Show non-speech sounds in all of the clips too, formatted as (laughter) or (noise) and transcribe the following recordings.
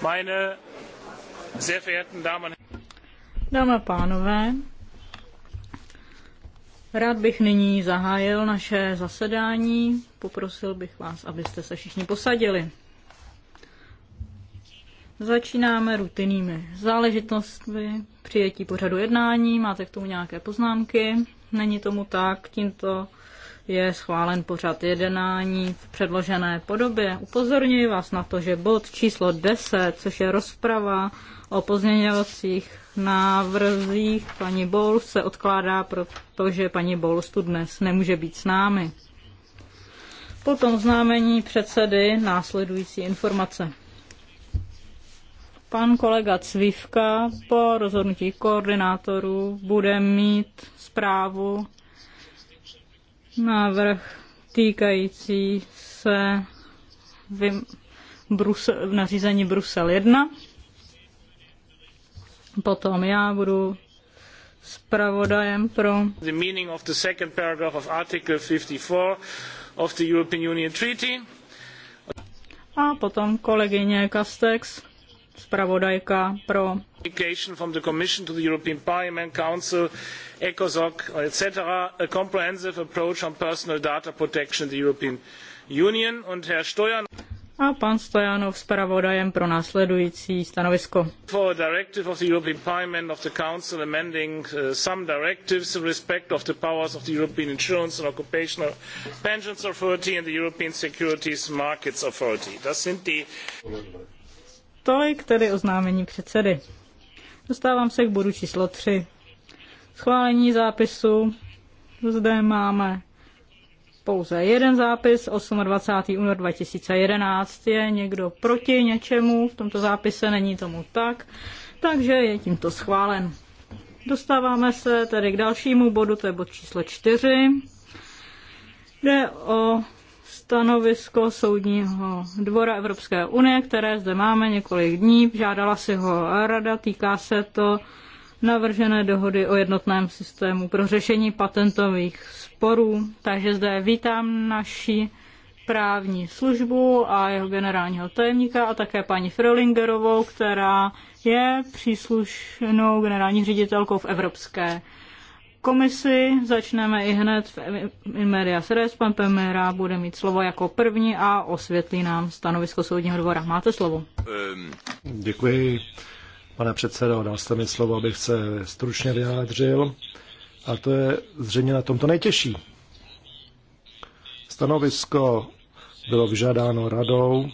Meine sehr verehrten Damen Dámy a pánové, rád bych nyní zahájil naše zasedání. Poprosil bych vás, abyste se všichni posadili. Začínáme rutinnými záležitostmi, přijetí pořadu jednání, máte k tomu nějaké poznámky, není tomu tak, tímto je schválen pořad jednání v předložené podobě. Upozorňuji vás na to, že bod číslo 10, což je rozprava o pozměňovacích návrzích paní Bowles, se odkládá, protože paní Bowles tu dnes nemůže být s námi. Potom známení předsedy následující informace. Pan kolega Cvivka po rozhodnutí koordinátorů bude mít zprávu návrh týkající se vym, Brusel, nařízení Brusel 1. Potom já budu zpravodajem pro the meaning of the second paragraph of article 54 of the European Union Treaty. A potom kolegyně Castex zpravodajka pro from the Commission to the European Parliament, Council, ECOSOC, etc., a comprehensive approach on personal data protection in the European Union. Und Herr Stojan a pan Stojanov zpravodajem pro následující stanovisko. For a directive of the European Parliament of the Council amending uh, some directives in respect of the powers of the European Insurance and Occupational Pensions Authority and the European Securities Markets Authority. Das sind die Tolik tedy oznámení předsedy. Dostávám se k bodu číslo 3. Schválení zápisu. Zde máme pouze jeden zápis, 28. únor 2011. Je někdo proti něčemu? V tomto zápise není tomu tak, takže je tímto schválen. Dostáváme se tedy k dalšímu bodu, to je bod číslo 4. Jde o stanovisko Soudního dvora Evropské unie, které zde máme několik dní. Žádala si ho rada, týká se to navržené dohody o jednotném systému pro řešení patentových sporů. Takže zde vítám naši právní službu a jeho generálního tajemníka a také paní Frölingerovou, která je příslušnou generální ředitelkou v Evropské komisi. Začneme i hned v Imeria Seres. Pan Pemera bude mít slovo jako první a osvětlí nám stanovisko soudního dvora. Máte slovo. Děkuji, pane předsedo. Dal jste mi slovo, abych se stručně vyjádřil. A to je zřejmě na tomto nejtěžší. Stanovisko bylo vyžádáno radou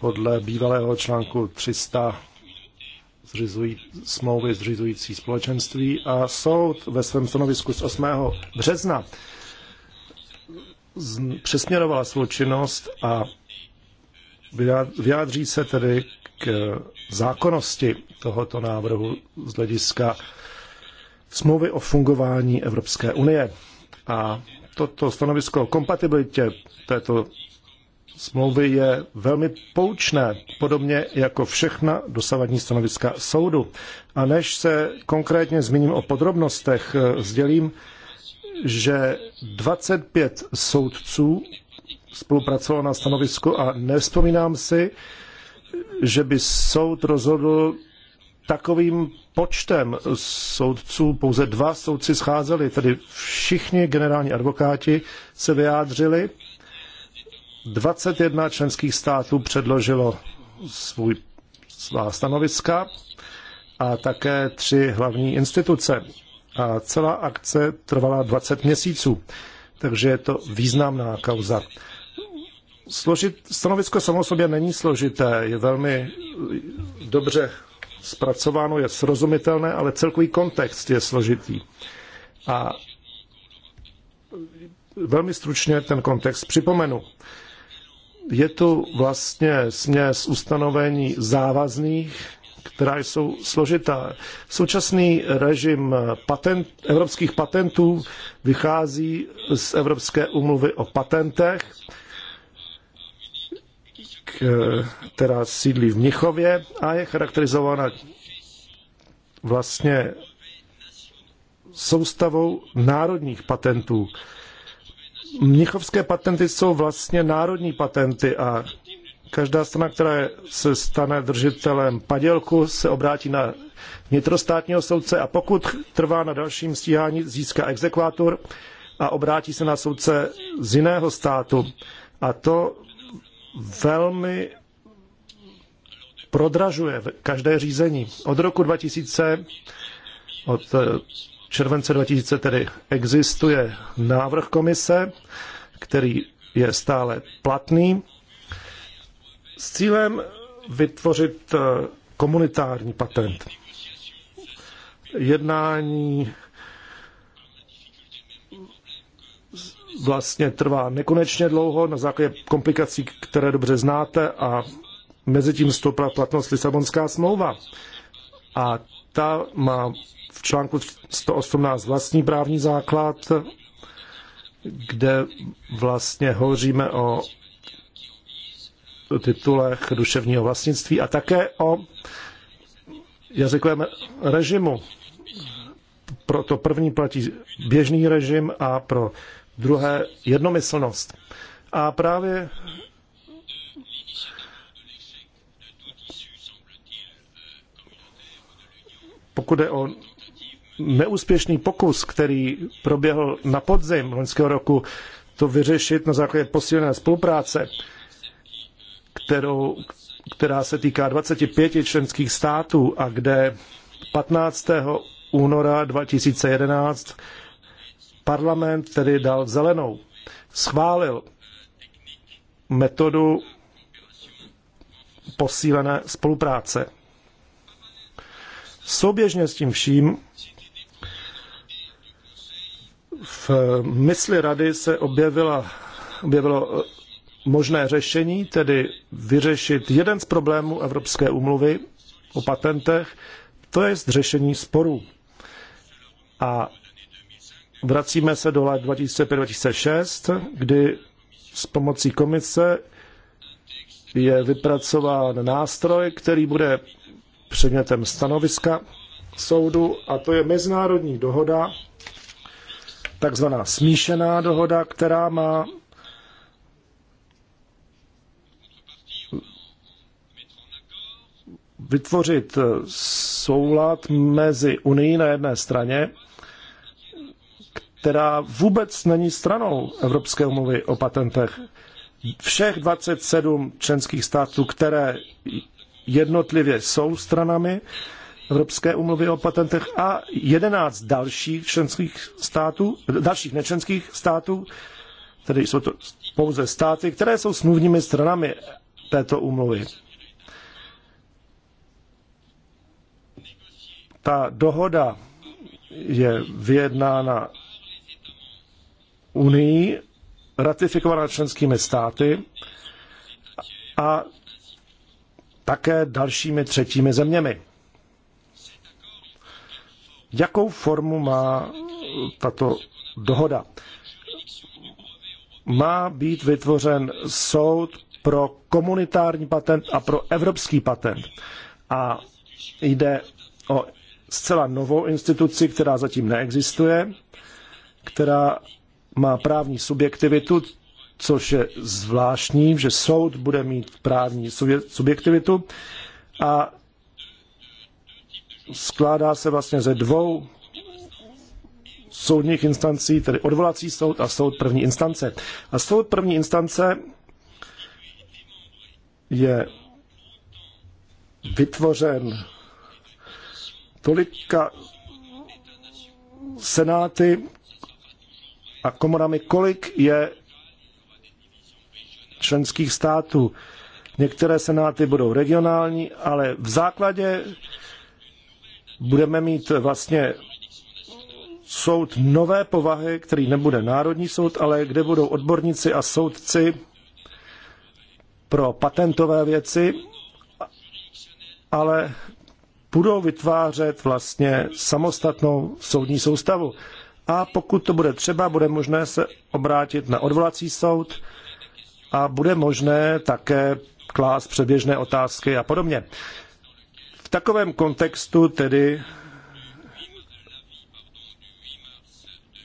podle bývalého článku 300 zřizují, smlouvy zřizující společenství a soud ve svém stanovisku z 8. března přesměrovala svou činnost a vyjádří se tedy k zákonnosti tohoto návrhu z hlediska smlouvy o fungování Evropské unie. A toto stanovisko o kompatibilitě této smlouvy je velmi poučné, podobně jako všechna dosavadní stanoviska soudu. A než se konkrétně zmíním o podrobnostech, eh, sdělím, že 25 soudců spolupracovalo na stanovisku a nevzpomínám si, že by soud rozhodl takovým počtem soudců, pouze dva soudci scházeli, tedy všichni generální advokáti se vyjádřili 21 členských států předložilo svůj, svá stanoviska a také tři hlavní instituce. A celá akce trvala 20 měsíců, takže je to významná kauza. Složit, stanovisko samo sobě není složité, je velmi dobře zpracováno, je srozumitelné, ale celkový kontext je složitý. A velmi stručně ten kontext připomenu je to vlastně směs ustanovení závazných, která jsou složitá. Současný režim patent, evropských patentů vychází z Evropské umluvy o patentech, která sídlí v Mnichově a je charakterizována vlastně soustavou národních patentů. Mnichovské patenty jsou vlastně národní patenty a každá strana, která se stane držitelem padělku, se obrátí na vnitrostátního soudce a pokud trvá na dalším stíhání, získá exekvátor a obrátí se na soudce z jiného státu. A to velmi prodražuje každé řízení. Od roku 2000, od eh, července 2000 tedy existuje návrh komise, který je stále platný, s cílem vytvořit eh, komunitární patent. Jednání vlastně trvá nekonečně dlouho na základě komplikací, které dobře znáte a mezi tím vstoupila platnost Lisabonská smlouva. A ta má článku 118 vlastní právní základ, kde vlastně hovoříme o titulech duševního vlastnictví a také o jazykovém režimu. Pro to první platí běžný režim a pro druhé jednomyslnost. A právě pokud je o neúspěšný pokus, který proběhl na podzim loňského roku, to vyřešit na základě posílené spolupráce, kterou, která se týká 25 členských států a kde 15. února 2011 parlament tedy dal zelenou. Schválil metodu posílené spolupráce. Souběžně s tím vším v mysli rady se objevila, objevilo eh, možné řešení, tedy vyřešit jeden z problémů Evropské umluvy o patentech, to je řešení sporů. A vracíme se do let 2005-2006, kdy s pomocí komise je vypracován nástroj, který bude předmětem stanoviska soudu, a to je mezinárodní dohoda takzvaná smíšená dohoda, která má vytvořit eh, soulad mezi Unii na jedné straně, která vůbec není stranou Evropské umluvy o patentech. Všech 27 členských států, které jednotlivě jsou stranami, Evropské umluvy o patentech a 11 dalších členských států, dalších nečlenských států, tedy jsou to pouze státy, které jsou smluvními stranami této umluvy. Ta dohoda je vyjednána Unii, ratifikovaná členskými státy a také dalšími třetími zeměmi jakou formu má tato dohoda. Má být vytvořen soud pro komunitární patent a pro evropský patent. A jde o zcela novou instituci, která zatím neexistuje, která má právní subjektivitu, což je zvláštní, že soud bude mít právní subjektivitu a skládá se vlastně ze dvou soudních instancí, tedy odvolací soud a soud první instance. A soud první instance je vytvořen tolika senáty a komorami, kolik je členských států. Některé senáty budou regionální, ale v základě budeme mít vlastně soud nové povahy, který nebude národní soud, ale kde budou odborníci a soudci pro patentové věci, ale budou vytvářet vlastně samostatnou soudní soustavu. A pokud to bude třeba, bude možné se obrátit na odvolací soud a bude možné také klást předběžné otázky a podobně takovém kontextu tedy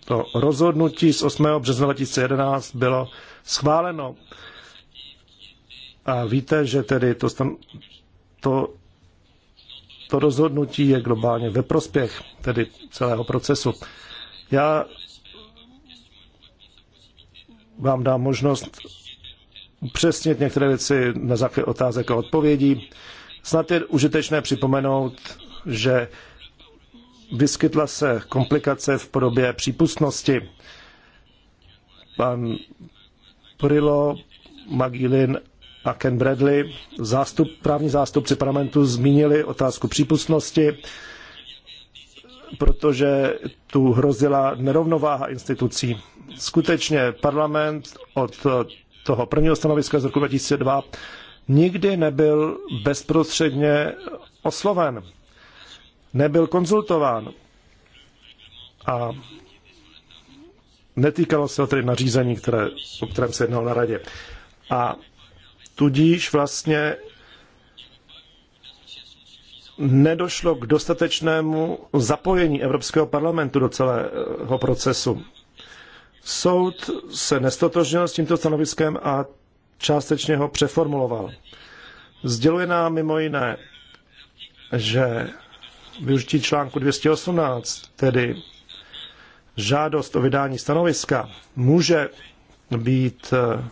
to rozhodnutí z 8. března 2011 bylo schváleno. A víte, že tedy to, to, to rozhodnutí je globálně ve prospěch tedy celého procesu. Já vám dám možnost upřesnit některé věci na základě otázek a odpovědí. Snad je užitečné připomenout, že vyskytla se komplikace v podobě přípustnosti. Pan Prilo, Magilin a Ken Bradley, zástup, právní zástupci parlamentu, zmínili otázku přípustnosti, protože tu hrozila nerovnováha institucí. Skutečně parlament od toho prvního stanoviska z roku 2002 nikdy nebyl bezprostředně osloven, nebyl konzultován a netýkalo se to tedy nařízení, které, o kterém se jednalo na radě. A tudíž vlastně nedošlo k dostatečnému zapojení Evropského parlamentu do celého procesu. Soud se nestotožnil s tímto stanoviskem a částečně ho přeformuloval. Sděluje nám mimo jiné, že využití článku 218, tedy žádost o vydání stanoviska, může být eh,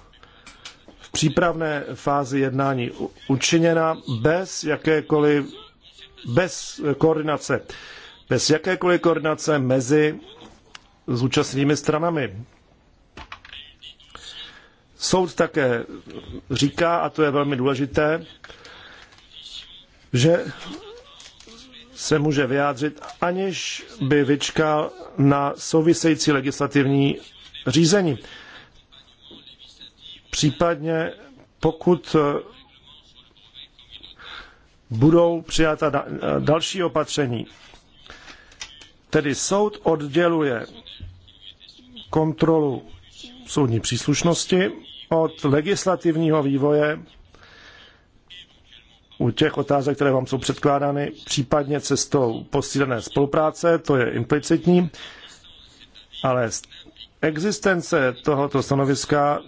v přípravné fázi jednání učiněna bez jakékoliv bez koordinace, bez jakékoliv koordinace mezi zúčastněnými stranami Soud také říká, a to je velmi důležité, že se může vyjádřit, aniž by vyčkal na související legislativní řízení. Případně pokud eh, budou přijata další opatření. Tedy soud odděluje kontrolu soudní příslušnosti od legislativního vývoje u těch otázek, které vám jsou předkládány, případně cestou posílené spolupráce, to je implicitní, ale existence tohoto stanoviska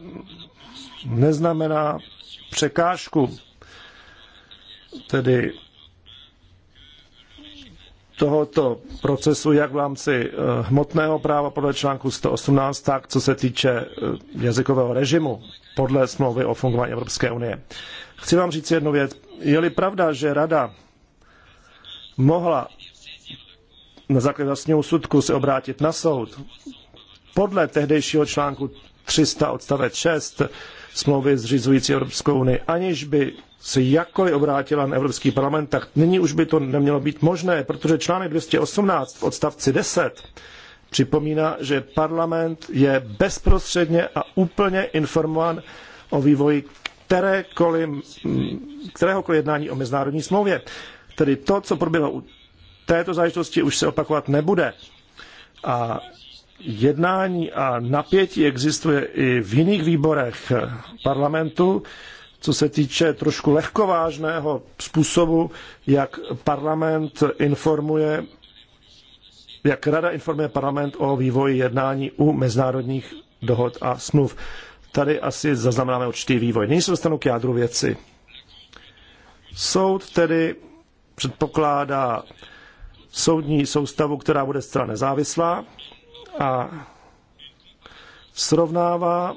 neznamená překážku, tedy tohoto procesu, jak v rámci eh, hmotného práva podle článku 118, tak co se týče eh, jazykového režimu podle smlouvy o fungování Evropské unie. Chci vám říct jednu věc. Je-li pravda, že Rada mohla na základě vlastního úsudku se obrátit na soud, podle tehdejšího článku 300 odstavec 6 smlouvy zřizující Evropskou unii, aniž by se jakkoliv obrátila na Evropský parlament, tak nyní už by to nemělo být možné, protože článek 218 v odstavci 10 připomíná, že parlament je bezprostředně a úplně informován o vývoji kteréhokoliv jednání o mezinárodní smlouvě. Tedy to, co proběhlo u této záležitosti, už se opakovat nebude. A jednání a napětí existuje i v jiných výborech parlamentu, co se týče trošku lehkovážného způsobu, jak parlament informuje, jak rada informuje parlament o vývoji jednání u mezinárodních dohod a smluv. Tady asi zaznamenáme určitý vývoj. Nyní se dostanu k jádru věci. Soud tedy předpokládá soudní soustavu, která bude zcela nezávislá, a srovnává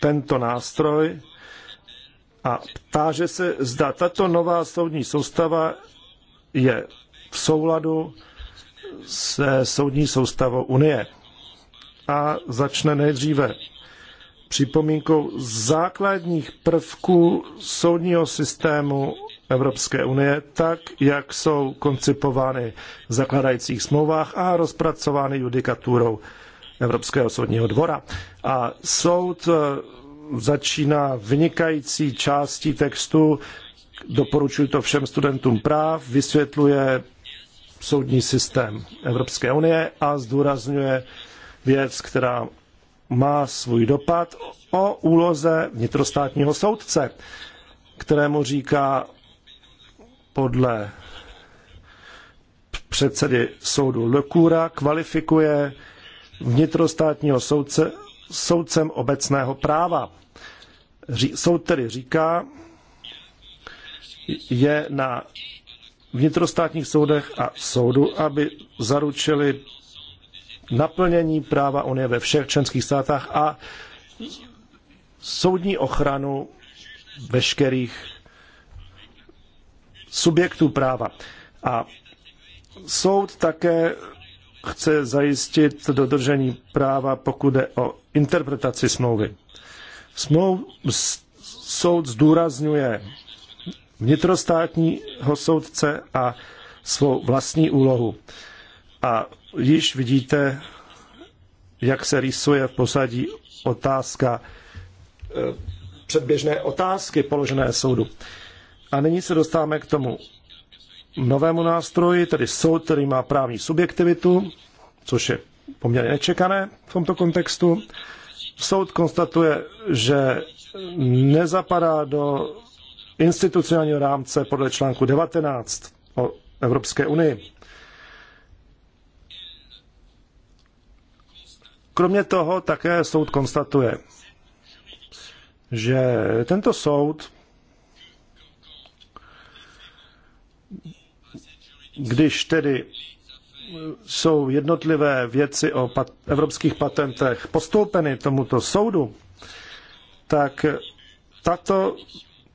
tento nástroj a ptáže se, zda tato nová soudní soustava je v souladu se soudní soustavou Unie. A začne nejdříve připomínkou základních prvků soudního systému Evropské unie, tak jak jsou koncipovány v zakladajících smlouvách a rozpracovány judikaturou Evropského soudního dvora. A soud eh, začíná vynikající částí textu, doporučuji to všem studentům práv, vysvětluje soudní systém Evropské unie a zdůrazňuje věc, která má svůj dopad o úloze vnitrostátního soudce, kterému říká podle předsedy soudu Lekura kvalifikuje vnitrostátního soudce soudcem obecného práva. Soud tedy říká, je na vnitrostátních soudech a soudu, aby zaručili naplnění práva Unie ve všech členských státech a soudní ochranu veškerých subjektů práva. A soud také chce zajistit dodržení práva, pokud jde o interpretaci smlouvy. Smlouv, soud zdůrazňuje vnitrostátního soudce a svou vlastní úlohu. A již vidíte, jak se rýsuje v posadí otázka, eh, předběžné otázky položené soudu. A nyní se dostáváme k tomu novému nástroji, tedy soud, který má právní subjektivitu, což je poměrně nečekané v tomto kontextu. Soud konstatuje, že nezapadá do institucionálního rámce podle článku 19 o Evropské unii. Kromě toho také soud konstatuje, že tento soud když tedy jsou jednotlivé věci o pat, evropských patentech postoupeny tomuto soudu, tak tato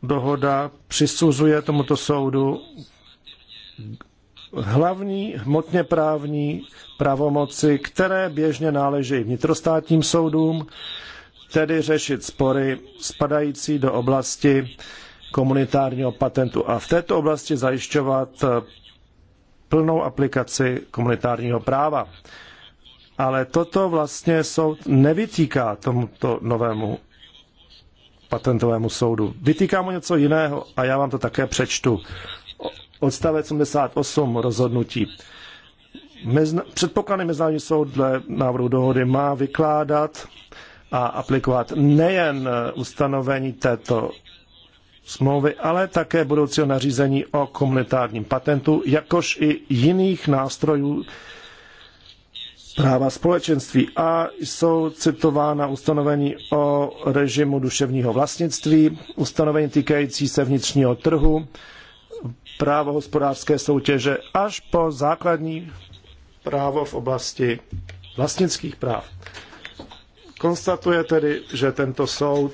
dohoda přisuzuje tomuto soudu hlavní hmotně právní pravomoci, které běžně náleží vnitrostátním soudům, tedy řešit spory spadající do oblasti komunitárního patentu a v této oblasti zajišťovat plnou aplikaci komunitárního práva. Ale toto vlastně soud nevytýká tomuto novému patentovému soudu. Vytýká mu něco jiného a já vám to také přečtu. Odstavec 88 rozhodnutí. Mezna- předpokladný mezinárodní soud dle návrhu dohody má vykládat a aplikovat nejen ustanovení této smlouvy, ale také budoucího nařízení o komunitárním patentu, jakož i jiných nástrojů práva společenství a jsou citována ustanovení o režimu duševního vlastnictví, ustanovení týkající se vnitřního trhu, právo hospodářské soutěže až po základní právo v oblasti vlastnických práv. Konstatuje tedy, že tento soud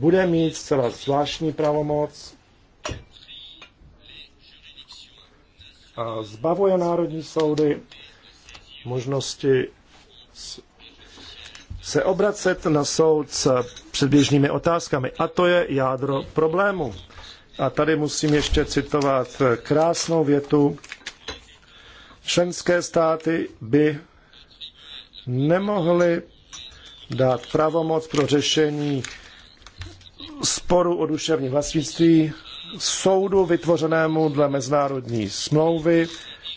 bude mít zcela zvláštní pravomoc a zbavuje národní soudy možnosti se obracet na soud s předběžnými otázkami. A to je jádro problému. A tady musím ještě citovat krásnou větu. Členské státy by nemohly dát pravomoc pro řešení sporu o duševní vlastnictví soudu vytvořenému dle mezinárodní smlouvy,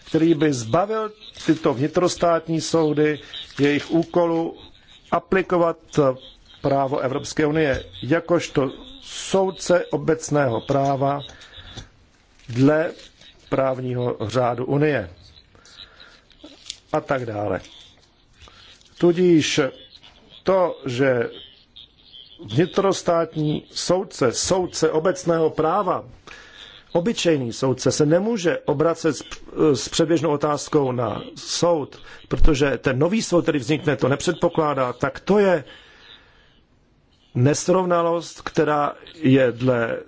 který by zbavil tyto vnitrostátní soudy jejich úkolu aplikovat právo Evropské unie jakožto soudce obecného práva dle právního řádu Unie a tak dále. Tudíž to, že vnitrostátní soudce, soudce obecného práva, obyčejný soudce se nemůže obracet s, předběžnou otázkou na soud, protože ten nový soud, který vznikne, to nepředpokládá, tak to je nesrovnalost, která je dle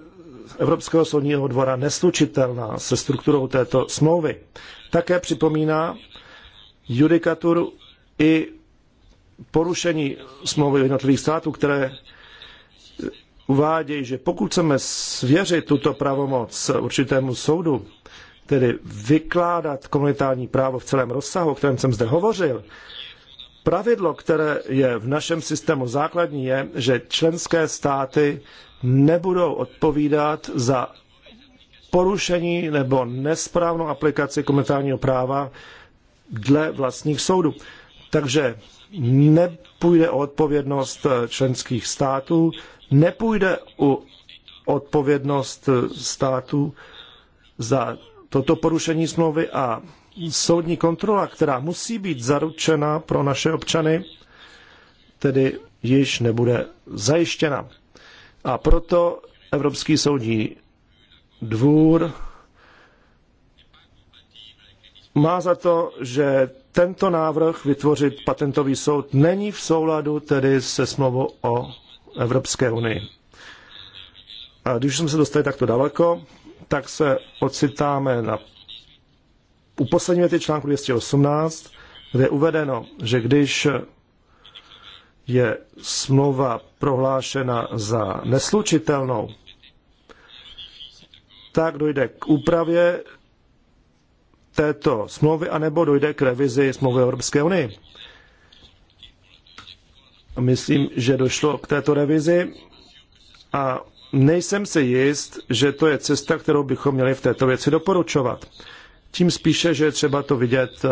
Evropského soudního dvora neslučitelná se strukturou této smlouvy. Také připomíná judikaturu i porušení smlouvy jednotlivých států, které uvádějí, že pokud chceme svěřit tuto pravomoc určitému soudu, tedy vykládat komunitární právo v celém rozsahu, o kterém jsem zde hovořil, pravidlo, které je v našem systému základní, je, že členské státy nebudou odpovídat za porušení nebo nesprávnou aplikaci komunitárního práva dle vlastních soudů. Takže ne, půjde o odpovědnost eh, členských států, nepůjde o odpovědnost eh, států za toto porušení smlouvy a soudní kontrola, která musí být zaručena pro naše občany, tedy již nebude zajištěna. A proto Evropský soudní dvůr má za to, že tento návrh vytvořit patentový soud není v souladu tedy se smlouvou o Evropské unii. A když jsme se dostali takto daleko, tak se ocitáme na u poslední věty článku 218, kde je uvedeno, že když je smlouva prohlášena za neslučitelnou, tak dojde k úpravě této smlouvy, anebo dojde k revizi smlouvy Evropské unii. Myslím, že došlo k této revizi a nejsem si jist, že to je cesta, kterou bychom měli v této věci doporučovat. Tím spíše, že je třeba to vidět eh,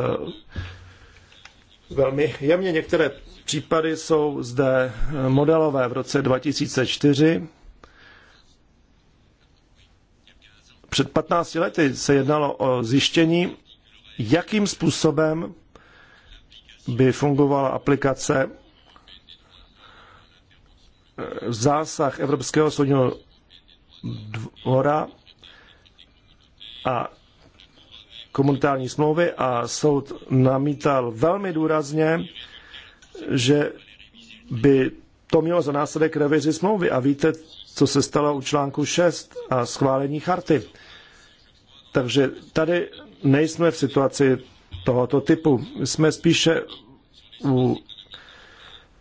velmi jemně. Některé případy jsou zde eh, modelové v roce 2004 Před 15 lety se jednalo o zjištění, jakým způsobem by fungovala aplikace eh, zásah Evropského soudního dvora a komunitární smlouvy a soud namítal velmi důrazně, že by to mělo za následek revizi smlouvy. A víte, co se stalo u článku 6 a schválení charty. Takže tady nejsme v situaci tohoto typu. Jsme spíše u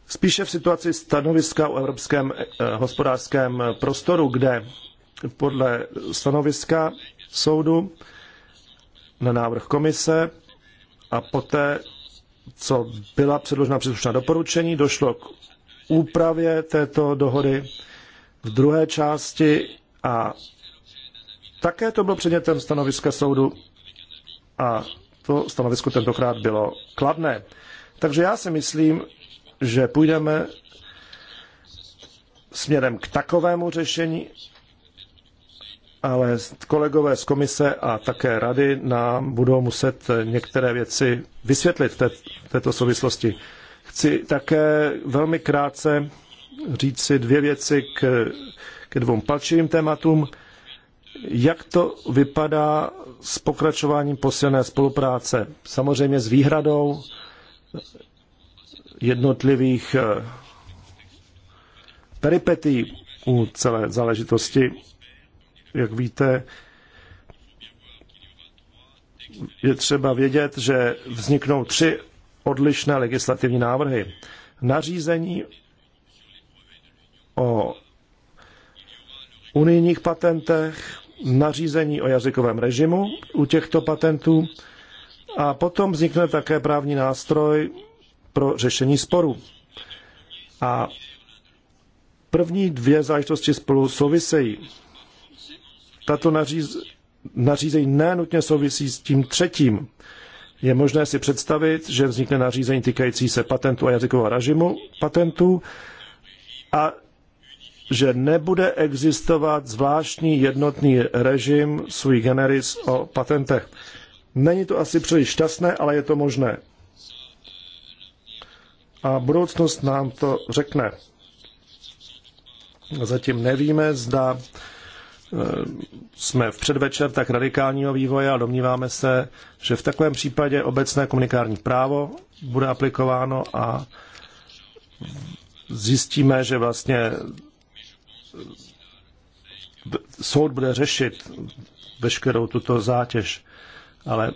spíše v situaci stanoviska o evropském eh, hospodářském prostoru, kde podle stanoviska soudu na návrh komise a poté, co byla předložena příslušná doporučení, došlo k úpravě této dohody v druhé části a také to bylo předmětem stanoviska soudu a to stanovisko tentokrát bylo kladné. Takže já si myslím, že půjdeme směrem k takovému řešení, ale kolegové z komise a také rady nám budou muset některé věci vysvětlit v té, této souvislosti. Chci také velmi krátce říct si dvě věci k, ke dvou palčivým tématům. Jak to vypadá s pokračováním posilné spolupráce? Samozřejmě s výhradou jednotlivých eh, peripetí u celé záležitosti. Jak víte, je třeba vědět, že vzniknou tři odlišné legislativní návrhy. Nařízení o unijních patentech, nařízení o jazykovém režimu u těchto patentů a potom vznikne také právní nástroj pro řešení sporů. A první dvě záležitosti spolu souvisejí. Tato naříz, nařízení nenutně souvisí s tím třetím. Je možné si představit, že vznikne nařízení týkající se patentu a jazykového režimu patentů a že nebude existovat zvláštní jednotný režim sui generis o patentech. Není to asi příliš šťastné, ale je to možné. A budoucnost nám to řekne. Zatím nevíme, zda e, jsme v předvečer tak radikálního vývoje a domníváme se, že v takovém případě obecné komunikární právo bude aplikováno a zjistíme, že vlastně soud bude řešit veškerou tuto zátěž, ale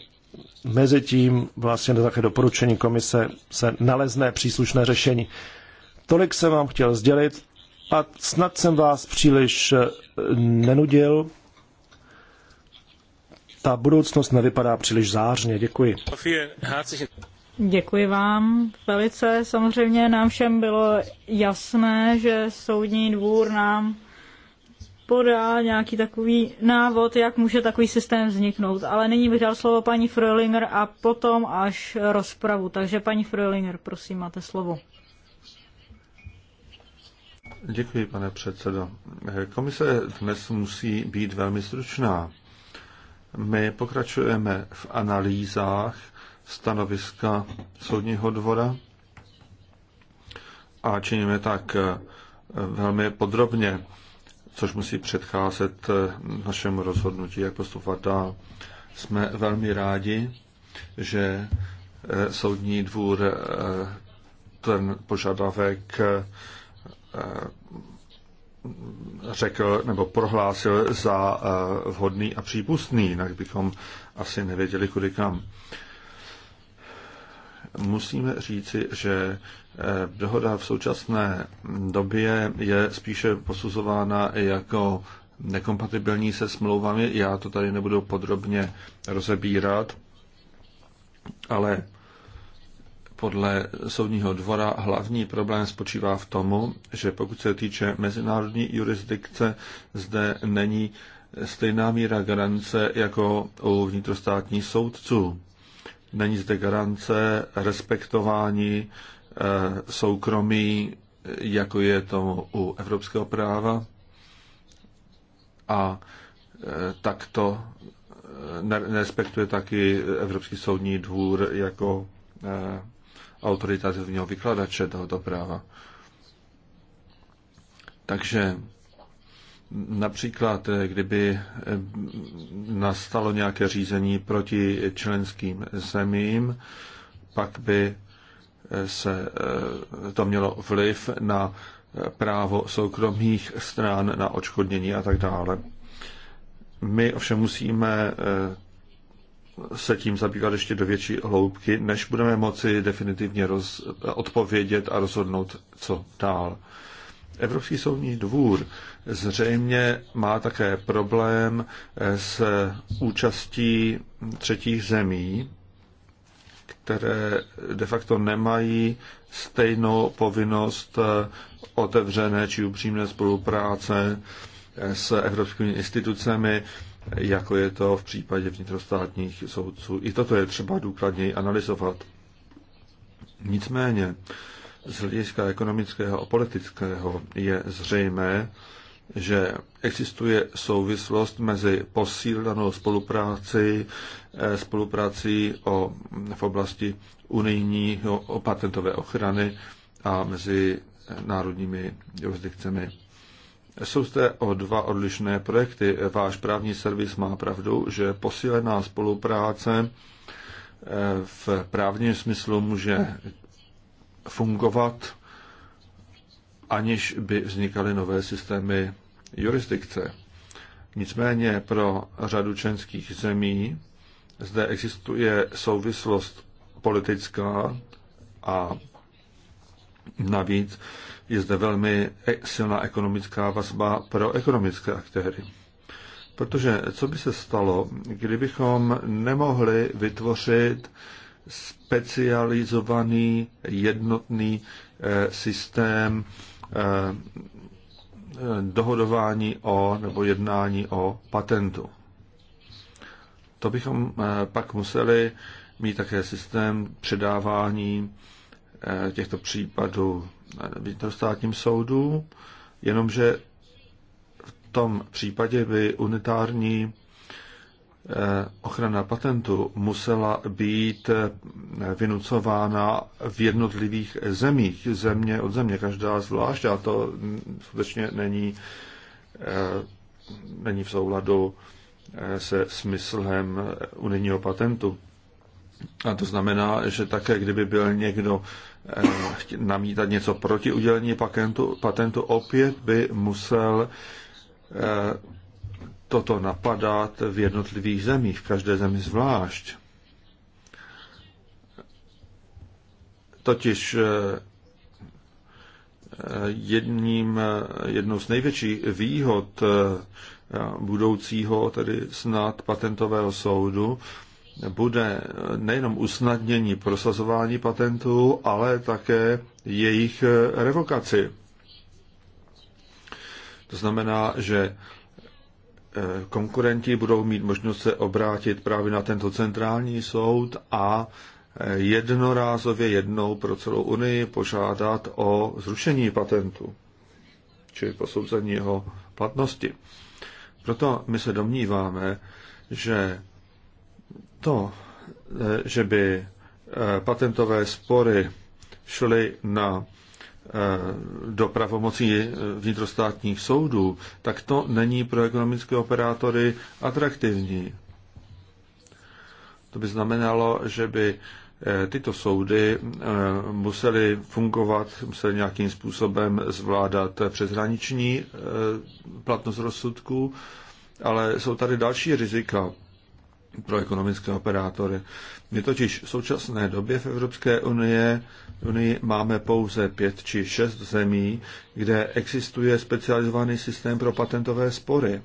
mezi tím vlastně na také doporučení komise se nalezne příslušné řešení. Tolik jsem vám chtěl sdělit a snad jsem vás příliš eh, nenudil. Ta budoucnost nevypadá příliš zářně. Děkuji. Děkuji vám velice. Samozřejmě nám všem bylo jasné, že soudní dvůr nám podá nějaký takový návod, jak může takový systém vzniknout. Ale nyní bych dal slovo paní Frölinger a potom až rozpravu. Takže paní Frölinger, prosím, máte slovo. Děkuji, pane předsedo. Komise dnes musí být velmi stručná. My pokračujeme v analýzách, stanoviska soudního dvora a činíme tak eh, velmi podrobně, což musí předcházet eh, našemu rozhodnutí, jak postupovat dál. Jsme velmi rádi, že eh, soudní dvůr ten požadavek řekl nebo prohlásil za vhodný a přípustný, jinak bychom asi nevěděli kudy kam musíme říci, že eh, dohoda v současné době je spíše posuzována jako nekompatibilní se smlouvami. Já to tady nebudu podrobně rozebírat, ale podle soudního dvora hlavní problém spočívá v tomu, že pokud se týče mezinárodní jurisdikce, zde není stejná míra garance jako u vnitrostátních soudců není zde garance respektování eh, soukromí, jako je tomu u evropského práva. A eh, takto eh, nerespektuje taky Evropský soudní dvůr jako autoritativního vykladače tohoto práva. Takže Například, eh, kdyby eh, nastalo nějaké řízení proti členským zemím, pak by eh, se to mělo vliv na právo soukromých stran na očkodnění a tak dále. My ovšem musíme se tím zabývat ještě do větší hloubky, než budeme moci definitivně roz, odpovědět a rozhodnout, co dál. Evropský soudní dvůr zřejmě má také problém s účastí třetích zemí, které de facto nemají stejnou povinnost otevřené či upřímné spolupráce s evropskými institucemi, jako je to v případě vnitrostátních soudců. I toto je třeba důkladněji analyzovat. Nicméně, z hlediska ekonomického a politického je zřejmé, že existuje souvislost mezi posílenou spolupráci, eh, spoluprácí o, v oblasti unijní o, o patentové ochrany a mezi národními jurisdikcemi. Jsou zde o dva odlišné projekty. Váš právní servis má pravdu, že posílená spolupráce eh, v právním smyslu může fungovat, aniž by vznikaly nové systémy jurisdikce. Nicméně pro řadu členských zemí zde existuje souvislost politická a navíc je zde velmi e- silná ekonomická vazba pro ekonomické aktéry. Protože co by se stalo, kdybychom nemohli vytvořit specializovaný jednotný eh, systém eh, dohodování o nebo jednání o patentu. To bychom eh, pak museli mít také systém předávání těchto případů vnitrostátním soudům, jenomže v tom případě by unitární Eh, ochrana patentu musela být eh, vynucována v jednotlivých zemích, země od země, každá zvlášť, a to mm, skutečně není, eh, není v souladu se smyslem unijního patentu. A to znamená, že také kdyby byl někdo namítat něco proti udělení patentu, patentu opět by musel toto napadat v jednotlivých zemích, v každé zemi zvlášť. Totiž eh, eh, jedním, eh, jednou z největších výhod budoucího, tedy snad patentového soudu, bude nejenom usnadnění prosazování patentů, ale také jejich revokaci. To znamená, že Eh, konkurenti budou mít možnost se obrátit právě na tento centrální soud a eh, jednorázově jednou pro celou Unii požádat o zrušení patentu, čili posouzení jeho platnosti. Proto my se domníváme, že to, eh, že by patentové spory šly na Eh, do pravomocí eh, vnitrostátních soudů, tak to není pro ekonomické operátory atraktivní. To by znamenalo, že by eh, tyto soudy musely fungovat, musely nějakým způsobem zvládat přeshraniční platnost rozsudků, ale jsou tady další rizika pro ekonomické operátory. My totiž v současné době v Evropské unie, unii máme pouze pět či šest zemí, kde existuje specializovaný systém pro patentové spory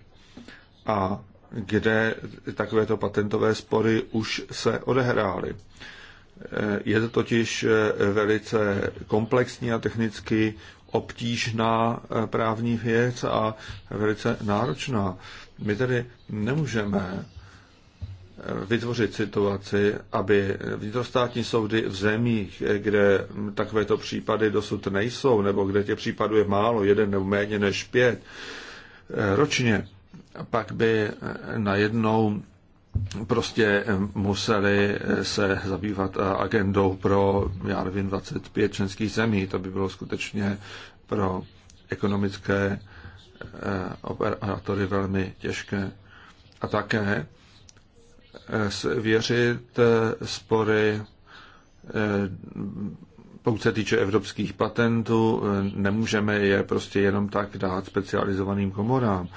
a kde takovéto patentové spory už se odehrály. Je to totiž velice komplexní a technicky obtížná právní věc a velice náročná. My tedy nemůžeme vytvořit situaci, aby vnitrostátní soudy v zemích, kde takovéto případy dosud nejsou, nebo kde těch případů je málo, jeden nebo méně než pět eh, ročně, pak by najednou prostě museli eh, se zabývat eh, agendou pro, já nevím, 25 členských zemí. To by bylo skutečně pro ekonomické operátory velmi těžké. A také svěřit eh, spory eh, pokud se týče evropských patentů, eh, nemůžeme je prostě jenom tak dát specializovaným komorám.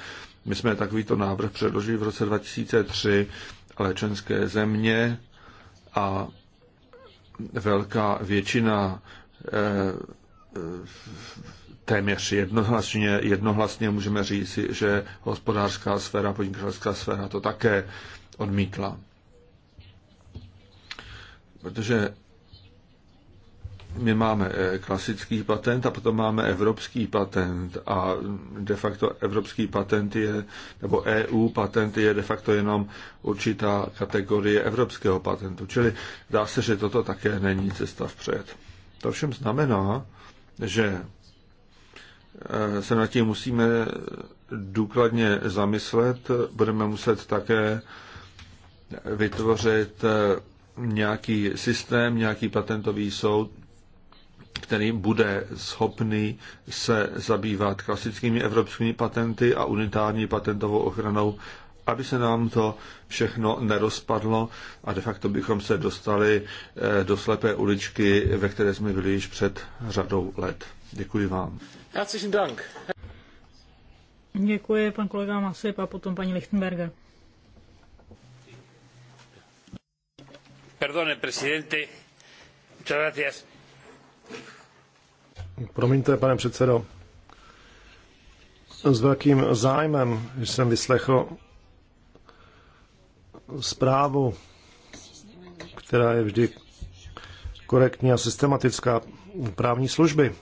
My jsme takovýto návrh předložili v roce 2003, ale členské země a velká většina téměř jednohlasně, jednohlasně můžeme říci, že hospodářská sféra, podnikatelská sféra to také odmítla. Protože my máme eh, klasický patent a potom máme evropský patent a de facto evropský patent je, nebo EU patent je de facto jenom určitá kategorie evropského patentu. Čili dá se, že toto také není cesta vpřed. To všem znamená, že eh, se nad tím musíme důkladně zamyslet, budeme muset také vytvořit eh, nějaký systém, nějaký patentový soud, který bude schopný se zabývat klasickými evropskými patenty a unitární patentovou ochranou, aby se nám to všechno nerozpadlo a de facto bychom se dostali eh, do slepé uličky, ve které jsme byli již před řadou let. Děkuji vám. Herzlichen Dank. Děkuji, pan kolega Masip a potom paní Lichtenberger. Perdone, presidente. Muchas gracias. Promiňte, pane předsedo. S velkým zájmem jsem vyslechl zprávu, která je vždy korektní a systematická právní služby.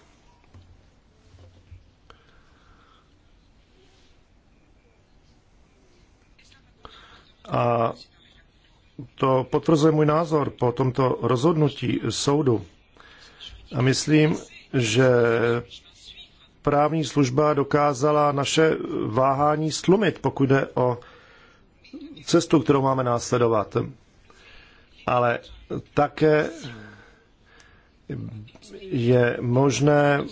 A to potvrzuje můj názor po tomto rozhodnutí soudu. A myslím, že právní služba dokázala naše váhání slumit, pokud jde o cestu, kterou máme následovat. Ale také je možné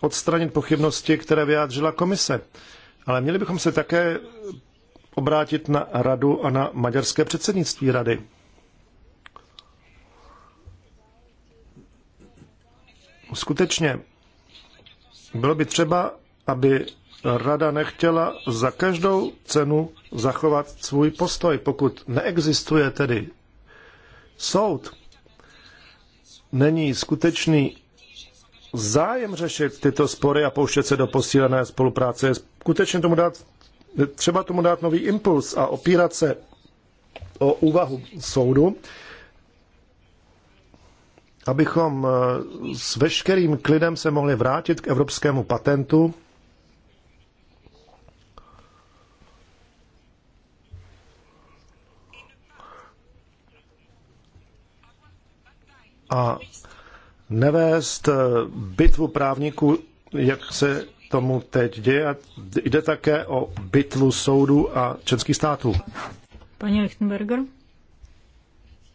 odstranit pochybnosti, které vyjádřila komise. Ale měli bychom se také obrátit na radu a na maďarské předsednictví rady. Skutečně bylo by třeba, aby rada nechtěla za každou cenu zachovat svůj postoj. Pokud neexistuje tedy soud, není skutečný zájem řešit tyto spory a pouštět se do posílené spolupráce, skutečně tomu dát třeba tomu dát nový impuls a opírat se o úvahu soudu, abychom eh, s veškerým klidem se mohli vrátit k evropskému patentu. A nevést eh, bitvu právníků, jak se tomu teď děje. A jde také o bitvu soudu a českých států. Paní Lichtenberger,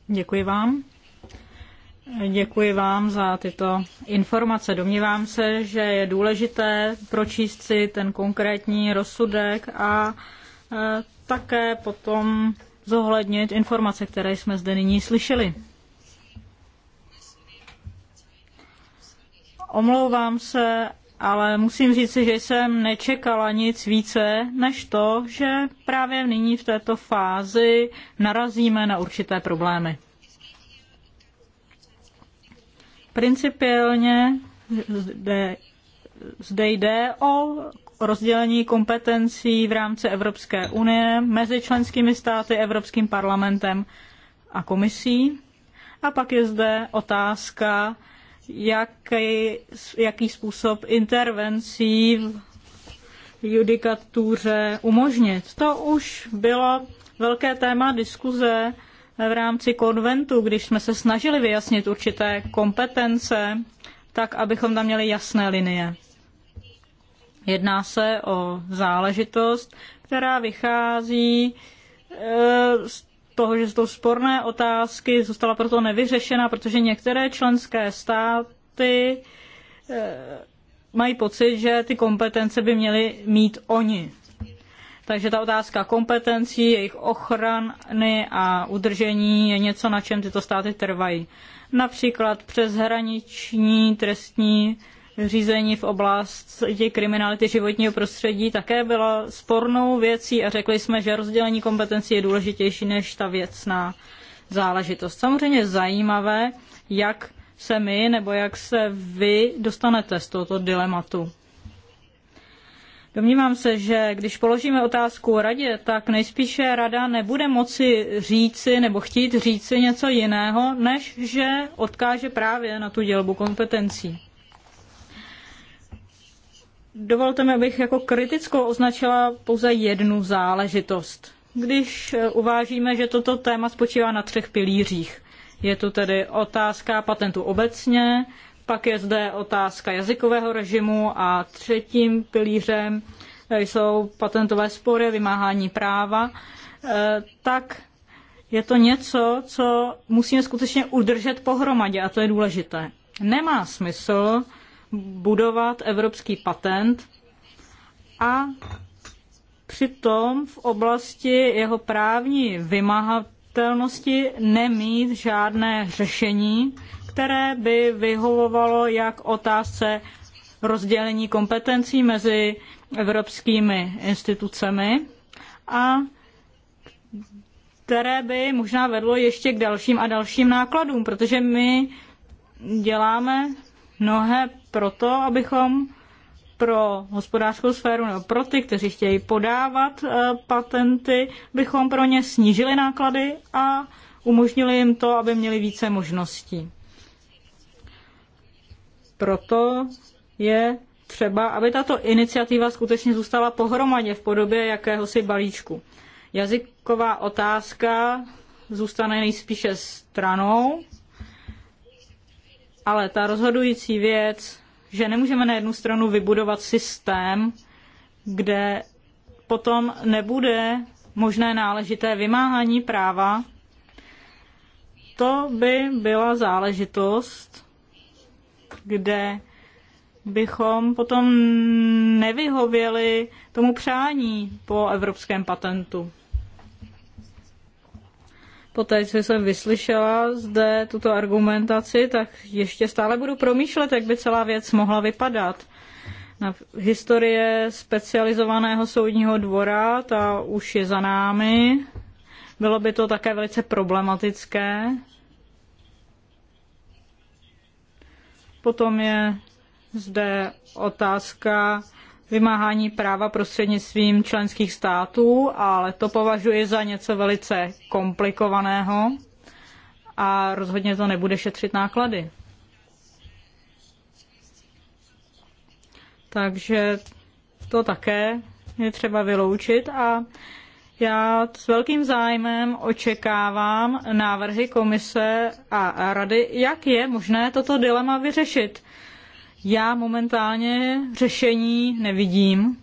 děkuji vám. Děkuji vám za tyto informace. Domnívám se, že je důležité pročíst si ten konkrétní rozsudek a e, také potom zohlednit informace, které jsme zde nyní slyšeli. Omlouvám se, ale musím říci, že jsem nečekala nic více než to, že právě nyní v této fázi narazíme na určité problémy. Principiálně zde, zde jde o rozdělení kompetencí v rámci Evropské unie mezi členskými státy, Evropským parlamentem a komisí. A pak je zde otázka jaký, jaký způsob intervencí v judikatuře umožnit. To už bylo velké téma diskuze v rámci konventu, když jsme se snažili vyjasnit určité kompetence, tak abychom tam měli jasné linie. Jedná se o záležitost, která vychází eh, z toho, že jsou sporné otázky, zůstala proto nevyřešena, protože některé členské státy eh, mají pocit, že ty kompetence by měly mít oni. Takže ta otázka kompetencí, jejich ochrany a udržení je něco, na čem tyto státy trvají. Například přeshraniční trestní řízení v oblasti kriminality životního prostředí také byla spornou věcí a řekli jsme, že rozdělení kompetencí je důležitější než ta věcná záležitost. Samozřejmě zajímavé, jak se my nebo jak se vy dostanete z tohoto dilematu. Domnívám se, že když položíme otázku radě, tak nejspíše rada nebude moci říci nebo chtít říci něco jiného, než že odkáže právě na tu dělbu kompetencí. Dovolte mi, abych jako kritickou označila pouze jednu záležitost. Když eh, uvážíme, že toto téma spočívá na třech pilířích. Je tu tedy otázka patentu obecně, pak je zde otázka jazykového režimu a třetím pilířem eh, jsou patentové spory, vymáhání práva. Eh, tak je to něco, co musíme skutečně udržet pohromadě a to je důležité. Nemá smysl budovat evropský patent a přitom v oblasti jeho právní vymahatelnosti nemít žádné řešení, které by vyhovovalo jak otázce rozdělení kompetencí mezi evropskými institucemi a které by možná vedlo ještě k dalším a dalším nákladům, protože my děláme mnohé proto, abychom pro hospodářskou sféru nebo pro ty, kteří chtějí podávat eh, patenty, bychom pro ně snížili náklady a umožnili jim to, aby měli více možností. Proto je třeba, aby tato iniciativa skutečně zůstala pohromadě v podobě jakéhosi balíčku. Jazyková otázka zůstane nejspíše stranou, ale ta rozhodující věc že nemůžeme na jednu stranu vybudovat systém, kde potom nebude možné náležité vymáhání práva. To by byla záležitost, kde bychom potom nevyhověli tomu přání po evropském patentu. Poté, co jsem vyslyšela zde tuto argumentaci, tak ještě stále budu promýšlet, jak by celá věc mohla vypadat. Na historie specializovaného soudního dvora, ta už je za námi. Bylo by to také velice problematické. Potom je zde otázka vymáhání práva prostřednictvím členských států, ale to považuji za něco velice komplikovaného a rozhodně to nebude šetřit náklady. Takže to také je třeba vyloučit a já s velkým zájmem očekávám návrhy komise a rady, jak je možné toto dilema vyřešit. Já momentálně řešení nevidím.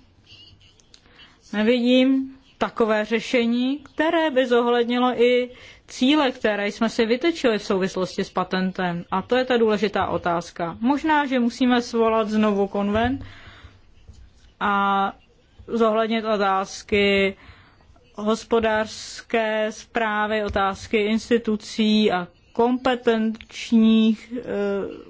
Nevidím takové řešení, které by zohlednilo i cíle, které jsme si vytečili v souvislosti s patentem. A to je ta důležitá otázka. Možná, že musíme svolat znovu konvent a zohlednit otázky hospodářské zprávy, otázky institucí a kompetenčních, eh,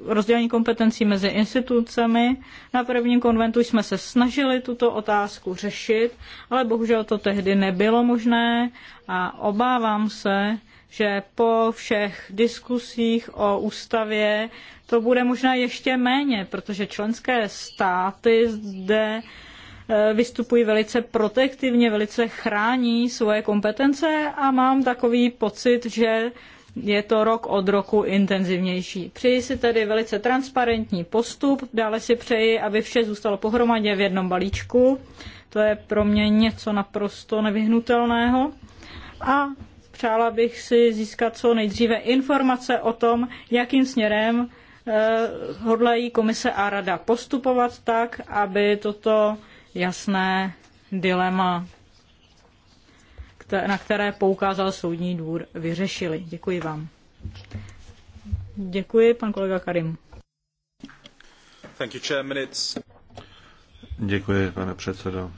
rozdělení kompetencí mezi institucemi. Na prvním konventu jsme se snažili tuto otázku řešit, ale bohužel to tehdy nebylo možné a obávám se, že po všech diskusích o ústavě to bude možná ještě méně, protože členské státy zde eh, vystupují velice protektivně, velice chrání svoje kompetence a mám takový pocit, že je to rok od roku intenzivnější. Přeji si tedy velice transparentní postup, dále si přeji, aby vše zůstalo pohromadě v jednom balíčku. To je pro mě něco naprosto nevyhnutelného. A přála bych si získat co nejdříve informace o tom, jakým směrem eh, hodlají komise a rada postupovat tak, aby toto jasné dilema na které poukázal soudní dvůr, vyřešili. Děkuji vám. Děkuji, pan kolega Karim. Thank you, chairman. Děkuji, pane předsedo.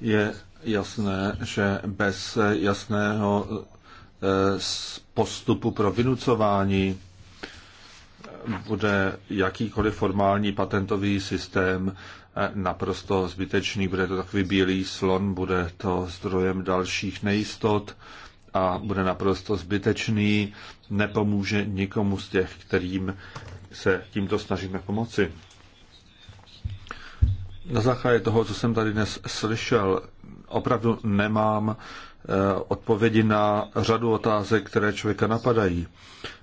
Je jasné, že bez jasného eh, postupu pro vynucování eh, bude jakýkoliv formální patentový systém naprosto zbytečný, bude to takový bílý slon, bude to zdrojem dalších nejistot a bude naprosto zbytečný, nepomůže nikomu z těch, kterým se tímto snažíme pomoci. Na základě toho, co jsem tady dnes slyšel, opravdu nemám eh, odpovědi na řadu otázek, které člověka napadají.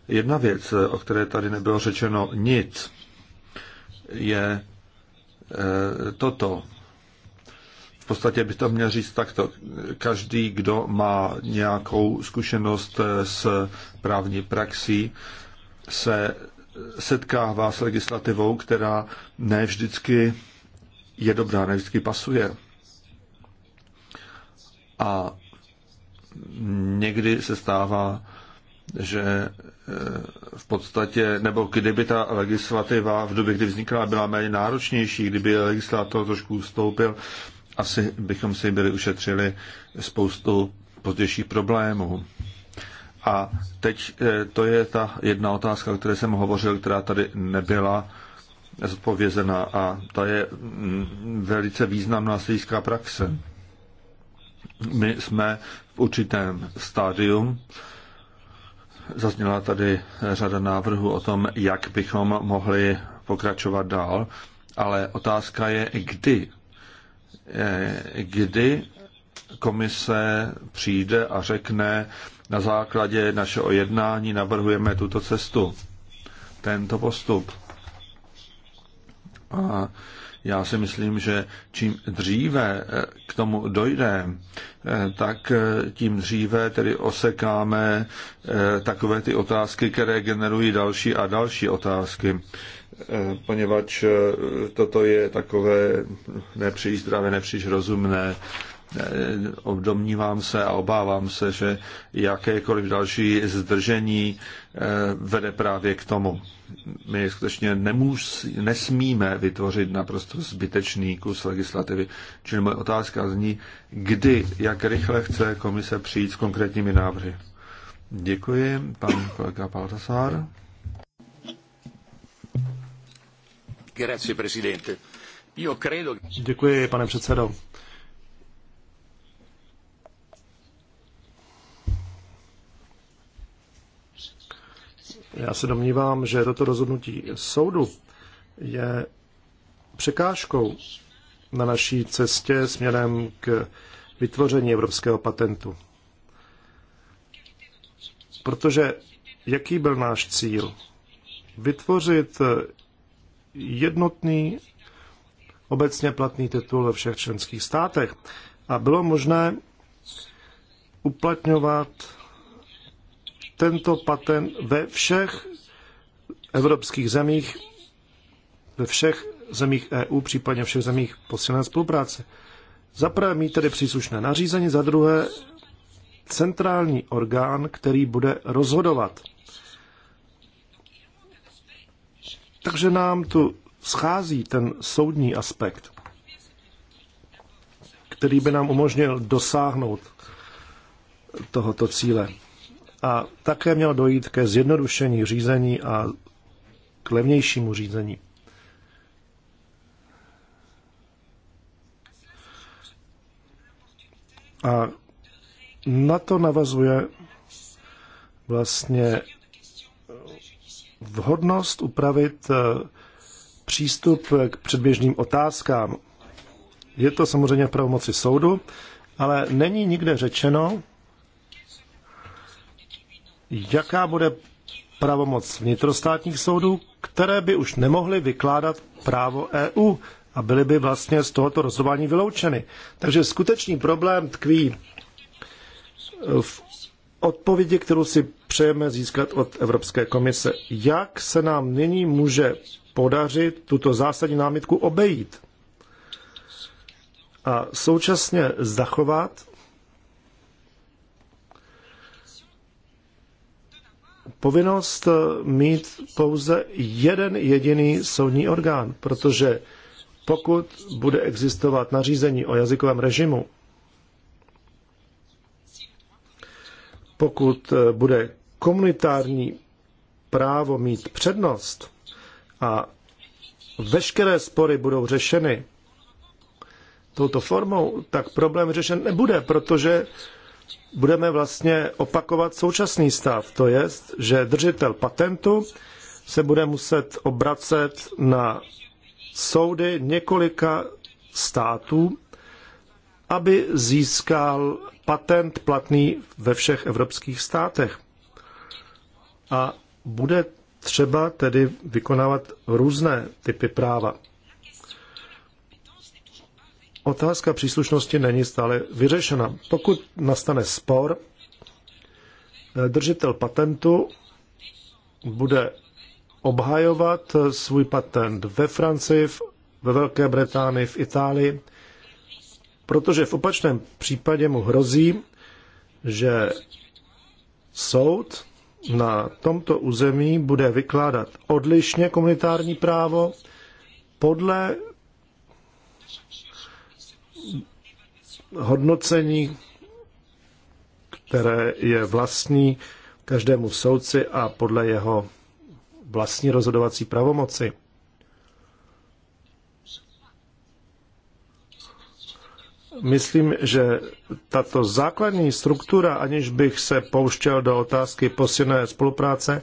Jedna věc, o které tady nebylo řečeno nic, je Eh, toto. V podstatě by to měl říct takto. Každý, kdo má nějakou zkušenost eh, s právní praxí, se setkává s legislativou, která ne vždycky je dobrá, ne vždycky pasuje. A někdy se stává, že e, v podstatě, nebo kdyby ta legislativa v době, kdy vznikla, byla méně náročnější, kdyby legislátor trošku ustoupil, asi bychom si byli ušetřili spoustu pozdějších problémů. A teď e, to je ta jedna otázka, o které jsem hovořil, která tady nebyla zodpovězena a ta je velice významná sejská praxe. My jsme v určitém stádium, Zazněla tady řada návrhů o tom, jak bychom mohli pokračovat dál, ale otázka je, kdy. Eh, kdy komise přijde a řekne, na základě našeho jednání navrhujeme tuto cestu, tento postup. A já si myslím, že čím dříve eh, k tomu dojde, eh, tak eh, tím dříve tedy osekáme takové ty otázky, které generují další a další otázky poněvadž toto je takové nepříliš zdravé, nepříliš rozumné Eh, obdomnívám se a obávám se, že jakékoliv další zdržení eh, vede právě k tomu. My skutečně nemus, nesmíme vytvořit naprosto zbytečný kus legislativy. Čili moje otázka zní, kdy, jak rychle chce komise přijít s konkrétními návrhy. Děkuji, pan kolega Paltasár. Děkuji, pane předsedo. Já se domnívám, že toto rozhodnutí soudu je překážkou na naší cestě směrem k vytvoření evropského patentu. Protože jaký byl náš cíl? Vytvořit jednotný obecně platný titul ve všech členských státech. A bylo možné uplatňovat tento patent ve všech evropských zemích, ve všech zemích EU, případně všech zemích posilné spolupráce. Za prvé mít tedy příslušné nařízení, za druhé centrální orgán, který bude rozhodovat. Takže nám tu schází ten soudní aspekt, který by nám umožnil dosáhnout tohoto cíle a také mělo dojít ke zjednodušení řízení a k levnějšímu řízení. A na to navazuje vlastně vhodnost upravit eh, přístup k předběžným otázkám. Je to samozřejmě v pravomoci soudu, ale není nikde řečeno, jaká bude pravomoc vnitrostátních soudů, které by už nemohly vykládat právo EU a byly by vlastně z tohoto rozhodování vyloučeny. Takže skutečný problém tkví v odpovědi, kterou si přejeme získat od Evropské komise. Jak se nám nyní může podařit tuto zásadní námitku obejít a současně zachovat povinnost eh, mít pouze jeden jediný soudní orgán, protože pokud bude existovat nařízení o jazykovém režimu, pokud eh, bude komunitární právo mít přednost a veškeré spory budou řešeny touto formou, tak problém řešen nebude, protože budeme vlastně opakovat současný stav, to je, že držitel patentu se bude muset obracet na soudy několika států, aby získal patent platný ve všech evropských státech. A bude třeba tedy vykonávat různé typy práva otázka příslušnosti není stále vyřešena. Pokud nastane spor, držitel patentu bude obhajovat svůj patent ve Francii, ve Velké Británii, v Itálii, protože v opačném případě mu hrozí, že soud na tomto území bude vykládat odlišně komunitární právo podle hodnocení, které je vlastní každému soudci a podle jeho vlastní rozhodovací pravomoci. Myslím, že tato základní struktura, aniž bych se pouštěl do otázky posilné spolupráce,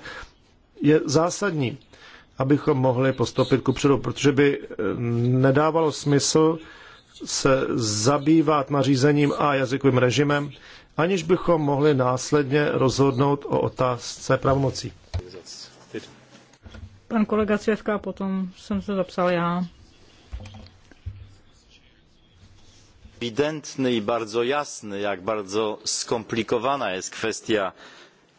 je zásadní, abychom mohli postoupit kupředu, protože by eh, nedávalo smysl se zabývat nařízením a jazykovým režimem, aniž bychom mohli následně rozhodnout o otázce pravomocí. Pan kolega Cvěvka, potom jsem se zapsal já. ewidentny i bardzo jasny jak bardzo skomplikowana jest kwestia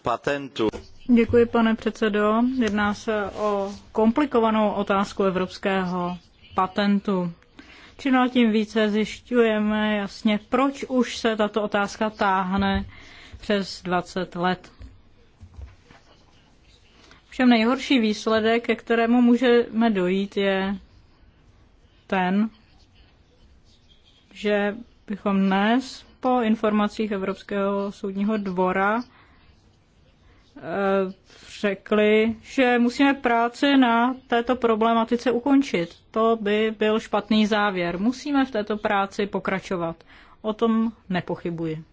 patentu. Děkuji, pane předsedo. Jedná se o komplikovanou otázku evropského patentu. Čím dál tím více zjišťujeme jasně, proč už se tato otázka táhne přes 20 let. Všem nejhorší výsledek, ke kterému můžeme dojít, je ten, že bychom dnes po informacích Evropského soudního dvora řekli, že musíme práci na této problematice ukončit. To by byl špatný závěr. Musíme v této práci pokračovat. O tom nepochybuji.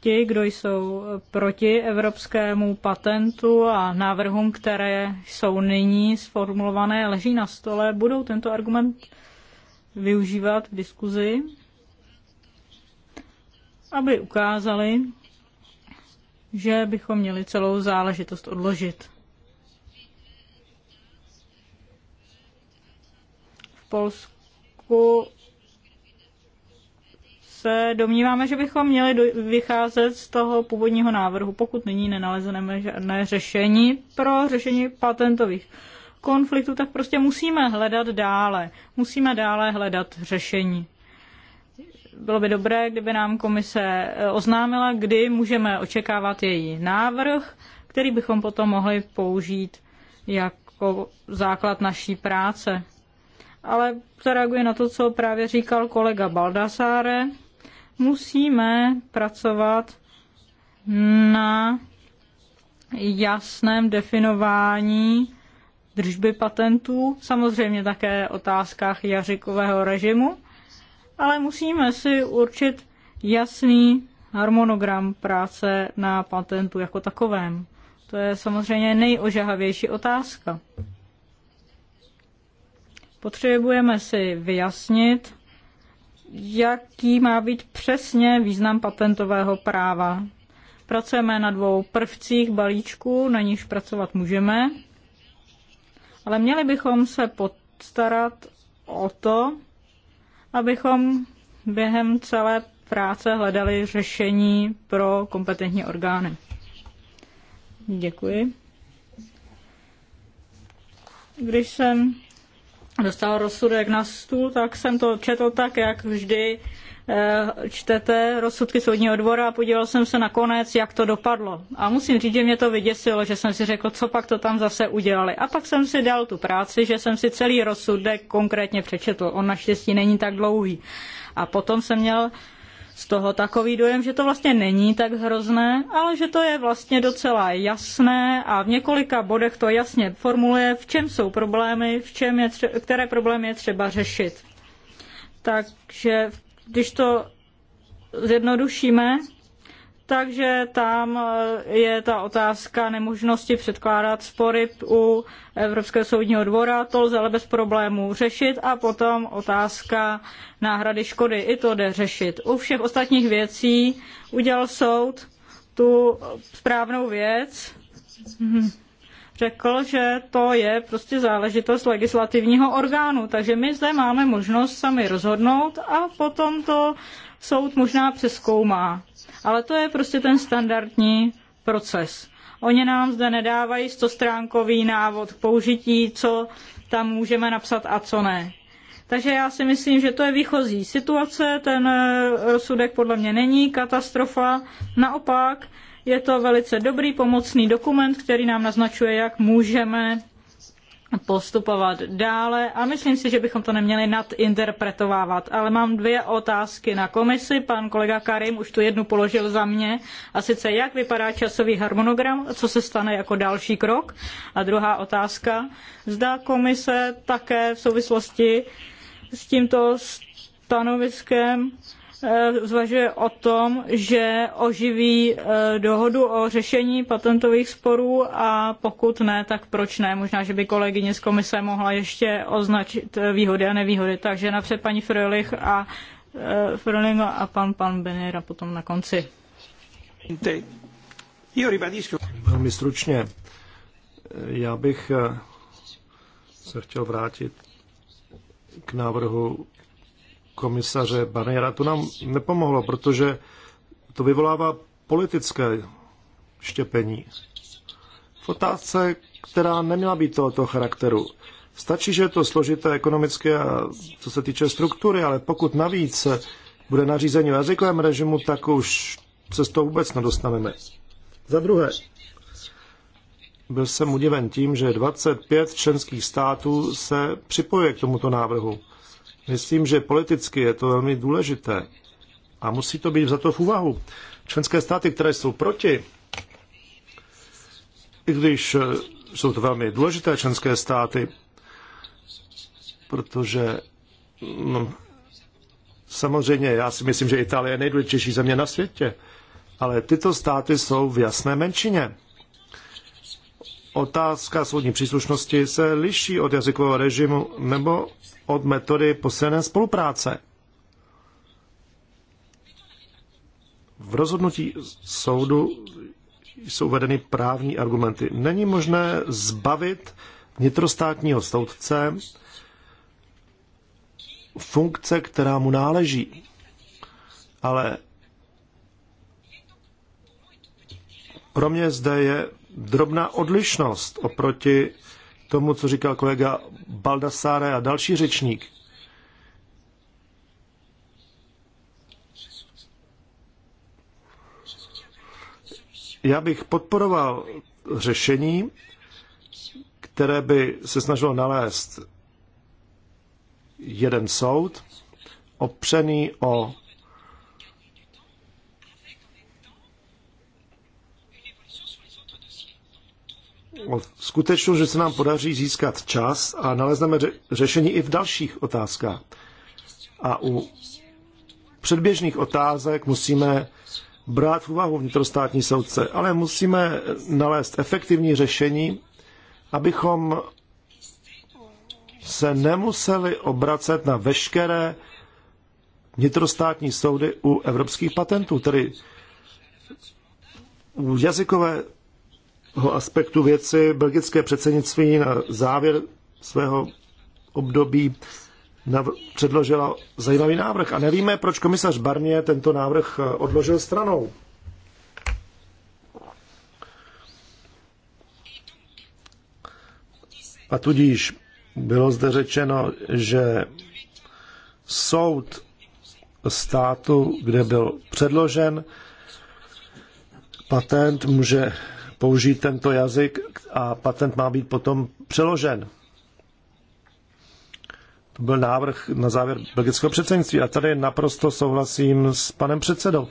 Ti, kdo jsou proti evropskému patentu a návrhům, které jsou nyní sformulované, leží na stole, budou tento argument využívat v diskuzi aby ukázali, že bychom měli celou záležitost odložit. V Polsku se domníváme, že bychom měli vycházet z toho původního návrhu, pokud nyní nenalezeneme žádné řešení pro řešení patentových konfliktů, tak prostě musíme hledat dále. Musíme dále hledat řešení bylo by dobré, kdyby nám komise eh, oznámila, kdy můžeme očekávat její návrh, který bychom potom mohli použít jako základ naší práce. Ale zareaguji na to, co právě říkal kolega Baldasáre. Musíme pracovat na jasném definování držby patentů, samozřejmě také otázkách jazykového režimu ale musíme si určit jasný harmonogram práce na patentu jako takovém. To je samozřejmě nejožahavější otázka. Potřebujeme si vyjasnit, jaký má být přesně význam patentového práva. Pracujeme na dvou prvcích balíčků, na nichž pracovat můžeme, ale měli bychom se podstarat o to, abychom během celé práce hledali řešení pro kompetentní orgány. Děkuji. Když jsem dostal rozsudek na stůl, tak jsem to četl tak, jak vždy Eh, čtete rozsudky soudního dvora a podíval jsem se nakonec, jak to dopadlo. A musím říct, že mě to vyděsilo, že jsem si řekl, co pak to tam zase udělali. A pak jsem si dal tu práci, že jsem si celý rozsudek konkrétně přečetl. On naštěstí není tak dlouhý. A potom jsem měl z toho takový dojem, že to vlastně není tak hrozné, ale že to je vlastně docela jasné a v několika bodech to jasně formuluje, v čem jsou problémy, v čem je tře- které problémy je třeba řešit. Takže v když to zjednodušíme, takže tam eh, je ta otázka nemožnosti předkládat spory u Evropského soudního dvora, to lze ale bez problémů řešit a potom otázka náhrady škody, i to jde řešit. U všech ostatních věcí udělal soud tu správnou věc, mhm řekl, že to je prostě záležitost legislativního orgánu. Takže my zde máme možnost sami rozhodnout a potom to soud možná přeskoumá. Ale to je prostě ten standardní proces. Oni nám zde nedávají stostránkový návod k použití, co tam můžeme napsat a co ne. Takže já si myslím, že to je výchozí situace, ten rozsudek eh, podle mě není katastrofa. Naopak, je to velice dobrý pomocný dokument, který nám naznačuje, jak můžeme postupovat dále a myslím si, že bychom to neměli nadinterpretovávat. Ale mám dvě otázky na komisi. Pan kolega Karim už tu jednu položil za mě. A sice jak vypadá časový harmonogram, co se stane jako další krok. A druhá otázka, zda komise také v souvislosti s tímto stanoviskem Eh, zvažuje o tom, že oživí eh, dohodu o řešení patentových sporů a pokud ne, tak proč ne? Možná, že by kolegyně z komise mohla ještě označit eh, výhody a nevýhody. Takže napřed paní Frölich a Fröling a pan, pan Benera potom na konci. Velmi stručně. Já bych se chtěl vrátit k návrhu komisaře Barniera, to nám nepomohlo, protože to vyvolává politické štěpení. V otázce, která neměla být tohoto charakteru. Stačí, že je to složité ekonomické a co se týče struktury, ale pokud navíc bude nařízení o jazykovém režimu, tak už se z toho vůbec nedostaneme. Za druhé, byl jsem udiven tím, že 25 členských států se připojuje k tomuto návrhu. Myslím, že politicky je to velmi důležité a musí to být za to v úvahu. Členské státy, které jsou proti, i když eh, jsou to velmi důležité členské státy, protože no, samozřejmě já si myslím, že Itálie je nejdůležitější země na světě, ale tyto státy jsou v jasné menšině. Otázka soudní příslušnosti se liší od jazykového režimu nebo od metody posílené spolupráce. V rozhodnutí soudu jsou uvedeny právní argumenty. Není možné zbavit vnitrostátního soudce funkce, která mu náleží. Ale pro mě zde je drobná odlišnost oproti tomu, co říkal kolega Baldassare a další řečník. Já bych podporoval řešení, které by se snažilo nalézt jeden soud, opřený o o skutečnost, že se nám podaří získat čas a nalezneme řešení i v dalších otázkách. A u předběžných otázek musíme brát v úvahu vnitrostátní soudce, ale musíme nalézt efektivní řešení, abychom se nemuseli obracet na veškeré vnitrostátní soudy u evropských patentů, tedy u jazykové aspektu věci belgické předsednictví na závěr svého období předložila zajímavý návrh. A nevíme, proč komisař Barnier tento návrh eh, odložil stranou. A tudíž bylo zde řečeno, že soud státu, kde byl předložen patent, může použít tento jazyk a patent má být potom přeložen. To byl návrh na závěr belgického předsednictví a tady naprosto souhlasím s panem předsedou.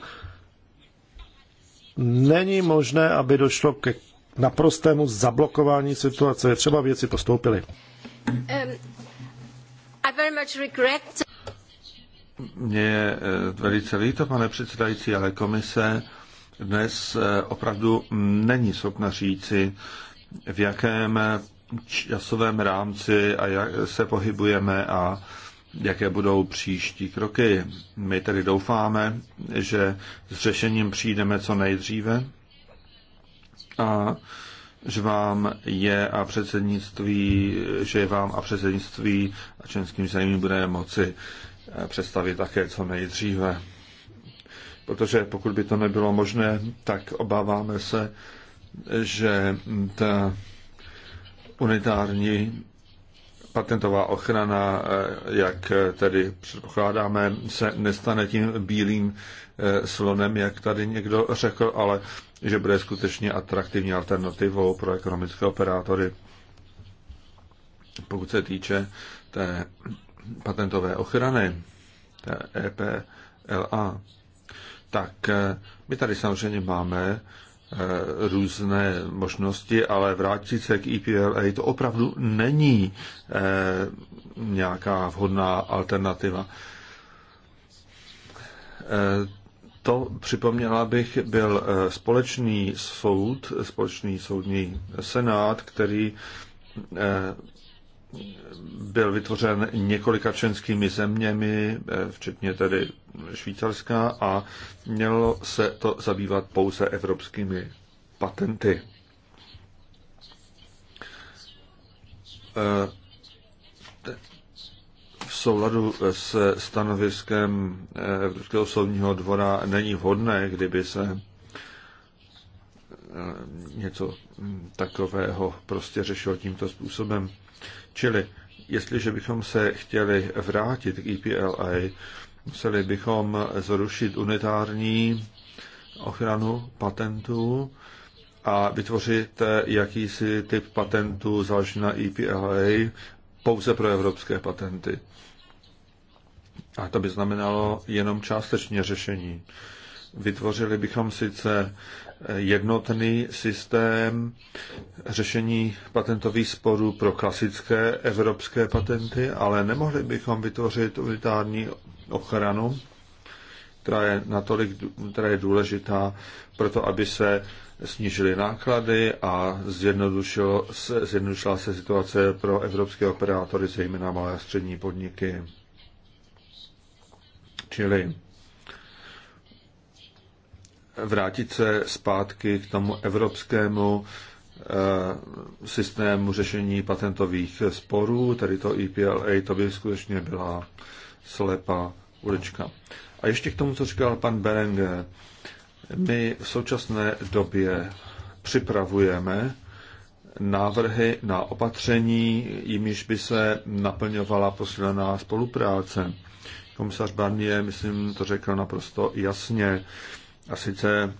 Není možné, aby došlo k naprostému zablokování situace. Je třeba věci postoupily. Um, Mně je eh, velice líto, pane předsedající, ale komise dnes eh, opravdu není schopna říci, v jakém časovém rámci a jak se pohybujeme a jaké budou příští kroky. My tedy doufáme, že s řešením přijdeme co nejdříve a že vám je a předsednictví, že vám a předsednictví a členským zemím bude moci eh, představit také co nejdříve protože pokud by to nebylo možné, tak obáváme se, že ta unitární patentová ochrana, eh, jak tedy předpokládáme, se nestane tím bílým eh, slonem, jak tady někdo řekl, ale že bude skutečně atraktivní alternativou pro ekonomické operátory. Pokud se týče té patentové ochrany, té EPLA, tak eh, my tady samozřejmě máme eh, různé možnosti, ale vrátit se k EPLA to opravdu není eh, nějaká vhodná alternativa. To připomněla bych, byl společný soud, společný soudní senát, který byl vytvořen několika členskými zeměmi, eh, včetně tedy Švýcarska, a mělo se to zabývat pouze evropskými patenty. Eh, v souladu se stanoviskem eh, Evropského soudního dvora není vhodné, kdyby se něco takového prostě řešilo tímto způsobem. Čili jestliže bychom se chtěli vrátit k EPLA, museli bychom zrušit unitární ochranu patentů a vytvořit jakýsi typ patentů založený na EPLA pouze pro evropské patenty. A to by znamenalo jenom částečně řešení. Vytvořili bychom sice jednotný systém řešení patentových sporů pro klasické evropské patenty, ale nemohli bychom vytvořit unitární ochranu, která je natolik která je důležitá pro to, aby se snížily náklady a se, zjednodušila se situace pro evropské operátory, zejména malé a střední podniky. Čili vrátit se zpátky k tomu evropskému eh, systému řešení patentových sporů, tedy to EPLA, to by skutečně byla slepá ulička. A ještě k tomu, co říkal pan Berenger. My v současné době připravujeme návrhy na opatření, jimiž by se naplňovala posílená spolupráce. Komisař Barnier, myslím, to řekl naprosto jasně. A sice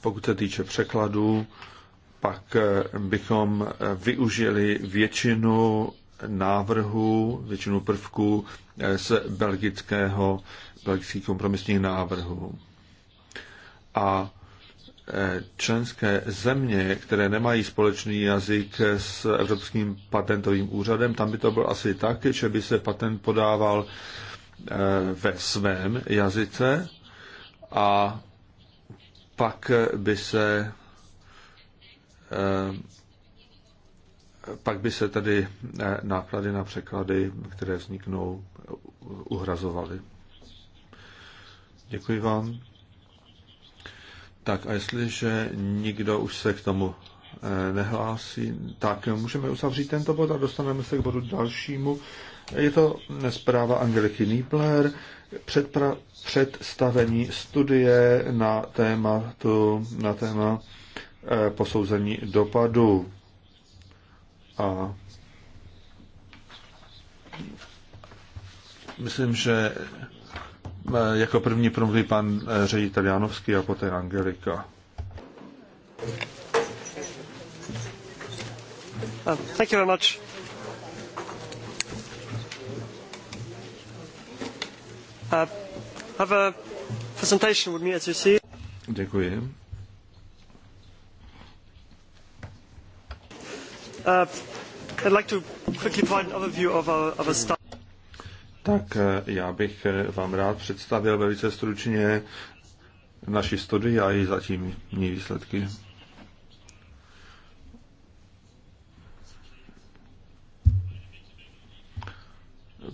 pokud se týče překladu, pak eh, bychom eh, využili většinu návrhů, většinu prvků eh, z belgického, belgických kompromisních návrhů. A členské země, které nemají společný jazyk s Evropským patentovým úřadem, tam by to bylo asi tak, že by se patent podával ve svém jazyce a pak by se eh, pak by se tedy eh, náklady na překlady, které vzniknou, uhrazovaly. Děkuji vám. Tak a jestliže nikdo už se k tomu eh, nehlásí, tak můžeme uzavřít tento bod a dostaneme se k bodu dalšímu. Je to zpráva Angeliky Niebler předpra- představení studie na, téma tu, na téma eh, posouzení dopadu. A myslím, že eh, jako první promluví pan eh, ředitel Janovský a poté Angelika. Uh, thank you very much. Uh, have a presentation with me, as you see. Děkuji. Uh, I'd like to quickly provide an overview of our, of our staff. Tak eh, já bych eh, vám rád představil velice stručně naši studii a její ní výsledky.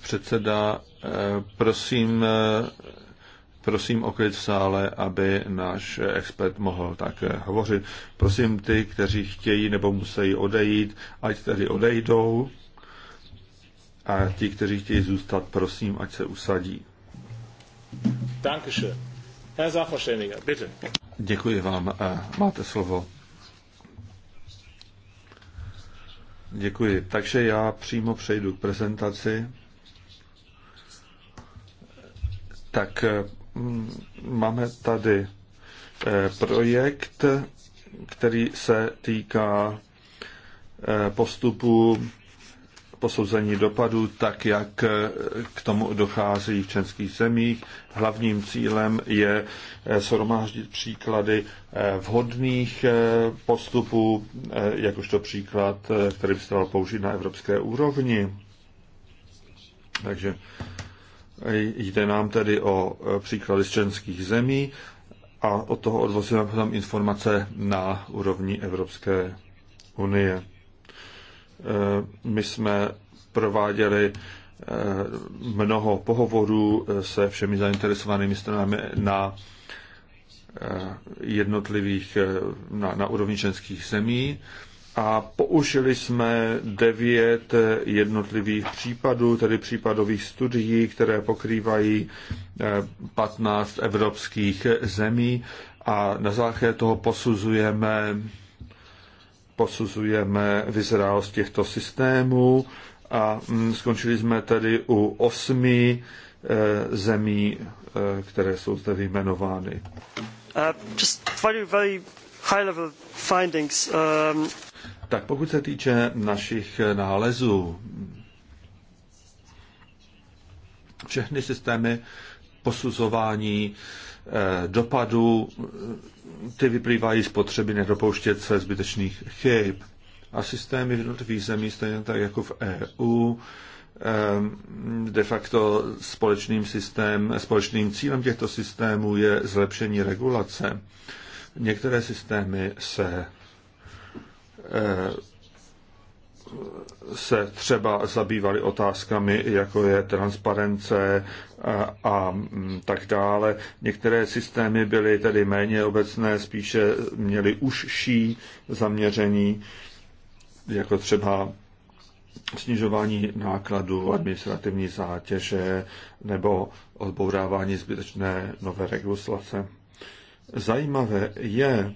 předseda, eh, prosím, eh, prosím o klid v sále, aby náš expert mohl tak eh, hovořit. Prosím ty, kteří chtějí nebo musí odejít, ať tedy odejdou. A ti, kteří chtějí zůstat, prosím, ať se usadí. Děkuji vám. Máte slovo. Děkuji. Takže já přímo přejdu k prezentaci. Tak eh, mm, máme tady eh, projekt, který se týká eh, postupu posouzení dopadu, tak jak k tomu dochází v českých zemích. Hlavním cílem je shromáždit příklady vhodných postupů, jakožto příklad, který by se dal použít na evropské úrovni. Takže Jde nám tedy o e, příklady z členských zemí a od toho odvozujeme potom informace na úrovni Evropské unie. E, my jsme prováděli e, mnoho pohovorů se všemi zainteresovanými stranami na jednotlivých, na, na úrovni členských zemí a použili jsme devět jednotlivých případů, tedy případových studií, které pokrývají 15 eh, evropských zemí a na základě toho posuzujeme, posuzujeme vyzrálost těchto systémů a hm, skončili jsme tedy u osmi eh, zemí, eh, které jsou zde vyjmenovány. Uh, just very, very high level findings. Um... Tak pokud se týče našich nálezů, všechny systémy posuzování eh, dopadů, eh, ty vyplývají z potřeby nedopouštět se zbytečných chyb. A systémy v jednotlivých zemí, stejně tak jako v EU, eh, de facto společným, systém, společným cílem těchto systémů je zlepšení regulace. Některé systémy se Eh, se třeba zabývali otázkami, jako je transparence eh, a, a mm, tak dále. Některé systémy byly tedy méně obecné, spíše měly užší zaměření, jako třeba snižování nákladů, administrativní zátěže nebo odbourávání zbytečné nové regulace. Zajímavé je,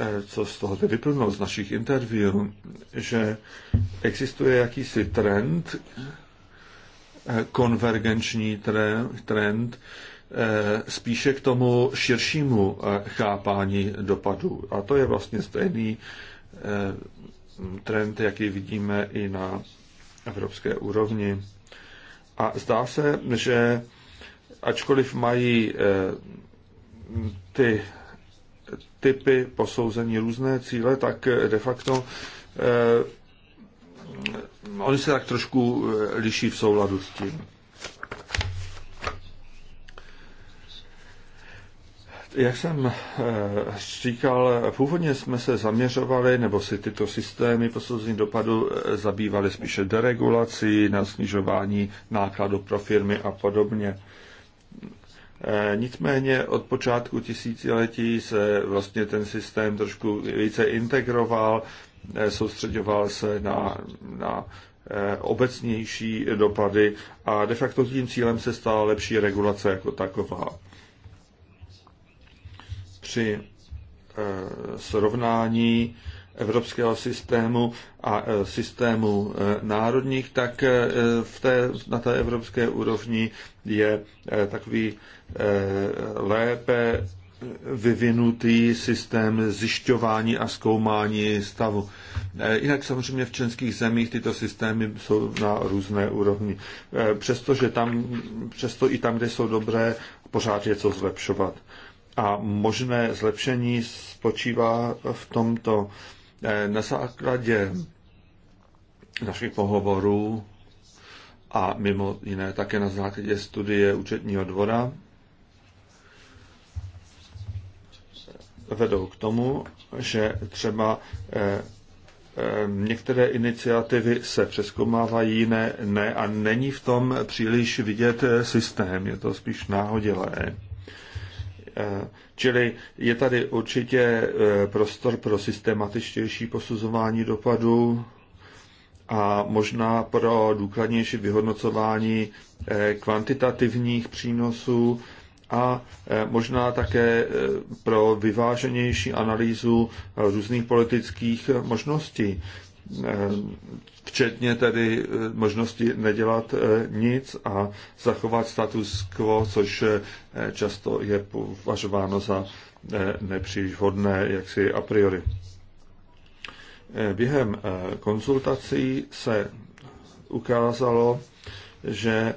Eh, co z toho vyplnulo z našich interview, že existuje jakýsi trend, eh, konvergenční trend, eh, spíše k tomu širšímu chápání dopadu. A to je vlastně stejný trend, jaký vidíme i na evropské úrovni. A zdá se, že ačkoliv mají ty typy posouzení, různé cíle, tak eh, de facto eh, oni se tak trošku eh, liší v souladu s tím. Jak jsem eh, říkal, původně jsme se zaměřovali, nebo si tyto systémy posouzení dopadu zabývaly spíše deregulací, na snižování nákladů pro firmy a podobně. Eh, nicméně od počátku tisíciletí se vlastně ten systém trošku více integroval, eh, soustředoval se na, na eh, obecnější dopady a de facto tím cílem se stala lepší regulace jako taková. Při srovnání evropského systému a e, systému e, národních, tak e, v té, na té evropské úrovni je takový lépe vyvinutý systém zjišťování a zkoumání stavu. Jinak samozřejmě v českých zemích tyto systémy jsou na různé úrovni. Přestože tam, přesto i tam, kde jsou dobré, pořád je co zlepšovat. A možné zlepšení spočívá v tomto Eh, na základě našich pohovorů a mimo jiné také na základě studie účetního dvora vedou k tomu, že třeba eh, eh, některé iniciativy se přeskoumávají, jiné ne a není v tom příliš vidět systém, je to spíš náhodilé. Čili je tady určitě eh, prostor pro systematičtější posuzování dopadů a možná pro důkladnější vyhodnocování eh, kvantitativních přínosů a eh, možná také pro vyváženější analýzu různých politických možností. Eh, včetně tedy eh, možnosti nedělat eh, nic a zachovat status quo, což často je považováno za nepříliš vhodné jaksi a priori. Během konzultací se ukázalo, že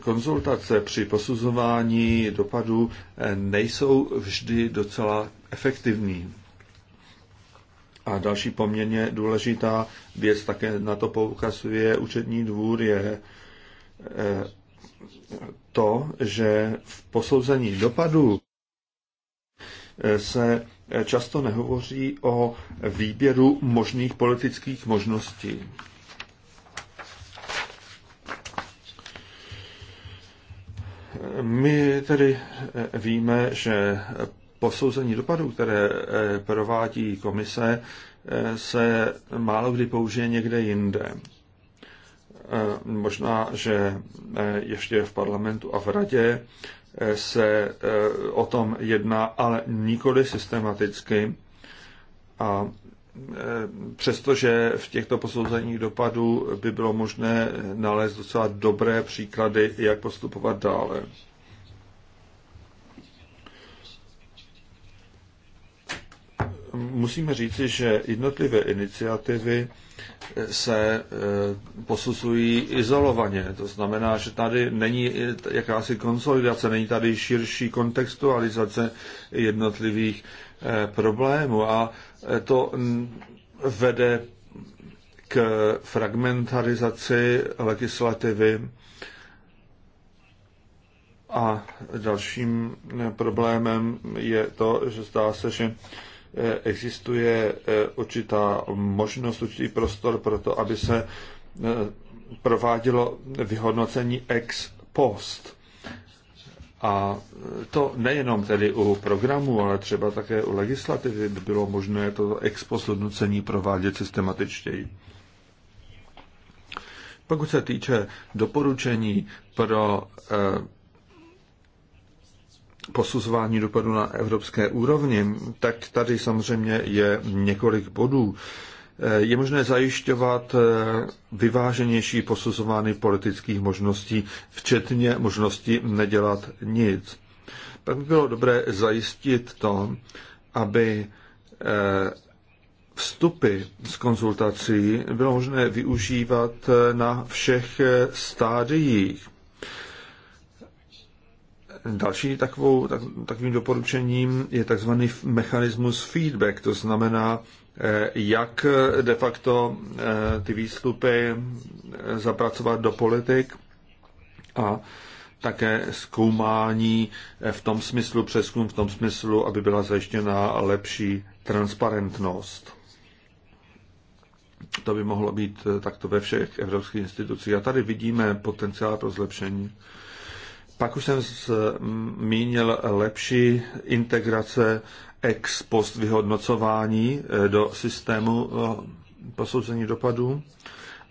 konzultace při posuzování dopadů nejsou vždy docela efektivní. A další poměrně důležitá věc, také na to poukazuje účetní dvůr, je eh, to, že v posouzení dopadů eh, se eh, často nehovoří o výběru možných politických možností. My tedy víme, že posouzení dopadů, které eh, provádí komise, eh, se málo kdy použije někde jinde. Eh, možná, že ještě v parlamentu a v radě se o tom jedná, ale nikoli systematicky. A přestože v těchto posouzeních dopadů by bylo možné nalézt docela dobré příklady, jak postupovat dále. musíme říci, že jednotlivé iniciativy eh, se eh, posuzují izolovaně. To znamená, že tady není eh, jakási konsolidace, není tady širší kontextualizace jednotlivých problémů a to mm, vede k fragmentarizaci legislativy a dalším problémem je to, že zdá se, že Eh, existuje eh, určitá možnost, určitý prostor pro to, aby se eh, provádělo vyhodnocení ex post. A to nejenom tedy u programu, ale třeba také u legislativy by bylo možné to ex post hodnocení provádět systematičtěji. Pokud se týče doporučení pro posuzování dopadu na evropské úrovni, tak tady samozřejmě je několik bodů. Je možné zajišťovat eh, vyváženější posuzování politických možností, včetně možnosti nedělat nic. Pak by bylo dobré zajistit to, aby eh, vstupy z konzultací bylo možné využívat eh, na všech stádiích Další takovou, tak, takovým doporučením je takzvaný mechanismus feedback, to znamená, eh, jak de facto eh, ty výstupy eh, zapracovat do politik a také zkoumání v tom smyslu, přeskum v tom smyslu, aby byla zajištěna lepší transparentnost. To by mohlo být takto ve všech evropských institucích. A tady vidíme potenciál pro zlepšení. Pak už jsem zmínil lepší integrace ex post vyhodnocování e, do systému e, posouzení dopadů.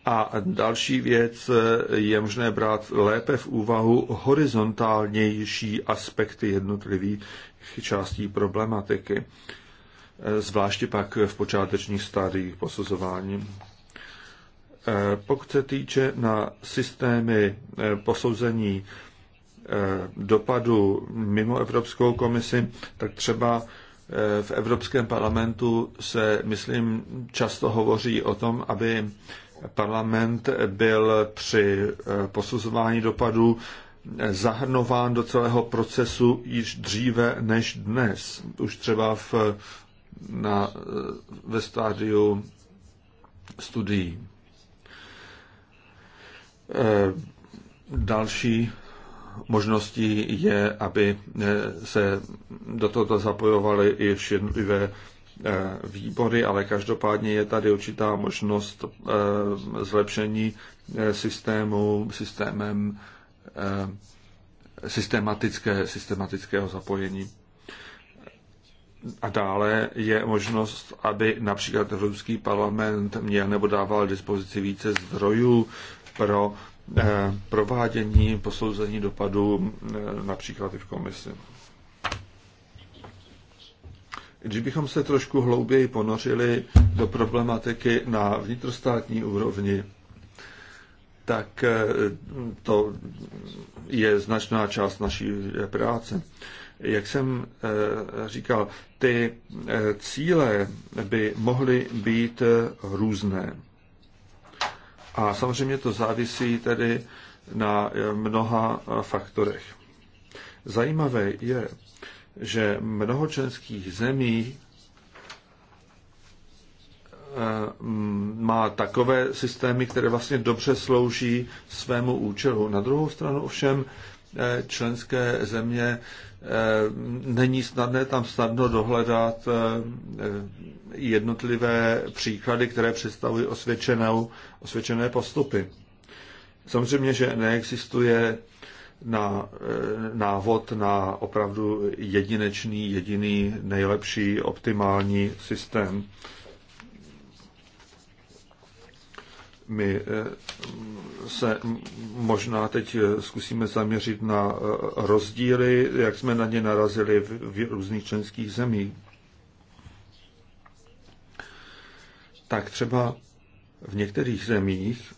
A další věc e, je možné brát lépe v úvahu horizontálnější aspekty jednotlivých částí problematiky, zvláště pak v počátečních stádiích posuzování. Pokud se týče na systémy posouzení Eh, dopadu mimo Evropskou komisi, tak třeba eh, v Evropském parlamentu se, myslím, často hovoří o tom, aby parlament byl při eh, posuzování dopadů zahrnován do celého procesu již dříve než dnes. Už třeba v, na, ve stádiu studií. E, další Možností je, aby eh, se do toho zapojovaly i jednotlivé eh, výbory, ale každopádně je tady určitá možnost eh, zlepšení systému systémem systematické, systematického zapojení. A dále je možnost, aby například Evropský parlament měl nebo dával dispozici více zdrojů pro Eh, provádění posouzení dopadu eh, například i v komisi. Když bychom se trošku hlouběji ponořili do problematiky na vnitrostátní úrovni, tak eh, to je značná část naší práce. Jak jsem říkal, ty cíle by mohly být různé. A samozřejmě to závisí tedy na eh, mnoha eh, faktorech. Zajímavé je, že mnoho členských zemí eh, mm, má takové systémy, které vlastně dobře slouží svému účelu. Na druhou stranu ovšem členské země Eh, není snadné tam snadno dohledat eh, jednotlivé příklady, které představují osvědčenou, osvědčené postupy. Samozřejmě, že neexistuje na eh, návod na opravdu jedinečný, jediný, nejlepší, optimální systém. My eh, se možná teď eh, zkusíme zaměřit na eh, rozdíly, jak jsme na ně narazili v různých členských zemích. Tak třeba v některých zemích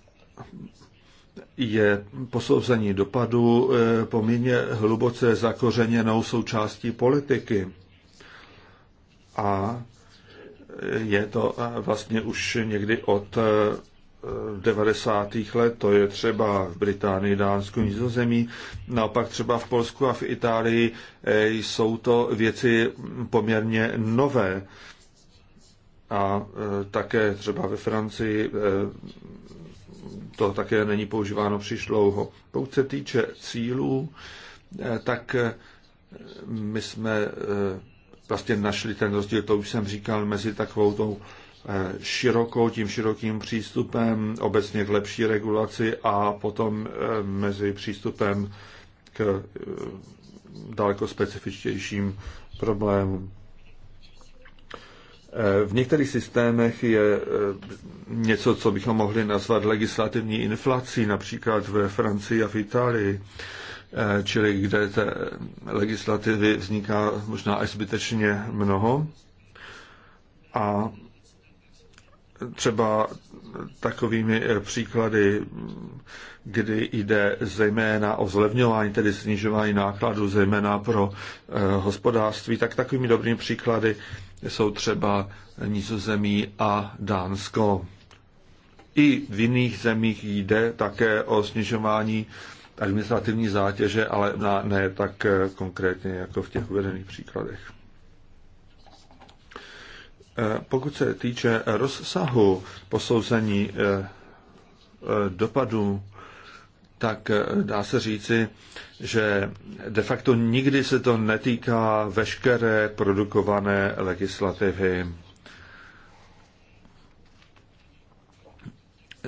je posouzení dopadu poměrně hluboce zakořeněnou součástí politiky. A je to vlastně už někdy od 90. let, to je třeba v Británii, Dánsku, Nizozemí, naopak třeba v Polsku a v Itálii e, jsou to věci poměrně nové. A e, také třeba ve Francii e, to také není používáno příliš dlouho. Pokud se týče cílů, tak my jsme vlastně našli ten rozdíl, to už jsem říkal, mezi takovou tou Eh, širokou, tím širokým přístupem obecně k lepší regulaci a potom eh, mezi přístupem k eh, daleko specifičtějším problémům. V některých systémech je něco, co bychom mohli nazvat legislativní inflací, například ve Francii a v Itálii, čili kde té legislativy vzniká možná až zbytečně mnoho. A třeba takovými eh, příklady, kdy jde zejména o zlevňování, tedy snižování nákladů, zejména pro eh, hospodářství, tak takovými dobrými příklady jsou třeba Nizozemí a Dánsko. I v jiných zemích jde také o snižování administrativní zátěže, ale na, ne tak eh, konkrétně jako v těch uvedených příkladech. Eh, pokud se týče rozsahu posouzení eh, eh, dopadů, tak dá se říci, že de facto nikdy se to netýká veškeré produkované legislativy.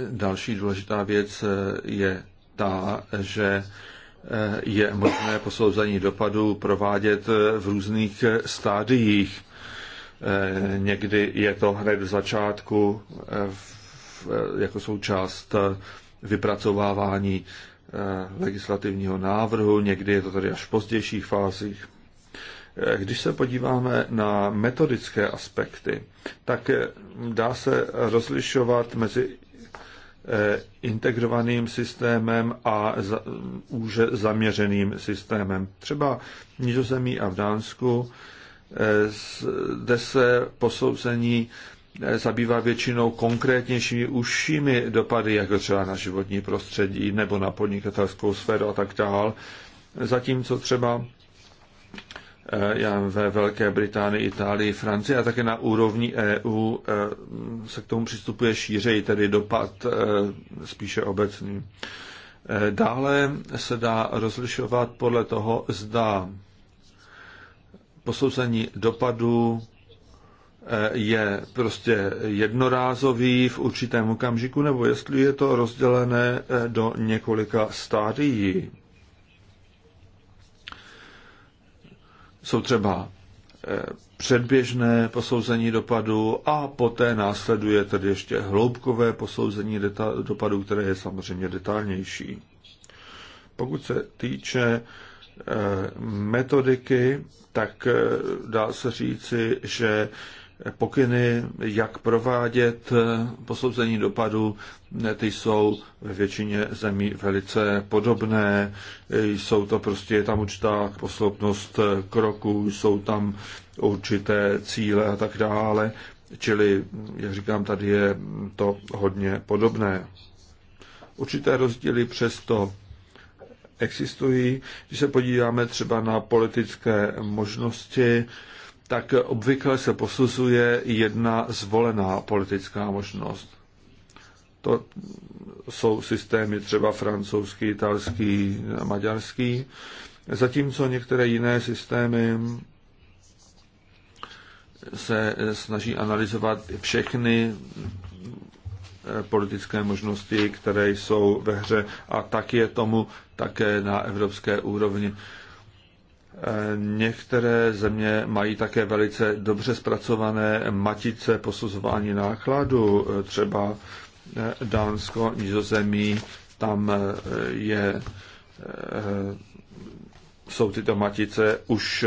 Další důležitá věc je ta, že je možné posouzení dopadů provádět v různých stádiích Eh, někdy je to hned v začátku eh, jako součást eh, vypracovávání legislativního návrhu, někdy je to tady až v pozdějších fázích. Když se podíváme na metodické aspekty, tak dá se rozlišovat mezi integrovaným systémem a už zaměřeným systémem. Třeba v Nizozemí a v Dánsku zde se posouzení eh, zabývá většinou konkrétnějšími, užšími dopady, jako třeba na životní prostředí nebo na podnikatelskou sféru a tak dál. Zatímco třeba eh, já ve Velké Británii, Itálii, Francii a také na úrovni EU eh, se k tomu přistupuje šířej, tedy dopad spíše obecný. Dále se dá rozlišovat podle toho, zda posouzení dopadů eh, je prostě jednorázový v určitém okamžiku, nebo jestli je to rozdělené eh, do několika stádií. Jsou třeba eh, předběžné posouzení dopadu a poté následuje tedy ještě hloubkové posouzení dopadu, které je samozřejmě detailnější. Pokud se týče metodiky, tak eh, dá se říci, že pokyny, jak provádět eh, posouzení dopadu, eh, ty jsou ve většině zemí velice podobné. Jsou to prostě, je tam určitá posloupnost kroků, jsou tam určité cíle a tak dále. Čili, jak říkám, tady je to hodně podobné. Určité rozdíly přesto existují. Když se podíváme třeba na politické možnosti, tak obvykle se posuzuje jedna zvolená politická možnost. To jsou systémy třeba francouzský, italský, maďarský, zatímco některé jiné systémy se snaží analyzovat všechny Eh, politické možnosti, které jsou ve hře a tak je tomu také na evropské úrovni. Eh, některé země mají také velice dobře zpracované matice posuzování nákladu, eh, třeba Dánsko, Nizozemí, tam je, jsou tyto matice, už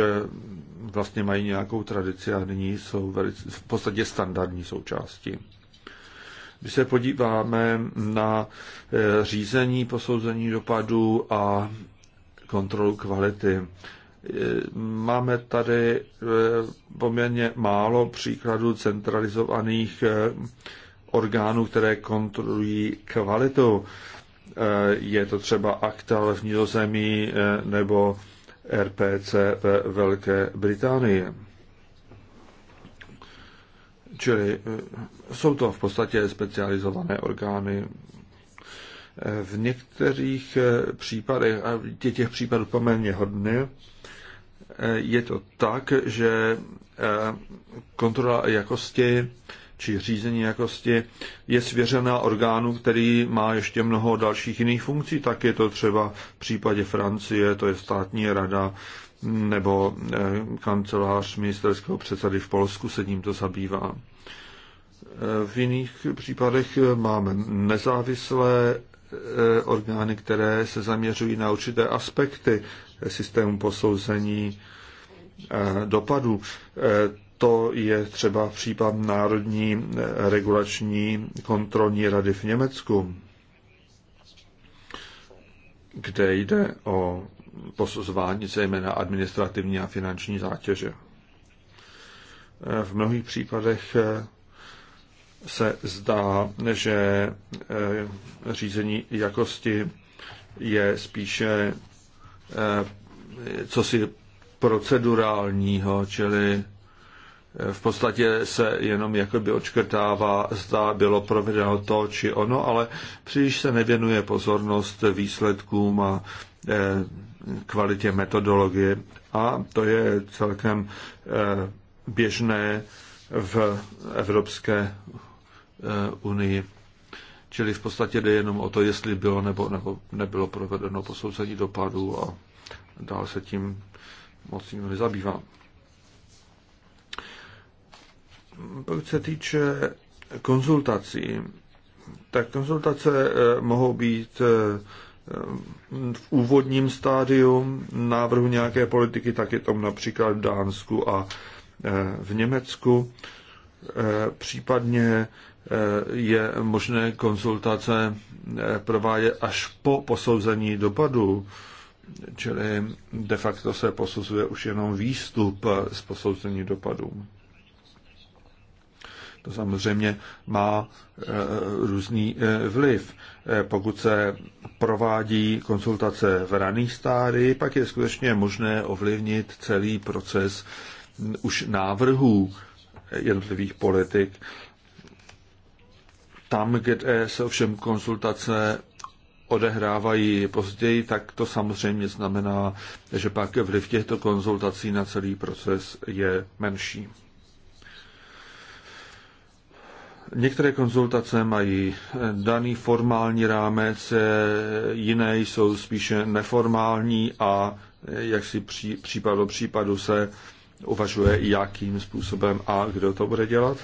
vlastně mají nějakou tradici a nyní jsou velice, v podstatě standardní součástí. Když se podíváme na eh, řízení, posouzení dopadů a kontrolu kvality, eh, máme tady eh, poměrně málo příkladů centralizovaných orgánů, které kontrolují kvalitu. Je to třeba Actal v Nizozemí nebo RPC ve Velké Británii. Čili eh, jsou to v podstatě specializované orgány. Eh, v některých eh, případech, a je těch případů poměrně hodně, je to tak, že kontrola jakosti či řízení jakosti je svěřená orgánu, který má ještě mnoho dalších jiných funkcí, tak je to třeba v případě Francie, to je státní rada nebo eh, kancelář ministerského předsady v Polsku se tímto zabývá. Eh, v jiných případech máme nezávislé eh, orgány, které se zaměřují na určité aspekty systému posouzení dopadů. To je třeba případ Národní regulační kontrolní rady v Německu, kde jde o posuzování zejména administrativní a finanční zátěže. V mnohých případech se zdá, že řízení jakosti je spíše cosi procedurálního, čili v podstatě se jenom jakoby očkrtává, zda bylo provedeno to či ono, ale příliš se nevěnuje pozornost výsledkům a eh, kvalitě metodologie a to je celkem eh, běžné v Evropské eh, unii. Čili v podstatě jde jenom o to, jestli bylo nebo, nebo nebylo provedeno posouzení dopadů a dál se tím moc nikdo nezabývá. Pokud se týče konzultací, tak konzultace eh, mohou být v úvodním stádiu návrhu nějaké politiky, tak je tom například v Dánsku a e, v Německu. E, případně e, je možné konzultace provádět až po posouzení dopadu, čili de facto se posuzuje už jenom výstup z posouzení dopadů. To samozřejmě má eh, různý eh, vliv. Eh, pokud se provádí konsultace v raných stádiích, pak je skutečně možné ovlivnit celý proces už návrhů jednotlivých politik. Tam, kde se ovšem konsultace odehrávají později, tak to samozřejmě znamená, že pak vliv těchto konzultací na celý proces je menší. Některé konzultace mají daný formální rámec, jiné jsou spíše neformální a jak si pří, případ do případu se uvažuje, jakým způsobem a kdo to bude dělat.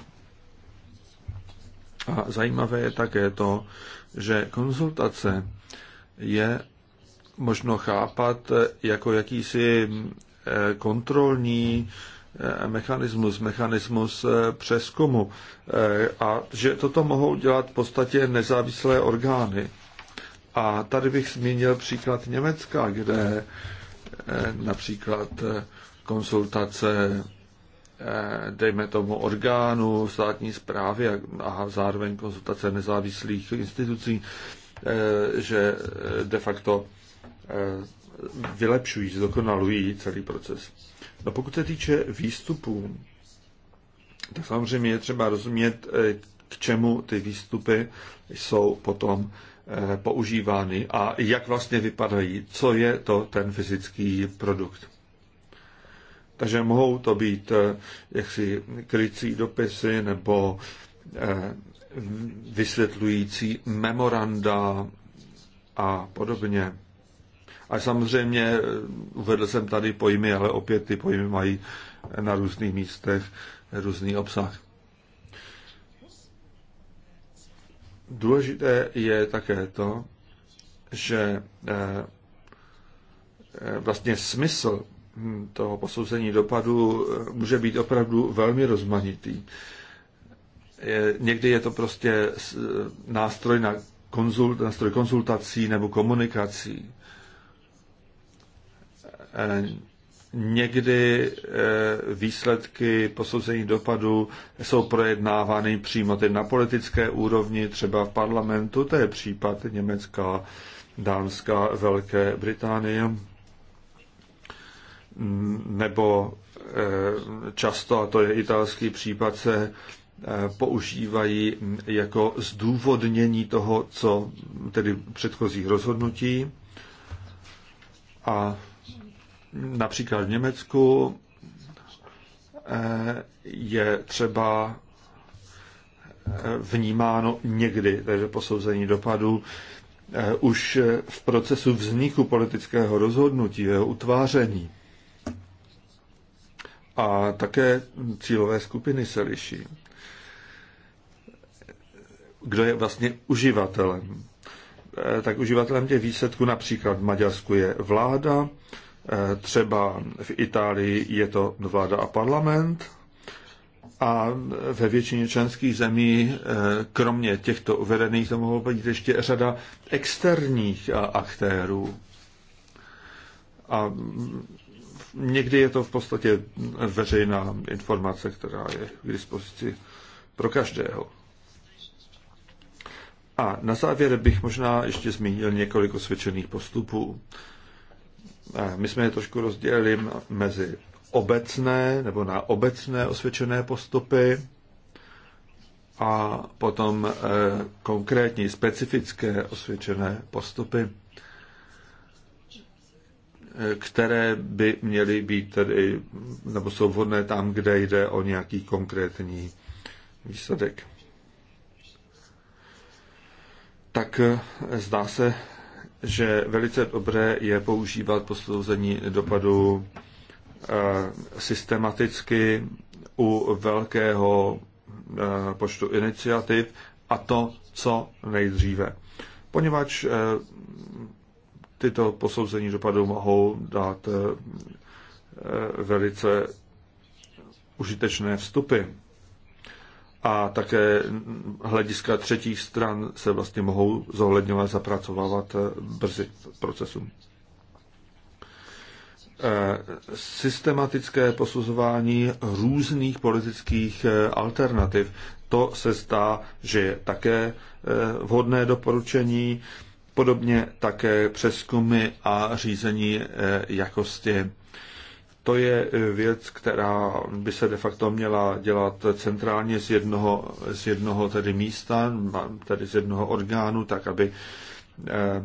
A zajímavé je také to, že konzultace je možno chápat jako jakýsi kontrolní Eh, mechanismus, mechanismus eh, přeskumu eh, a že toto mohou dělat v podstatě nezávislé orgány. A tady bych zmínil příklad Německa, kde například konsultace dejme tomu orgánu státní zprávy a zároveň konsultace nezávislých institucí, že de facto vylepšují, zdokonalují celý proces. No pokud se týče výstupů, tak samozřejmě je třeba rozumět, eh, k čemu ty výstupy jsou potom eh, používány a jak vlastně vypadají, co je to ten fyzický produkt. Takže mohou to být eh, jaksi krycí dopisy nebo vysvětlující memoranda a podobně. A samozřejmě eh, uvedl jsem tady pojmy, ale opět ty pojmy mají eh, na různých místech eh, různý obsah. Důležité je také to, že vlastně smysl hm, toho posouzení dopadu může být opravdu velmi rozmanitý. Někdy je to prostě nástroj na konzult, nástroj konzultací nebo komunikací. Eh, někdy eh, výsledky posouzení dopadu jsou projednávány přímo teď na politické úrovni, třeba v parlamentu, to je případ Německa, Dánska, Velké Británie, mm, nebo eh, často, a to je italský případ, se používají jako zdůvodnění toho, co tedy předchozích rozhodnutí. A Například v Německu eh, je třeba eh, vnímáno někdy, takže posouzení dopadu, eh, už v procesu vzniku politického rozhodnutí, jeho utváření. A také cílové skupiny se liší. Kdo je vlastně uživatelem? Tak uživatelem těch výsledků například v Maďarsku je vláda, Třeba v Itálii je to vláda a parlament a ve většině členských zemí, eh, kromě těchto uvedených, to mohlo být ještě řada externích eh, aktérů. A mm, někdy je to v podstatě veřejná informace, která je k dispozici pro každého. A na závěr bych možná ještě zmínil několik osvědčených postupů. My jsme je trošku rozdělili mezi obecné nebo na obecné osvědčené postupy a potom e, konkrétní specifické osvědčené postupy, e, které by měly být tedy, nebo jsou vhodné tam, kde jde o nějaký konkrétní výsledek. Tak e, zdá se, že velice dobré je používat posouzení dopadu eh, systematicky u velkého eh, počtu iniciativ a to co nejdříve. Poněvadž eh, tyto posouzení dopadu mohou dát velice užitečné vstupy a také hlediska třetích stran se vlastně mohou zohledňovat, zapracovávat eh, brzy procesům. procesu. Eh, systematické posuzování různých politických eh, alternativ, to se zdá, že je také vhodné doporučení, podobně také přeskumy a řízení jakosti to je eh, věc, která by se de facto měla dělat centrálně z jednoho, z jednoho tedy místa, tedy z jednoho orgánu, tak aby eh,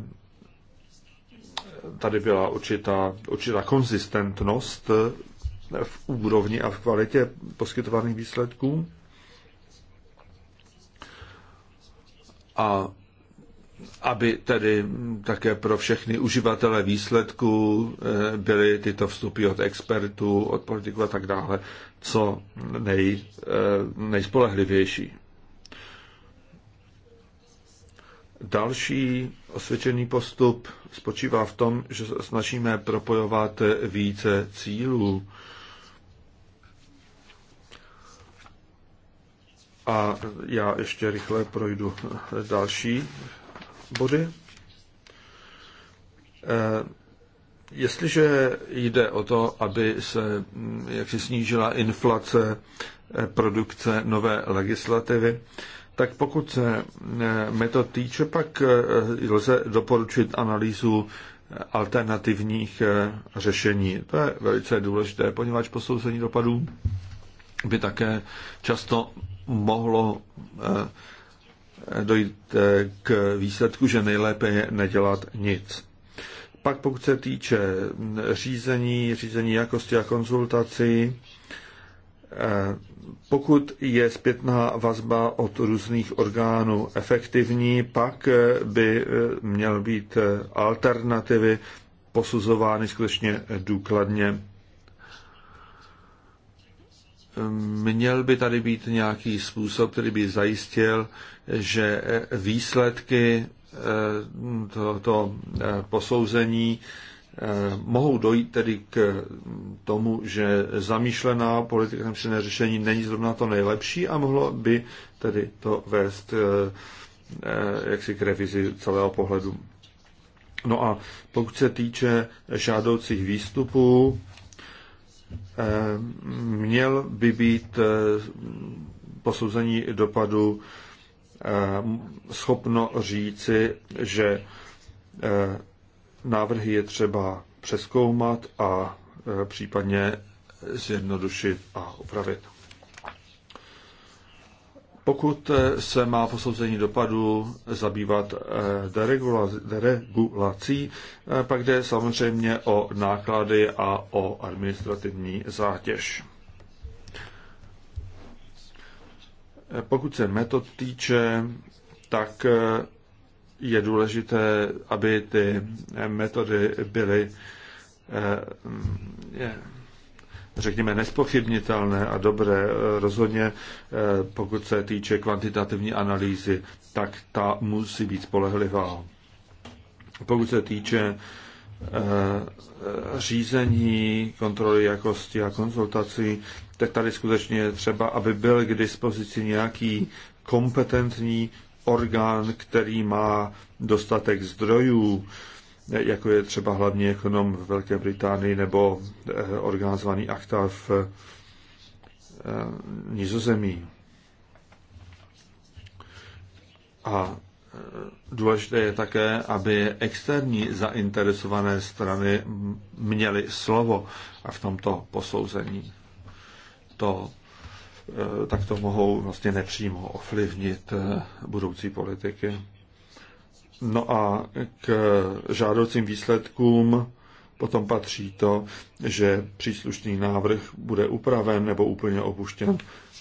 tady byla určitá, určitá konzistentnost eh, v úrovni a v kvalitě poskytovaných výsledků. A aby tedy také pro všechny uživatele výsledků eh, byly tyto vstupy od expertů, od politiků a tak dále, co nej, eh, nejspolehlivější. Další osvědčený postup spočívá v tom, že snažíme propojovat více cílů. A já ještě rychle projdu další body. Eh, jestliže jde o to, aby se hm, jaksi snížila inflace eh, produkce nové legislativy, tak pokud se metod hm, týče, pak eh, lze doporučit analýzu alternativních řešení. To je velice důležité, poněvadž posouzení dopadů by také často mohlo dojít eh, k výsledku, že nejlépe je nedělat nic. Pak pokud se týče mm, řízení, řízení jakosti a konzultací, eh, pokud je zpětná vazba od různých orgánů efektivní, pak eh, by měl být alternativy posuzovány skutečně důkladně. Měl by tady být nějaký způsob, který by zajistil, že eh, výsledky tohoto eh, eh, posouzení mohou dojít tedy k tomu, že zamýšlená politika zamýšlené řešení není zrovna to nejlepší a mohlo by tedy to vést jaksi k revizi celého pohledu. No a pokud se týče žádoucích výstupů, měl by být posouzení dopadu Eh, schopno říci, že eh, návrhy je třeba přeskoumat a eh, případně zjednodušit a upravit. Pokud se má posouzení dopadu zabývat deregulací, pak jde samozřejmě o náklady a o administrativní zátěž. Pokud se metod týče, tak eh, je důležité, aby ty eh, metody byly, eh, řekněme, nespochybnitelné a dobré. Rozhodně, pokud se týče kvantitativní analýzy, tak ta musí být spolehlivá. Pokud se týče Eh, řízení, kontroly jakosti a konzultací, tak tady skutečně je třeba, aby byl k dispozici nějaký kompetentní orgán, který má dostatek zdrojů, jako je třeba hlavně ekonom v Velké Británii nebo eh, orgán zvaný ACTA v eh, Nizozemí. A důležité je také, aby externí zainteresované strany měly slovo a v tomto posouzení. To eh, tak to mohou vlastně nepřímo ovlivnit eh, budoucí politiky. No a k žádoucím výsledkům potom patří to, že příslušný návrh bude upraven nebo úplně opuštěn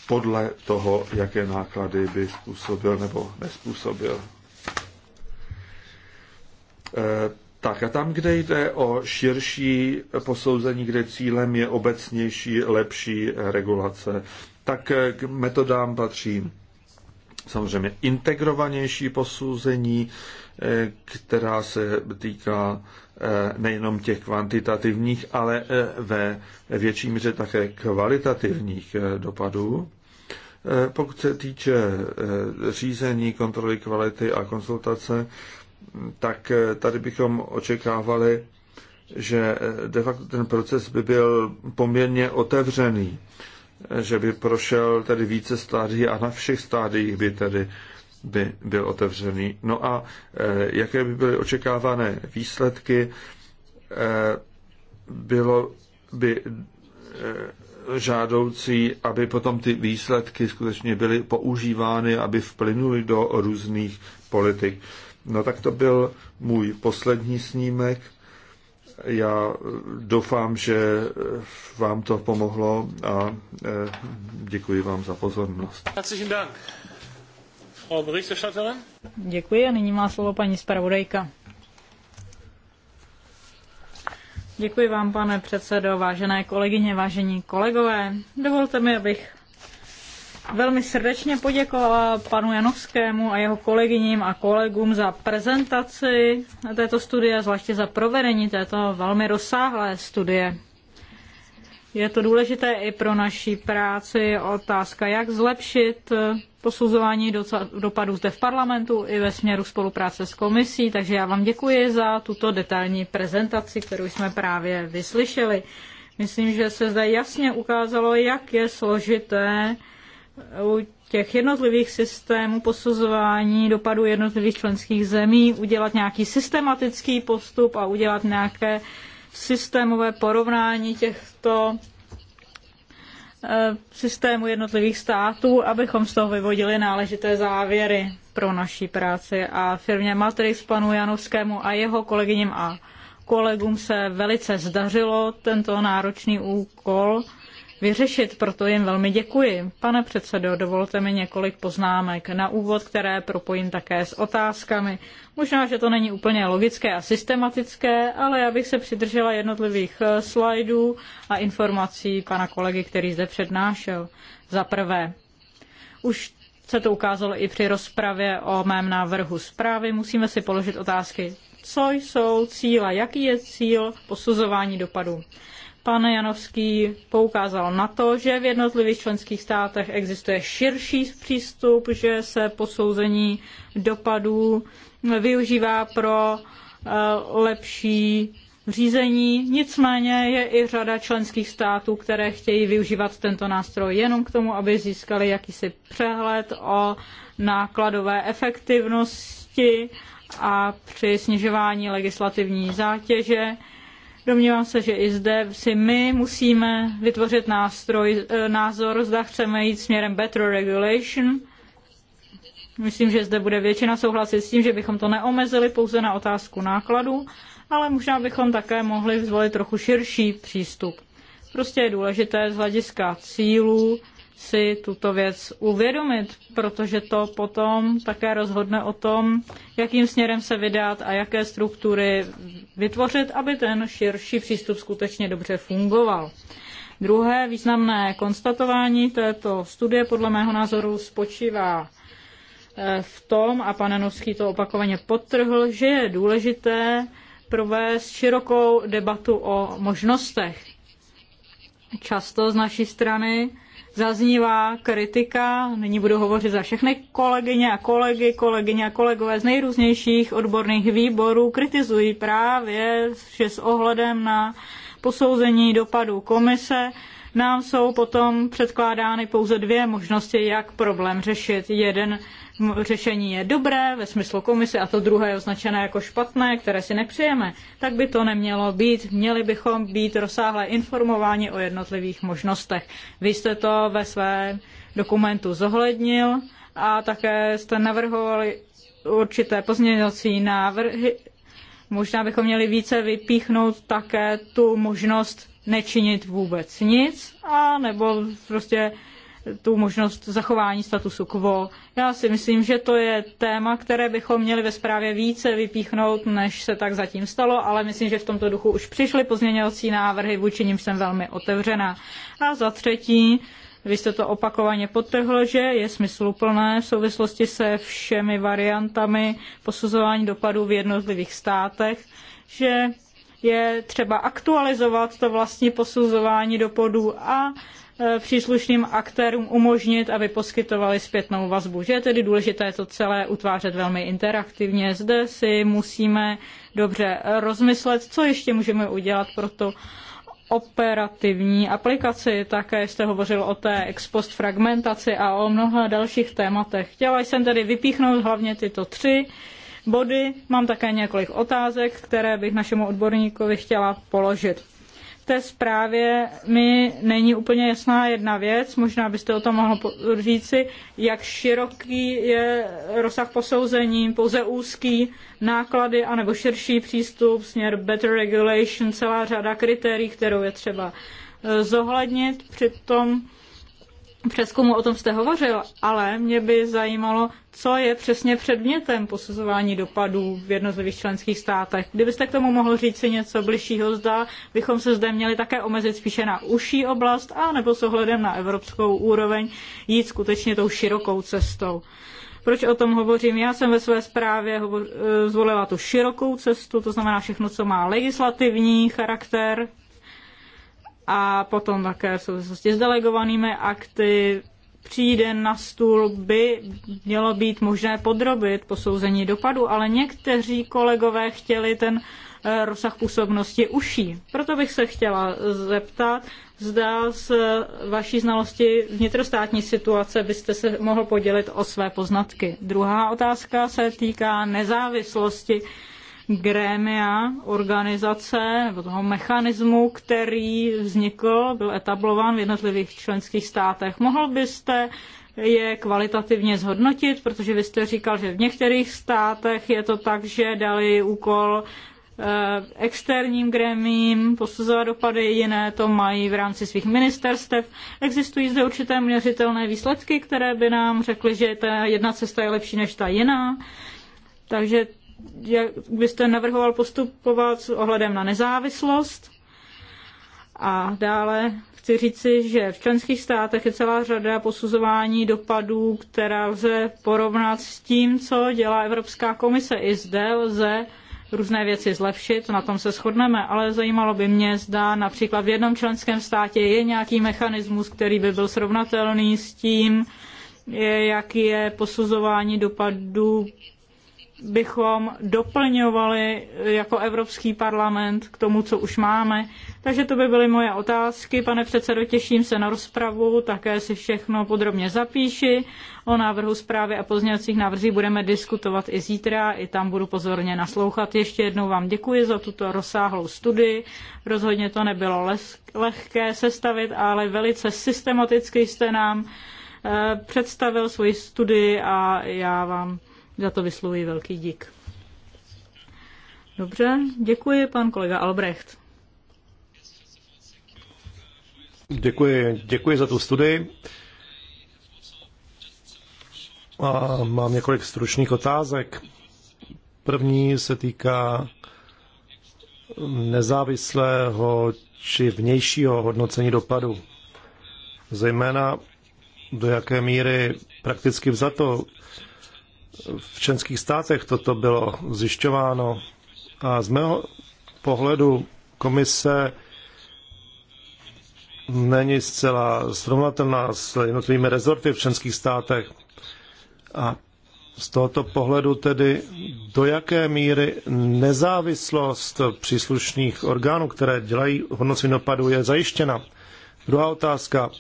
podle toho, jaké náklady by způsobil nebo nespůsobil. Eh, tak a tam, kde jde o širší posouzení, kde cílem je obecnější, lepší regulace, tak eh, k metodám patří samozřejmě integrovanější posouzení, eh, která se týká nejenom těch kvantitativních, ale ve větší míře také kvalitativních dopadů. Pokud se týče řízení, kontroly kvality a konsultace, tak eh, tady bychom očekávali, že eh, de facto ten proces by byl poměrně otevřený, eh, že by prošel tedy více stádií a na všech stádiích by tedy by byl otevřený. No a jaké by byly očekávané výsledky, bylo by žádoucí, aby potom ty výsledky skutečně byly používány, aby vplynuly do různých politik. No tak to byl můj poslední snímek. Já doufám, že vám to pomohlo a e, děkuji vám za pozornost. Herzlichen Dank. Frau Berichterstatterin. Děkuji a nyní má slovo paní zpravodajka. Děkuji vám, pane předsedo, vážené kolegyně, vážení kolegové. Dovolte mi, abych velmi srdečně poděkovala panu Janovskému a jeho kolegyním a kolegům za prezentaci této studie, zvláště za provedení této velmi rozsáhlé studie. Je to důležité i pro naší práci otázka, jak zlepšit posuzování dopadů zde v parlamentu i ve směru spolupráce s komisí. Takže já vám děkuji za tuto detailní prezentaci, kterou jsme právě vyslyšeli. Myslím, že se zde jasně ukázalo, jak je složité u těch jednotlivých systémů posuzování dopadů jednotlivých členských zemí udělat nějaký systematický postup a udělat nějaké systémové porovnání těchto eh, systému jednotlivých států, abychom z toho vyvodili náležité závěry pro naší práci. A firmě Matrix panu Janovskému a jeho kolegyním a kolegům se velice zdařilo tento náročný úkol vyřešit, proto jim velmi děkuji. Pane předsedo, dovolte mi několik poznámek na úvod, které propojím také s otázkami. Možná, že to není úplně logické a systematické, ale já bych se přidržela jednotlivých eh, slajdů a informací pana kolegy, který zde přednášel. Za prvé, už se to ukázalo i při rozpravě o mém návrhu zprávy. Musíme si položit otázky, co jsou cíle, jaký je cíl posuzování dopadu pan Janovský poukázal na to, že v jednotlivých členských státech existuje širší přístup, že se posouzení dopadů využívá pro eh, lepší řízení. Nicméně je i řada členských států, které chtějí využívat tento nástroj jenom k tomu, aby získali jakýsi přehled o nákladové efektivnosti a při snižování legislativní zátěže Domnívám se, že i zde si my musíme vytvořit nástroj, e, názor, zda chceme jít směrem better regulation. Myslím, že zde bude většina souhlasit s tím, že bychom to neomezili pouze na otázku nákladů, ale možná bychom také mohli zvolit trochu širší přístup. Prostě je důležité z hlediska cílů si tuto věc uvědomit, protože to potom také rozhodne o tom, jakým směrem se vydat a jaké struktury vytvořit, aby ten širší přístup skutečně dobře fungoval. Druhé významné konstatování této studie podle mého názoru spočívá eh, v tom, a pan Janovský to opakovaně podtrhl, že je důležité provést širokou debatu o možnostech. Často z naší strany zaznívá kritika, nyní budu hovořit za všechny kolegyně a kolegy, kolegyně a kolegové z nejrůznějších odborných výborů, kritizují právě, že s ohledem na posouzení dopadů komise nám jsou potom předkládány pouze dvě možnosti, jak problém řešit. Jeden řešení je dobré ve smyslu komise a to druhé je označené jako špatné, které si nepřejeme, tak by to nemělo být. Měli bychom být rozsáhle informováni o jednotlivých možnostech. Vy jste to ve svém dokumentu zohlednil a také jste navrhovali určité pozměňovací návrhy. Možná bychom měli více vypíchnout také tu možnost nečinit vůbec nic a nebo prostě tu možnost zachování statusu quo. Já si myslím, že to je téma, které bychom měli ve zprávě více vypíchnout, než se tak zatím stalo, ale myslím, že v tomto duchu už přišly pozměňovací návrhy, vůči nim jsem velmi otevřená. A za třetí, vy jste to opakovaně potrhl, že je smysluplné v souvislosti se všemi variantami posuzování dopadů v jednotlivých státech, že je třeba aktualizovat to vlastní posuzování dopadů a Eh, příslušným aktérům umožnit, aby poskytovali zpětnou vazbu. Že je tedy důležité to celé utvářet velmi interaktivně. Zde si musíme dobře rozmyslet, co ještě můžeme udělat pro to, operativní aplikaci, také jste hovořil o té ex post fragmentaci a o mnoha dalších tématech. Chtěla jsem tedy vypíchnout hlavně tyto tři body. Mám také několik otázek, které bych našemu odborníkovi chtěla položit té zprávě mi není úplně jasná jedna věc, možná byste o tom mohl říci, jak široký je rozsah posouzení, pouze úzký, náklady anebo širší přístup, směr better regulation, celá řada kritérií, kterou je třeba eh, zohlednit. Přitom tom přeskumu o tom jste hovořil, ale mě by zajímalo, co je přesně předmětem posuzování dopadů v jednotlivých členských státech. Kdybyste k tomu mohl říct si něco bližšího, zda bychom se zde měli také omezit spíše na užší oblast, a nebo s ohledem na evropskou úroveň jít skutečně tou širokou cestou. Proč o tom hovořím? Já jsem ve své zprávě eh, zvolila tu širokou cestu, to znamená všechno, co má legislativní charakter, a potom také v souvislosti s delegovanými akty přijde na stůl, by mělo být možné podrobit posouzení dopadu, ale někteří kolegové chtěli ten eh, rozsah působnosti uší. Proto bych se chtěla zeptat, zda z vaší znalosti vnitrostátní situace byste se mohl podělit o své poznatky. Druhá otázka se týká nezávislosti grémia, organizace nebo toho mechanismu, který vznikl, byl etablován v jednotlivých členských státech. Mohl byste je kvalitativně zhodnotit, protože vy jste říkal, že v některých státech je to tak, že dali úkol eh, externím gremím posuzovat dopady, jiné to mají v rámci svých ministerstev. Existují zde určité měřitelné výsledky, které by nám řekly, že ta jedna cesta je lepší než ta jiná. Takže jak byste navrhoval postupovat s ohledem na nezávislost. A dále chci říci, že v členských státech je celá řada posuzování dopadů, která lze porovnat s tím, co dělá Evropská komise. I zde lze různé věci zlepšit, na tom se shodneme, ale zajímalo by mě, zda například v jednom členském státě je nějaký mechanismus, který by byl srovnatelný s tím, jak je posuzování dopadů bychom doplňovali jako Evropský parlament k tomu, co už máme. Takže to by byly moje otázky. Pane předsedo, těším se na rozpravu, také si všechno podrobně zapíši. O návrhu zprávy a pozměňovacích návrzích budeme diskutovat i zítra, i tam budu pozorně naslouchat. Ještě jednou vám děkuji za tuto rozsáhlou studii. Rozhodně to nebylo lehké sestavit, ale velice systematicky jste nám eh, představil svoji studii a já vám za to vyslovuji velký dík. Dobře, děkuji pan kolega Albrecht. Děkuji, děkuji za tu studii. A mám několik stručných otázek. První se týká nezávislého či vnějšího hodnocení dopadu. Zejména do jaké míry prakticky vzato v členských státech toto bylo zjišťováno a z mého pohledu komise není zcela srovnatelná s jednotlivými rezorty v členských státech. A z tohoto pohledu tedy, do jaké míry nezávislost příslušných orgánů, které dělají hodnocení dopadu, je zajištěna. Druhá otázka.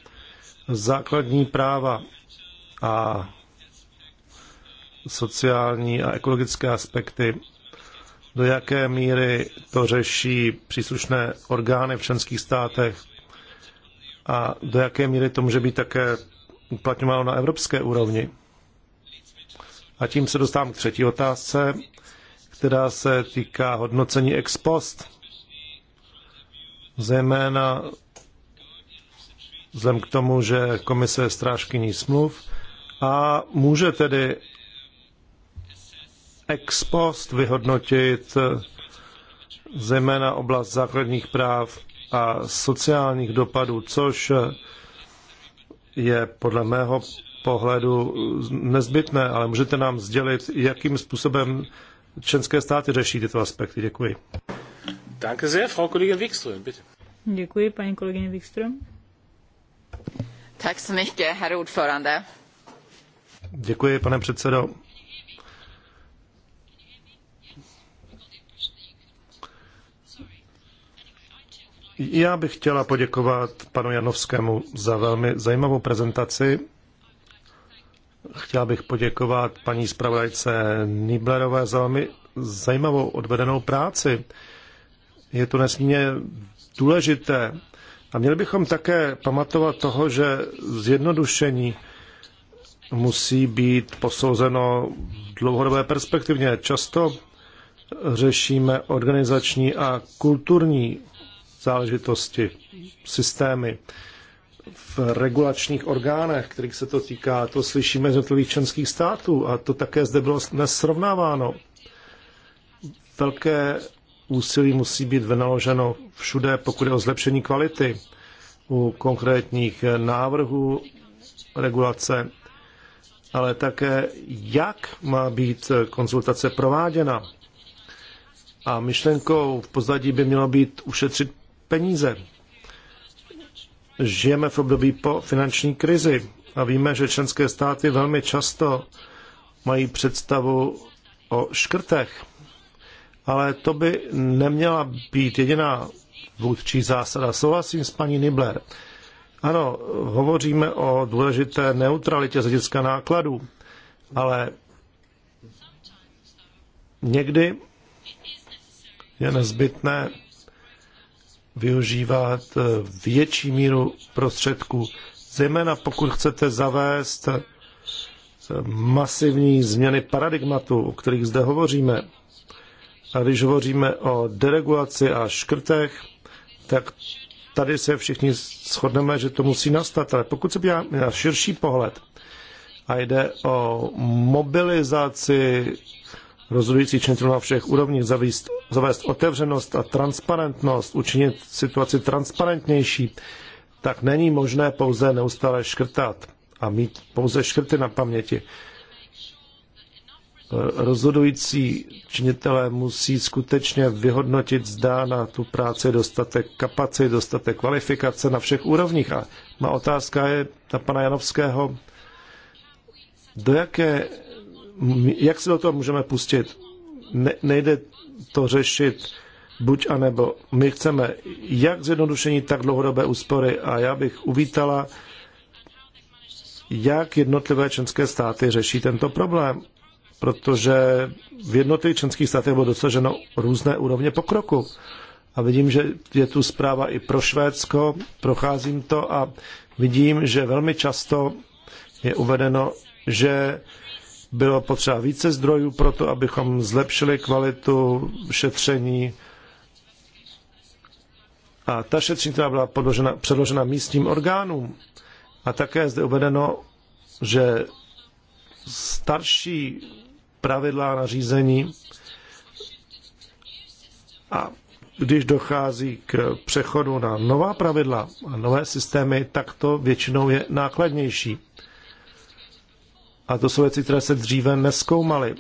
Základní práva a sociální a ekologické aspekty, do jaké míry to řeší příslušné orgány v členských státech a do jaké míry to může být také uplatňováno na evropské úrovni. A tím se dostávám k třetí otázce, která se týká hodnocení ex post, zejména vzhledem k tomu, že komise je strážkyní smluv a může tedy ex post vyhodnotit eh, zejména oblast základních práv a sociálních dopadů, což eh, je podle mého pohledu nezbytné, ale můžete nám sdělit, jakým způsobem členské státy řeší tyto aspekty. Děkuji. Danke sehr, Frau Kollegin Wikström, bitte. Děkuji, paní kolegyně Wikström. Tak så mycket, herr Děkuji, pane předsedo. Já bych chtěla poděkovat panu Janovskému za velmi zajímavou prezentaci. Chtěla bych poděkovat paní zpravodajce Niblerové za velmi zajímavou odvedenou práci. Je to nesmírně důležité. A měli bychom také pamatovat toho, že zjednodušení musí být posouzeno dlouhodobé perspektivně. Často řešíme organizační a kulturní záležitosti, systémy v regulačních orgánech, kterých se to týká, to slyšíme z jednotlivých členských států a to také zde bylo nesrovnáváno. Velké úsilí musí být vynaloženo všude, pokud je o zlepšení kvality u konkrétních návrhů regulace, ale také jak má být konzultace prováděna. A myšlenkou v pozadí by mělo být ušetřit peníze. Žijeme v období po finanční krizi a víme, že členské státy velmi často mají představu o škrtech, ale to by neměla být jediná vůdčí zásada. Souhlasím s paní Nibler. Ano, hovoříme o důležité neutralitě z hlediska nákladů, ale někdy je nezbytné využívat eh, větší míru prostředků, zejména pokud chcete zavést eh, masivní změny paradigmatu, o kterých zde hovoříme. A když hovoříme o deregulaci a škrtech, tak tady se všichni shodneme, že to musí nastat. Ale pokud se podíváme na širší pohled a jde o mobilizaci rozhodující činitelů na všech úrovních, zavést, zavést otevřenost a transparentnost, učinit situaci transparentnější, tak není možné pouze neustále škrtat a mít pouze škrty na paměti. Rozhodující činitelé musí skutečně vyhodnotit, zda na tu práci dostatek kapacit, dostatek kvalifikace na všech úrovních. A má otázka je na pana Janovského, do jaké jak se do toho můžeme pustit? Ne, nejde to řešit buď a nebo. My chceme jak zjednodušení, tak dlouhodobé úspory a já bych uvítala, jak jednotlivé členské státy řeší tento problém, protože v jednotlivých členských státech bylo dosaženo různé úrovně pokroku. A vidím, že je tu zpráva i pro Švédsko, procházím to a vidím, že velmi často je uvedeno, že bylo potřeba více zdrojů pro to, abychom zlepšili kvalitu šetření. A ta šetření která byla podložena, předložena místním orgánům. A také je zde uvedeno, že starší pravidla a řízení a když dochází k přechodu na nová pravidla a nové systémy, tak to většinou je nákladnější. A to jsou věci, které se dříve neskoumaly.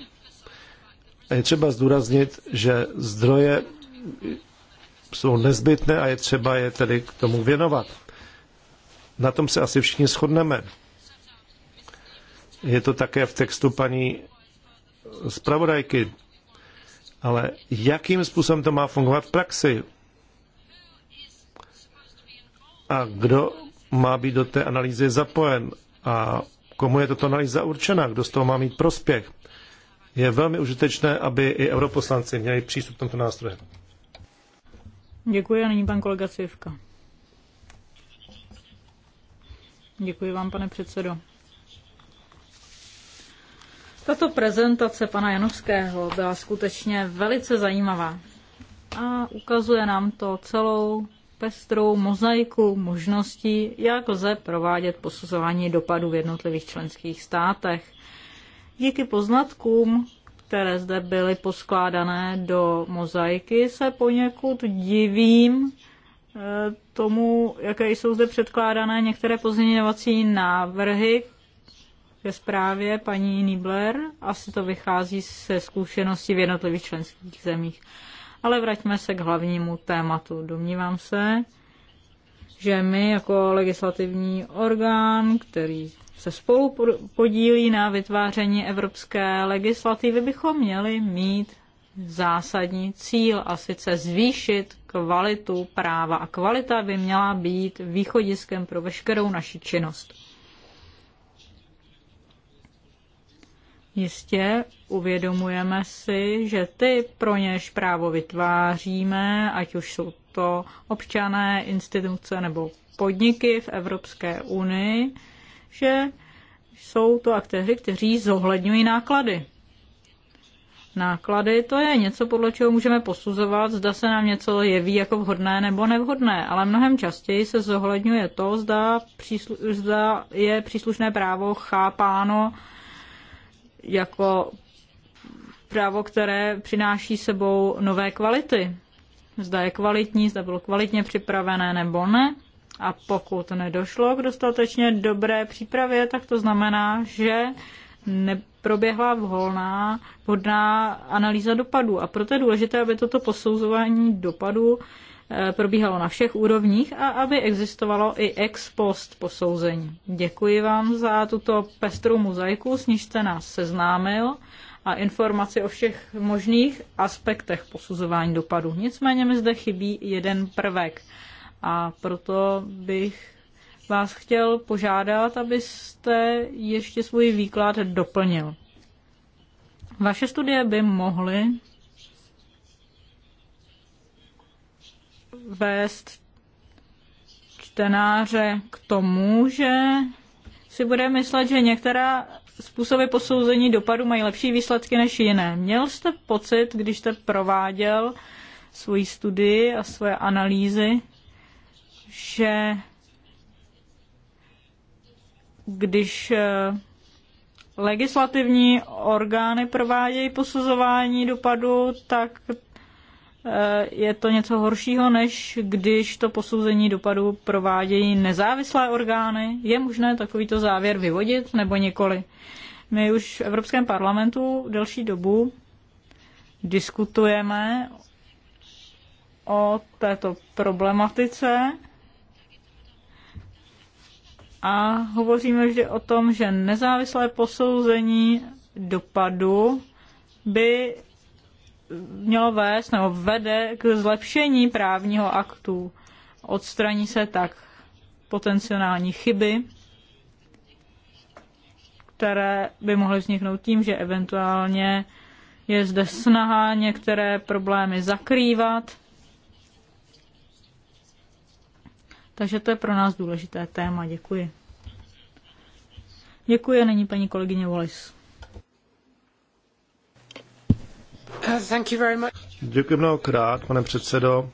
A je třeba zdůraznit, že zdroje jsou nezbytné a je třeba je tedy k tomu věnovat. Na tom se asi všichni shodneme. Je to také v textu paní zpravodajky. Ale jakým způsobem to má fungovat v praxi? A kdo má být do té analýzy zapojen? A komu je tato analýza určena, kdo z toho má mít prospěch. Je velmi užitečné, aby i europoslanci měli přístup k tomto nástroji. Děkuji a nyní pan kolega Sivka. Děkuji vám, pane předsedo. Tato prezentace pana Janovského byla skutečně velice zajímavá a ukazuje nám to celou pestrou mozaiku možností, jak lze provádět posuzování dopadu v jednotlivých členských státech. Díky poznatkům, které zde byly poskládané do mozaiky, se poněkud divím e, tomu, jaké jsou zde předkládané některé pozměňovací návrhy ke zprávě paní Nibler. Asi to vychází se zkušenosti v jednotlivých členských zemích. Ale vraťme se k hlavnímu tématu. Domnívám se, že my jako legislativní orgán, který se spolu podílí na vytváření evropské legislativy, bychom měli mít zásadní cíl a sice zvýšit kvalitu práva. A kvalita by měla být východiskem pro veškerou naši činnost. Jistě uvědomujeme si, že ty, pro něž právo vytváříme, ať už jsou to občané, instituce nebo podniky v Evropské unii, že jsou to aktéři, kteří zohledňují náklady. Náklady to je něco, podle čeho můžeme posuzovat, zda se nám něco jeví jako vhodné nebo nevhodné, ale mnohem častěji se zohledňuje to, zda, příslu- zda je příslušné právo chápáno jako právo, které přináší sebou nové kvality. Zda je kvalitní, zda bylo kvalitně připravené nebo ne. A pokud nedošlo k dostatečně dobré přípravě, tak to znamená, že neproběhla vhodná, vhodná analýza dopadů. A proto je důležité, aby toto posouzování dopadů probíhalo na všech úrovních a aby existovalo i ex post posouzení. Děkuji vám za tuto pestrou mozaiku, s níž jste nás seznámil a informaci o všech možných aspektech posuzování dopadu. Nicméně mi zde chybí jeden prvek a proto bych vás chtěl požádat, abyste ještě svůj výklad doplnil. Vaše studie by mohly vést čtenáře k tomu, že si bude myslet, že některá způsoby posouzení dopadu mají lepší výsledky než jiné. Měl jste pocit, když jste prováděl svoji studii a svoje analýzy, že když eh, legislativní orgány provádějí posuzování dopadu, tak Eh, je to něco horšího, než když to posouzení dopadu provádějí nezávislé orgány? Je možné takovýto závěr vyvodit nebo nikoli? My už v Evropském parlamentu delší dobu diskutujeme o této problematice a hovoříme vždy o tom, že nezávislé posouzení dopadu by mělo vést nebo vede k zlepšení právního aktu. Odstraní se tak potenciální chyby, které by mohly vzniknout tím, že eventuálně je zde snaha některé problémy zakrývat. Takže to je pro nás důležité téma. Děkuji. Děkuji a není paní kolegyně Wallis. Děkuji mnohokrát, pane předsedo.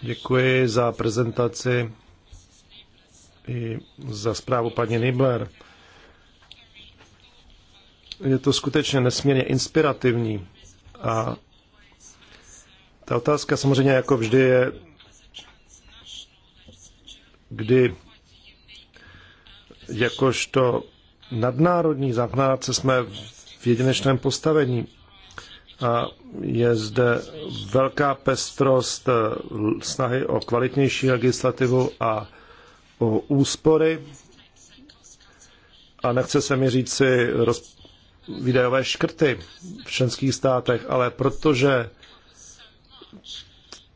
Děkuji za prezentaci i za zprávu paní Nibler. Je to skutečně nesmírně inspirativní a ta otázka samozřejmě jako vždy je, kdy jakožto nadnárodní zákonodárce jsme v jedinečném postavení a je zde velká pestrost eh, snahy o kvalitnější legislativu a o úspory. A nechce se mi si roz... videové škrty v členských státech, ale protože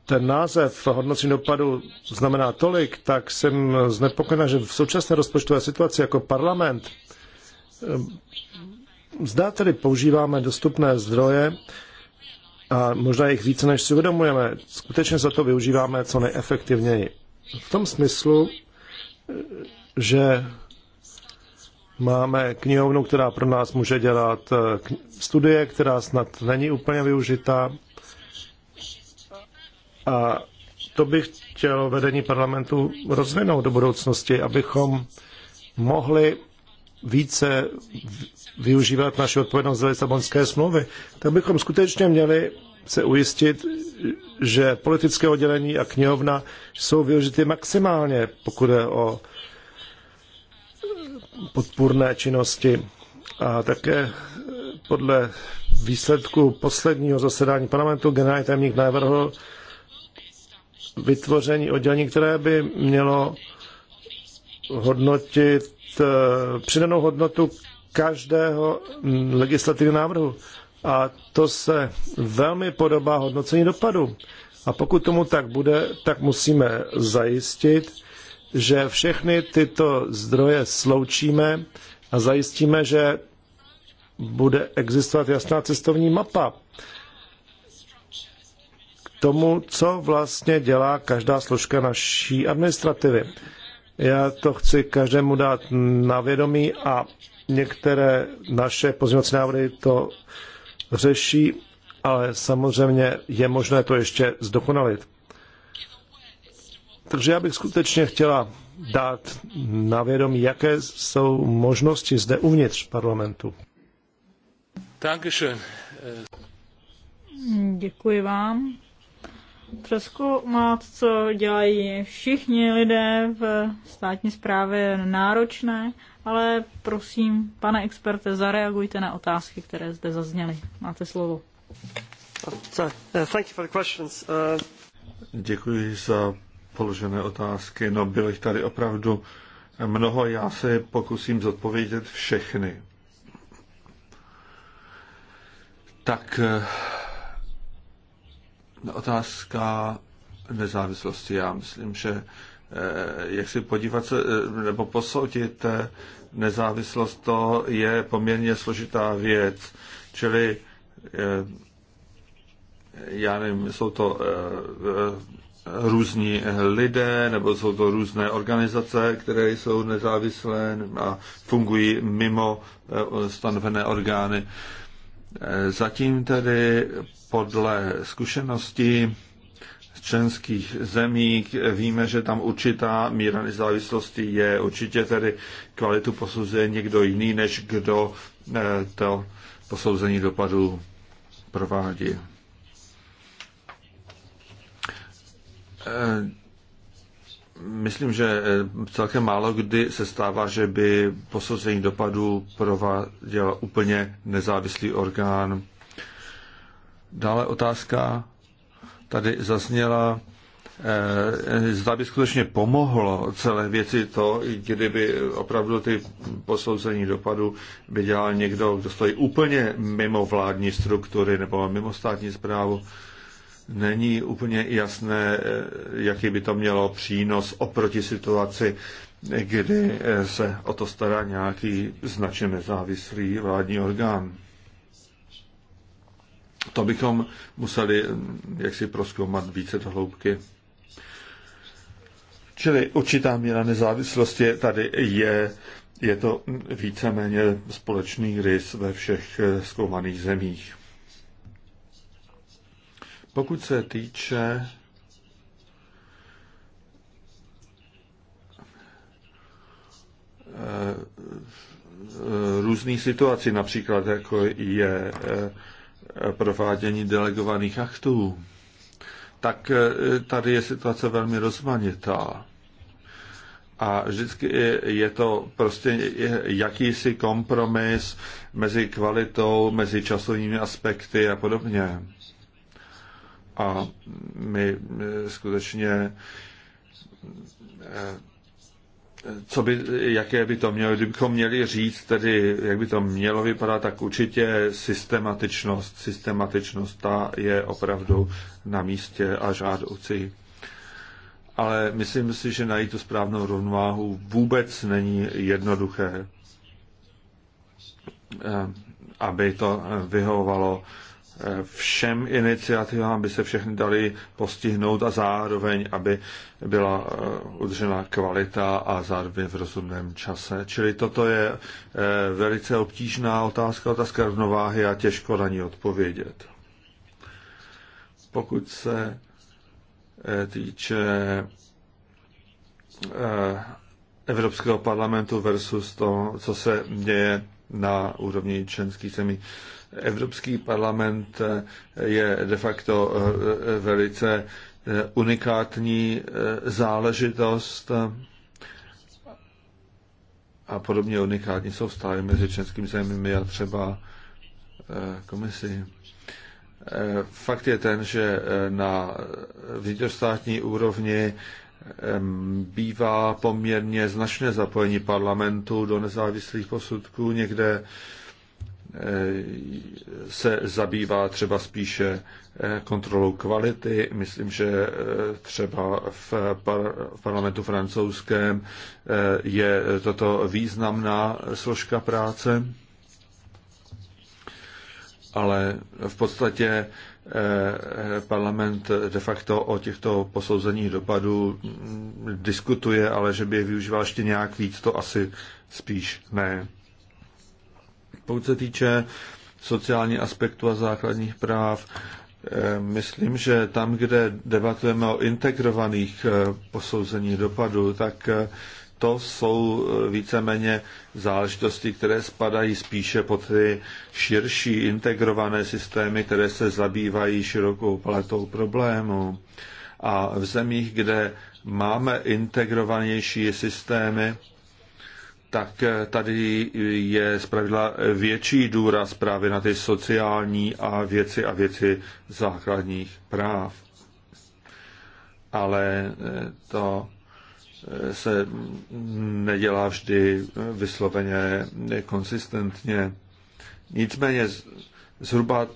ten název hodnocení dopadu znamená tolik, tak jsem znepokojen, že v současné rozpočtové situaci jako parlament Zda tedy používáme dostupné zdroje a možná jich více, než si uvědomujeme, skutečně za to využíváme co nejefektivněji. V tom smyslu, že máme knihovnu, která pro nás může dělat eh, studie, která snad není úplně využitá. A to bych chtěl vedení parlamentu rozvinout do budoucnosti, abychom mohli více využívat naši odpovědnost z Lisabonské smlouvy, tak bychom skutečně měli se ujistit, že politické oddělení a knihovna jsou využity maximálně, pokud je o podpůrné činnosti. A také podle výsledku posledního zasedání parlamentu generální tajemník navrhl vytvoření oddělení, které by mělo hodnotit Eh, přidanou hodnotu každého legislativního návrhu. A to se velmi podobá hodnocení dopadu. A pokud tomu tak bude, tak musíme zajistit, že všechny tyto zdroje sloučíme a zajistíme, že bude existovat jasná cestovní mapa k tomu, co vlastně dělá každá složka naší administrativy. Já to chci každému dát na vědomí a některé naše pozměňovací návrhy to řeší, ale samozřejmě je možné to ještě zdokonalit. Takže já bych skutečně chtěla dát na vědomí, jaké jsou možnosti zde uvnitř parlamentu. Děkuji vám přeskoumat, co dělají všichni lidé v státní správě náročné, ale prosím, pane experte, zareagujte na otázky, které zde zazněly. Máte slovo. Uh, uh, Děkuji za položené otázky. No, bylo jich tady opravdu mnoho. Já se pokusím zodpovědět všechny. Tak eh, Otázka nezávislosti. Já myslím, že eh, jak si podívat se eh, nebo posoudit eh, nezávislost, to je poměrně složitá věc. Čili já nevím, jsou to různí lidé, nebo jsou to různé organizace, které jsou nezávislé a fungují mimo stanovené orgány. Zatím tedy podle zkušenosti členských zemí víme, že tam určitá míra nezávislosti je. Určitě tedy kvalitu posuzuje někdo jiný, než kdo eh, to posouzení dopadu provádí. Eh, myslím, že eh, celkem málo kdy se stává, že by posouzení dopadu prováděl úplně nezávislý orgán. Dále otázka tady zazněla, eh, zda by skutečně pomohlo celé věci to, kdyby opravdu ty posouzení dopadu by dělal někdo, kdo stojí úplně mimo vládní struktury nebo mimo státní zprávu. Není úplně jasné, eh, jaký by to mělo přínos oproti situaci, kdy eh, se o to stará nějaký značně nezávislý vládní orgán. To bychom museli mm, jaksi proskoumat více do hloubky. Čili určitá míra nezávislosti tady je, je to víceméně společný rys ve všech eh, zkoumaných zemích. Pokud se týče eh, eh, různých situací, například jako je provádění delegovaných aktů, tak e, tady je situace velmi rozmanitá. A vždycky je to prostě jakýsi kompromis mezi kvalitou, mezi časovými aspekty a podobně. A my e, skutečně e, co by, jaké by to mělo, kdybychom měli říct, tedy jak by to mělo vypadat, tak určitě systematičnost. Systematičnost ta je opravdu na místě a žádoucí. Ale myslím si, že najít tu správnou rovnováhu vůbec není jednoduché, eh, aby to vyhovovalo všem iniciativám by se všechny dali postihnout a zároveň, aby byla eh, udržena kvalita a zároveň v rozumném čase. Čili toto je eh, velice obtížná otázka, otázka rovnováhy a těžko na ní odpovědět. Pokud se eh, týče Evropského parlamentu versus to, co se děje na úrovni členských zemí. Evropský parlament je de facto eh, velice eh, unikátní eh, záležitost a podobně unikátní jsou vztahy mezi českými zeměmi a třeba komisí. Fakt je ten, že na vnitrostátní úrovni bývá poměrně značné zapojení parlamentu do nezávislých posudků. Někde se zabývá třeba spíše eh, kontrolou kvality. Myslím, že eh, třeba v, parlamentu francouzském eh, je toto významná složka práce, ale v podstatě parlament de facto o těchto posouzeních dopadů mm, diskutuje, ale že by je využíval ještě nějak víc, to asi spíš ne. Pokud se týče sociální aspektu a základních práv, eh, myslím, že tam, kde debatujeme o integrovaných eh, posouzeních dopadu, tak eh, to jsou víceméně záležitosti, které spadají spíše pod ty širší integrované systémy, které se zabývají širokou paletou problémů. A v zemích, kde máme integrovanější systémy, tak tady je zpravidla větší důraz právě na ty sociální a věci a věci základních práv. Ale eh, to eh, se nedělá vždy vysloveně konsistentně. Nicméně zhruba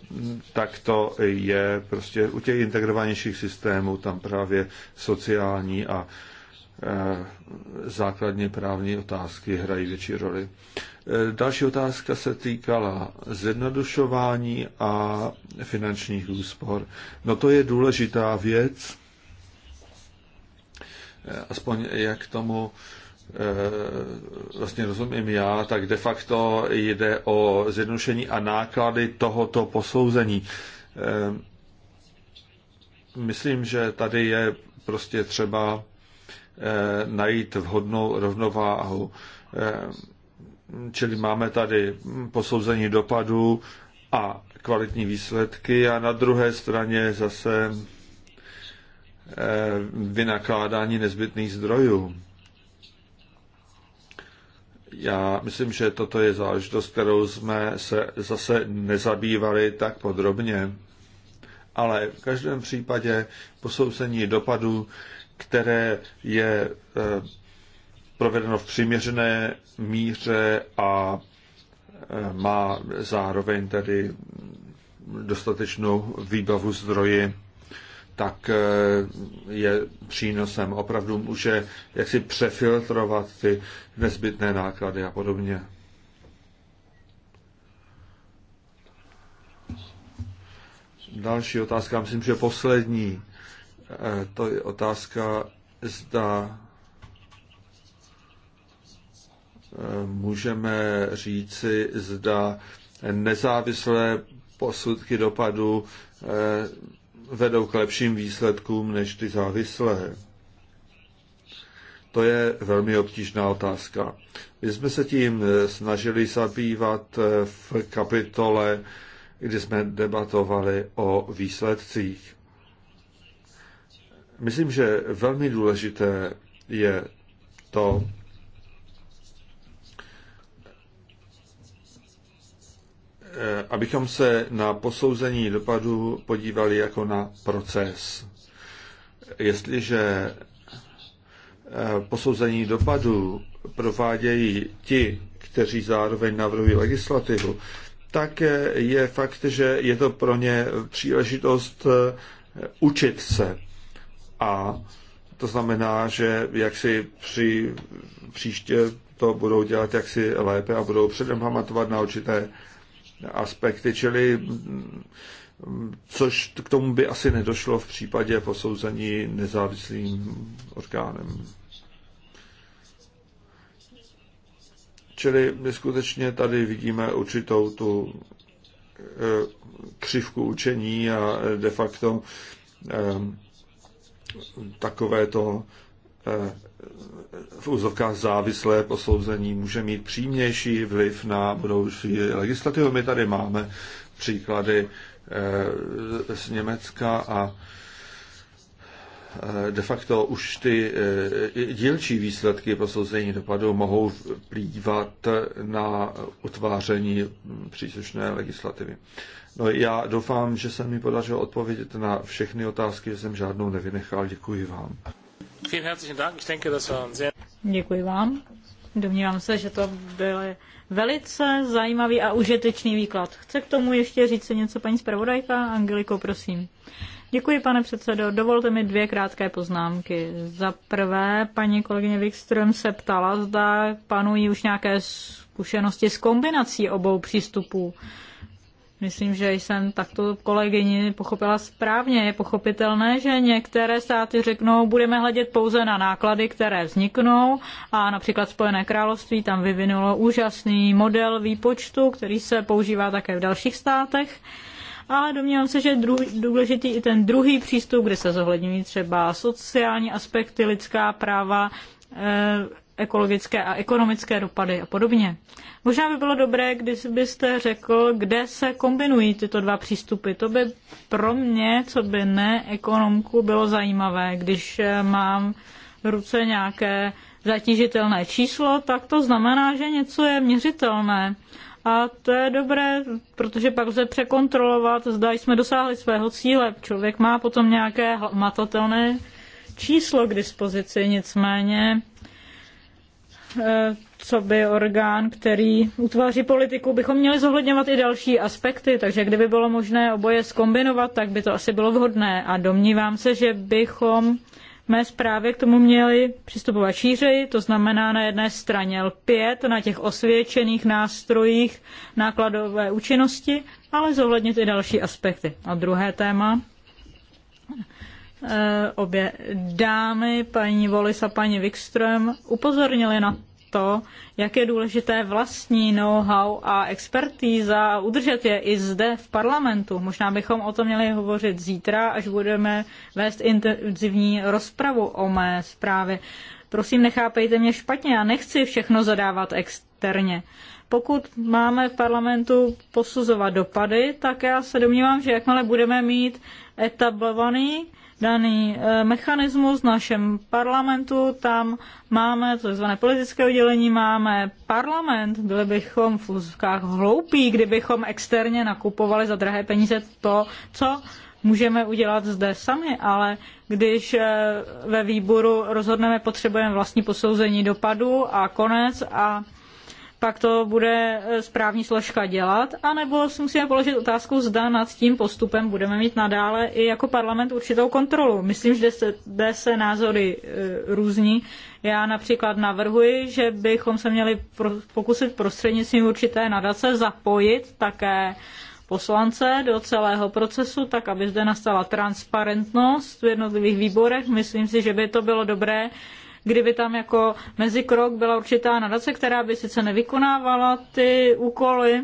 tak to je prostě u těch integrovanějších systémů, tam právě sociální a Eh, základně právní otázky hrají větší roli. Eh, další otázka se týkala zjednodušování a finančních úspor. No to je důležitá věc, eh, aspoň jak tomu vlastně rozumím já, tak de facto jde o zjednodušení a náklady tohoto posouzení. Myslím, že tady je prostě třeba Eh, najít vhodnou rovnováhu. Eh, čili máme tady posouzení dopadů a kvalitní výsledky a na druhé straně zase eh, vynakládání nezbytných zdrojů. Já myslím, že toto je záležitost, kterou jsme se zase nezabývali tak podrobně. Ale v každém případě posouzení dopadů které je eh, provedeno v přiměřené míře a eh, má zároveň tady dostatečnou výbavu zdroji, tak eh, je přínosem. Opravdu může jaksi přefiltrovat ty nezbytné náklady a podobně. Další otázka, myslím, že poslední Eh, to je otázka, zda eh, můžeme říci, zda nezávislé posudky dopadu eh, vedou k lepším výsledkům než ty závislé. To je velmi obtížná otázka. My jsme se tím snažili zabývat v kapitole, kdy jsme debatovali o výsledcích. Myslím, že velmi důležité je to, eh, abychom se na posouzení dopadu podívali jako na proces. Jestliže eh, posouzení dopadu provádějí ti, kteří zároveň navrhují legislativu, tak eh, je fakt, že je to pro ně příležitost učit se. A to znamená, že jak si při příště to budou dělat jaksi lépe a budou předem pamatovat na určité aspekty, čili což k tomu by asi nedošlo v případě posouzení nezávislým orgánem. Čili my skutečně tady vidíme určitou tu eh, křivku učení a de facto eh, takové to eh, v úzovkách závislé posouzení může mít přímější vliv na budoucí legislativu. My tady máme příklady eh, z Německa a eh, de facto už ty dílčí výsledky posouzení dopadu mohou plývat na utváření příslušné legislativy. No, já doufám, že se mi podařilo odpovědět na všechny otázky, že jsem žádnou nevynechal. Děkuji vám. Děkuji vám. Domnívám se, že to byl velice zajímavý a užitečný výklad. Chce k tomu ještě říct si něco paní zpravodajka? Angeliko, prosím. Děkuji, pane předsedo. Dovolte mi dvě krátké poznámky. Za prvé, paní kolegyně Wikström se ptala, zda panují už nějaké zkušenosti s kombinací obou přístupů. Myslím, že jsem takto kolegyni pochopila správně. Je pochopitelné, že některé státy řeknou, budeme hledět pouze na náklady, které vzniknou a například Spojené království tam vyvinulo úžasný model výpočtu, který se používá také v dalších státech. Ale domnívám se, že je důležitý i ten druhý přístup, kde se zohledňují třeba sociální aspekty, lidská práva, eh, ekologické a ekonomické dopady a podobně. Možná by bylo dobré, kdybyste řekl, kde se kombinují tyto dva přístupy. To by pro mě, co by ne ekonomku, bylo zajímavé, když eh, mám v ruce nějaké zatížitelné číslo, tak to znamená, že něco je měřitelné. A to je dobré, protože pak lze překontrolovat, zda jsme dosáhli svého cíle. Člověk má potom nějaké matatelné číslo k dispozici, nicméně Eh, co by orgán, který utváří politiku, bychom měli zohledňovat i další aspekty, takže kdyby bylo možné oboje skombinovat, tak by to asi bylo vhodné a domnívám se, že bychom mé zprávě k tomu měli přistupovat šířeji, to znamená na jedné straně L5, na těch osvědčených nástrojích nákladové účinnosti, ale zohlednit i další aspekty. A druhé téma, Eh, obě dámy, paní Volis a paní Wikström, upozornili na to, jak je důležité vlastní know-how a expertíza a udržet je i zde v parlamentu. Možná bychom o tom měli hovořit zítra, až budeme vést intenzivní rozpravu o mé zprávě. Prosím, nechápejte mě špatně, já nechci všechno zadávat externě. Pokud máme v parlamentu posuzovat dopady, tak já se domnívám, že jakmile budeme mít etablovaný daný eh, mechanismus v našem parlamentu. Tam máme zvané politické oddělení, máme parlament. Byli bychom v úzkách hloupí, kdybychom externě nakupovali za drahé peníze to, co můžeme udělat zde sami, ale když eh, ve výboru rozhodneme, potřebujeme vlastní posouzení dopadu a konec a pak to bude eh, správní složka dělat, anebo si musíme položit otázku, zda nad tím postupem budeme mít nadále i jako parlament určitou kontrolu. Myslím, že se, se názory e, různí. Já například navrhuji, že bychom se měli pro, pokusit prostřednictvím určité nadace zapojit také poslance do celého procesu, tak aby zde nastala transparentnost v jednotlivých výborech. Myslím si, že by to bylo dobré, kdyby tam jako mezikrok byla určitá nadace, která by sice nevykonávala ty úkoly,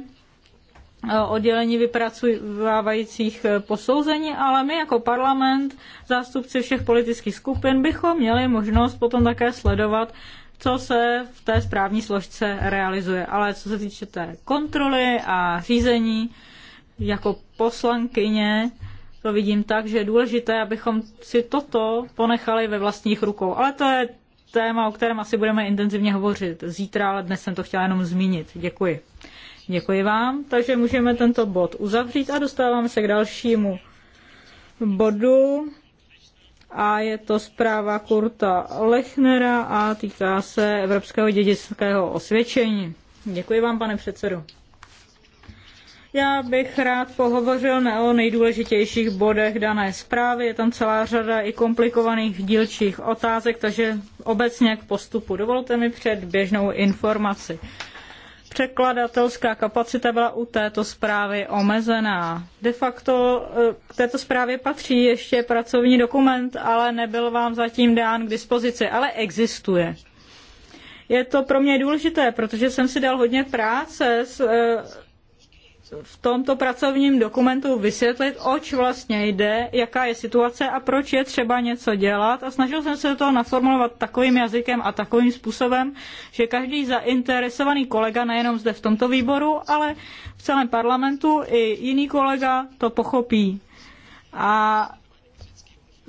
eh, oddělení vypracovávajících eh, posouzení, ale my jako parlament, zástupci všech politických skupin, bychom měli možnost potom také sledovat, co se v té správní složce realizuje. Ale co se týče té kontroly a řízení, jako poslankyně to vidím tak, že je důležité, abychom si toto ponechali ve vlastních rukou. Ale to je téma, o kterém asi budeme intenzivně hovořit zítra, ale dnes jsem to chtěla jenom zmínit. Děkuji. Děkuji vám, takže můžeme tento bod uzavřít a dostáváme se k dalšímu bodu. A je to zpráva Kurta Lechnera a týká se Evropského dědického osvědčení. Děkuji vám, pane předsedo. Já bych rád pohovořil ne o nejdůležitějších bodech dané zprávy. Je tam celá řada i komplikovaných dílčích otázek, takže obecně k postupu. Dovolte mi předběžnou informaci. Překladatelská kapacita byla u této zprávy omezená. De facto e, k této zprávě patří ještě pracovní dokument, ale nebyl vám zatím dán k dispozici, ale existuje je to pro mě důležité, protože jsem si dal hodně práce s e, v tomto pracovním dokumentu vysvětlit, oč vlastně jde, jaká je situace a proč je třeba něco dělat. A snažil jsem se to naformulovat takovým jazykem a takovým způsobem, že každý zainteresovaný kolega, nejenom zde v tomto výboru, ale v celém parlamentu i jiný kolega to pochopí. A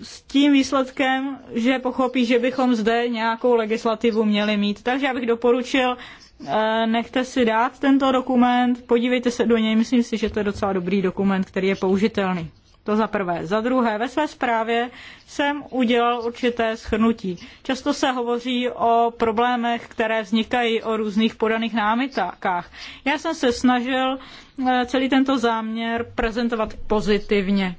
s tím výsledkem, že pochopí, že bychom zde nějakou legislativu měli mít. Takže já bych doporučil Eh, nechte si dát tento dokument, podívejte se do něj, myslím si, že to je docela dobrý dokument, který je použitelný. To za prvé. Za druhé, ve své zprávě jsem udělal určité schrnutí. Často se hovoří o problémech, které vznikají o různých podaných námitkách. Já jsem se snažil eh, celý tento záměr prezentovat pozitivně.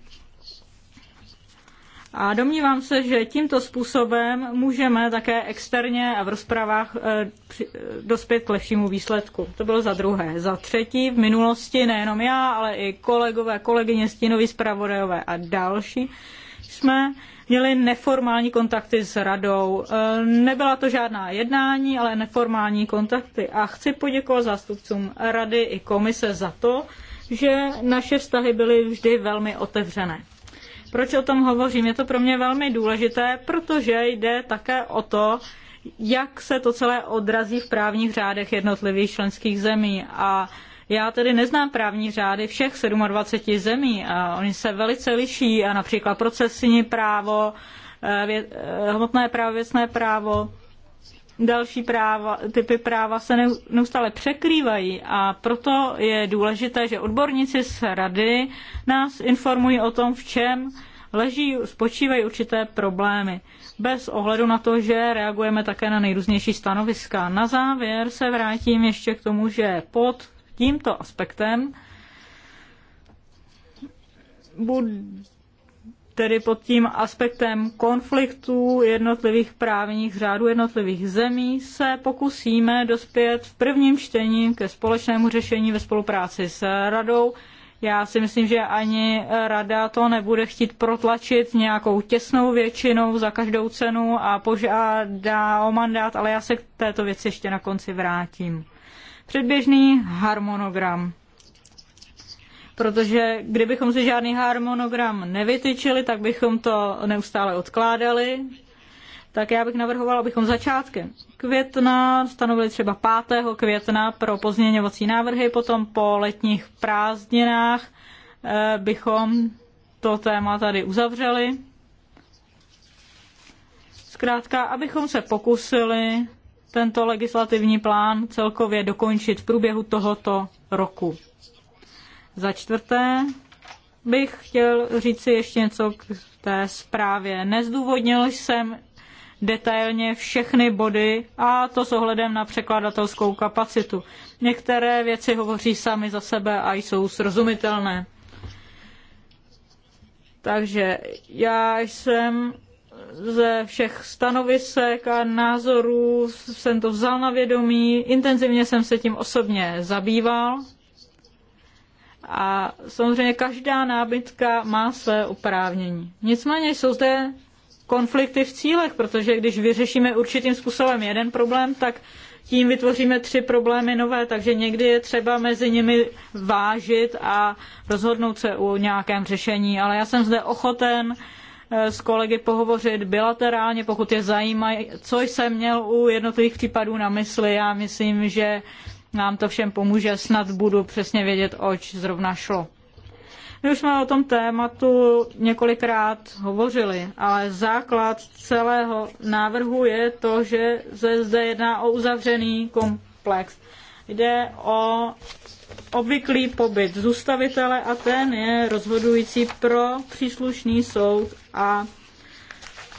A domnívám se, že tímto způsobem můžeme také externě a v rozpravách eh, eh, dospět k lepšímu výsledku. To bylo za druhé. Za třetí, v minulosti nejenom já, ale i kolegové, kolegyně Stinovi zpravodajové a další jsme měli neformální kontakty s radou. Eh, nebyla to žádná jednání, ale neformální kontakty. A chci poděkovat zástupcům rady i komise za to, že naše vztahy byly vždy velmi otevřené. Proč o tom hovořím? Je to pro mě velmi důležité, protože jde také o to, jak se to celé odrazí v právních řádech jednotlivých členských zemí. A já tedy neznám právní řády všech 27 zemí a oni se velice liší a například procesní právo, eh, eh, hmotné právo, věcné právo další práva, typy práva se neustále překrývají a proto je důležité, že odborníci z rady nás informují o tom, v čem leží, spočívají určité problémy. Bez ohledu na to, že reagujeme také na nejrůznější stanoviska. Na závěr se vrátím ještě k tomu, že pod tímto aspektem bude tedy pod tím aspektem konfliktů jednotlivých právních řádů jednotlivých zemí se pokusíme dospět v prvním čtení ke společnému řešení ve spolupráci s radou. Já si myslím, že ani rada to nebude chtít protlačit nějakou těsnou většinou za každou cenu a požádá o mandát, ale já se k této věci ještě na konci vrátím. Předběžný harmonogram protože kdybychom si žádný harmonogram nevytyčili, tak bychom to neustále odkládali. Tak já bych navrhovala, abychom začátkem května stanovili třeba 5. května pro pozměňovací návrhy, potom po letních prázdninách eh, bychom to téma tady uzavřeli. Zkrátka, abychom se pokusili tento legislativní plán celkově dokončit v průběhu tohoto roku. Za čtvrté bych chtěl říci ještě něco k té zprávě. Nezdůvodnil jsem detailně všechny body a to s ohledem na překladatelskou kapacitu. Některé věci hovoří sami za sebe a jsou srozumitelné. Takže já jsem ze všech stanovisek a názorů jsem to vzal na vědomí, intenzivně jsem se tím osobně zabýval a samozřejmě každá nábytka má své oprávnění. Nicméně jsou zde konflikty v cílech, protože když vyřešíme určitým způsobem jeden problém, tak tím vytvoříme tři problémy nové, takže někdy je třeba mezi nimi vážit a rozhodnout se o nějakém řešení. Ale já jsem zde ochoten eh, s kolegy pohovořit bilaterálně, pokud je zajímají, co jsem měl u jednotlivých případů na mysli. Já myslím, že nám to všem pomůže, snad budu přesně vědět, oč zrovna šlo. My už jsme o tom tématu několikrát hovořili, ale základ celého návrhu je to, že se zde jedná o uzavřený komplex. Jde o obvyklý pobyt zůstavitele a ten je rozhodující pro příslušný soud a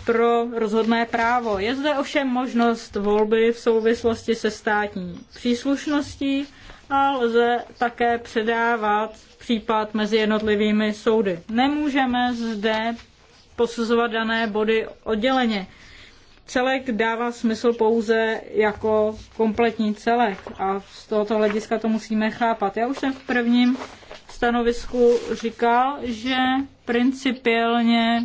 pro rozhodné právo. Je zde ovšem možnost volby v souvislosti se státní příslušností a lze také předávat případ mezi jednotlivými soudy. Nemůžeme zde posuzovat dané body odděleně. Celek dává smysl pouze jako kompletní celek a z tohoto hlediska to musíme chápat. Já už jsem v prvním stanovisku říkal, že principiálně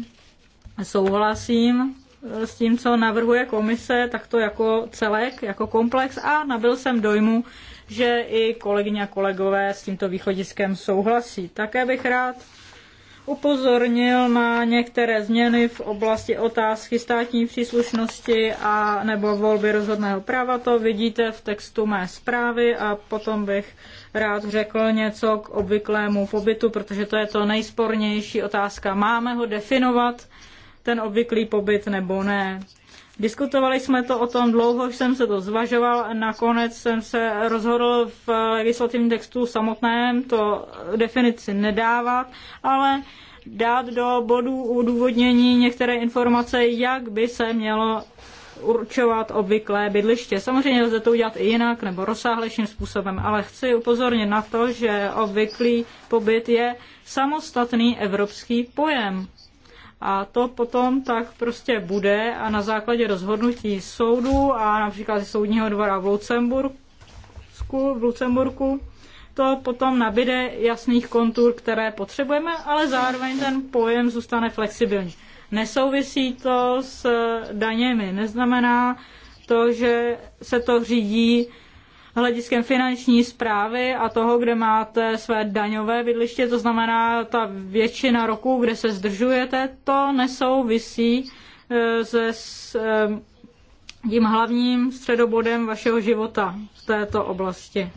Souhlasím eh, s tím, co navrhuje komise, tak to jako celek, jako komplex a nabil jsem dojmu, že i kolegyně a kolegové s tímto východiskem souhlasí. Také bych rád upozornil na některé změny v oblasti otázky státní příslušnosti a nebo volby rozhodného práva. To vidíte v textu mé zprávy a potom bych rád řekl něco k obvyklému pobytu, protože to je to nejspornější otázka. Máme ho definovat ten obvyklý pobyt nebo ne. Diskutovali jsme to o tom dlouho, jsem se to zvažoval, a nakonec jsem se rozhodl v legislativním textu samotném to definici nedávat, ale dát do bodů udůvodnění některé informace, jak by se mělo určovat obvyklé bydliště. Samozřejmě lze to udělat i jinak nebo rozsáhlejším způsobem, ale chci upozornit na to, že obvyklý pobyt je samostatný evropský pojem. A to potom tak prostě bude a na základě rozhodnutí soudu a například soudního dvora v Lucemburku, v Lucemburku to potom nabide jasných kontur, které potřebujeme, ale zároveň ten pojem zůstane flexibilní. Nesouvisí to s daněmi, neznamená to, že se to řídí hlediskem finanční zprávy a toho, kde máte své daňové bydliště, to znamená ta většina roku, kde se zdržujete, to nesouvisí e, se s e, tím hlavním středobodem vašeho života v této oblasti. E,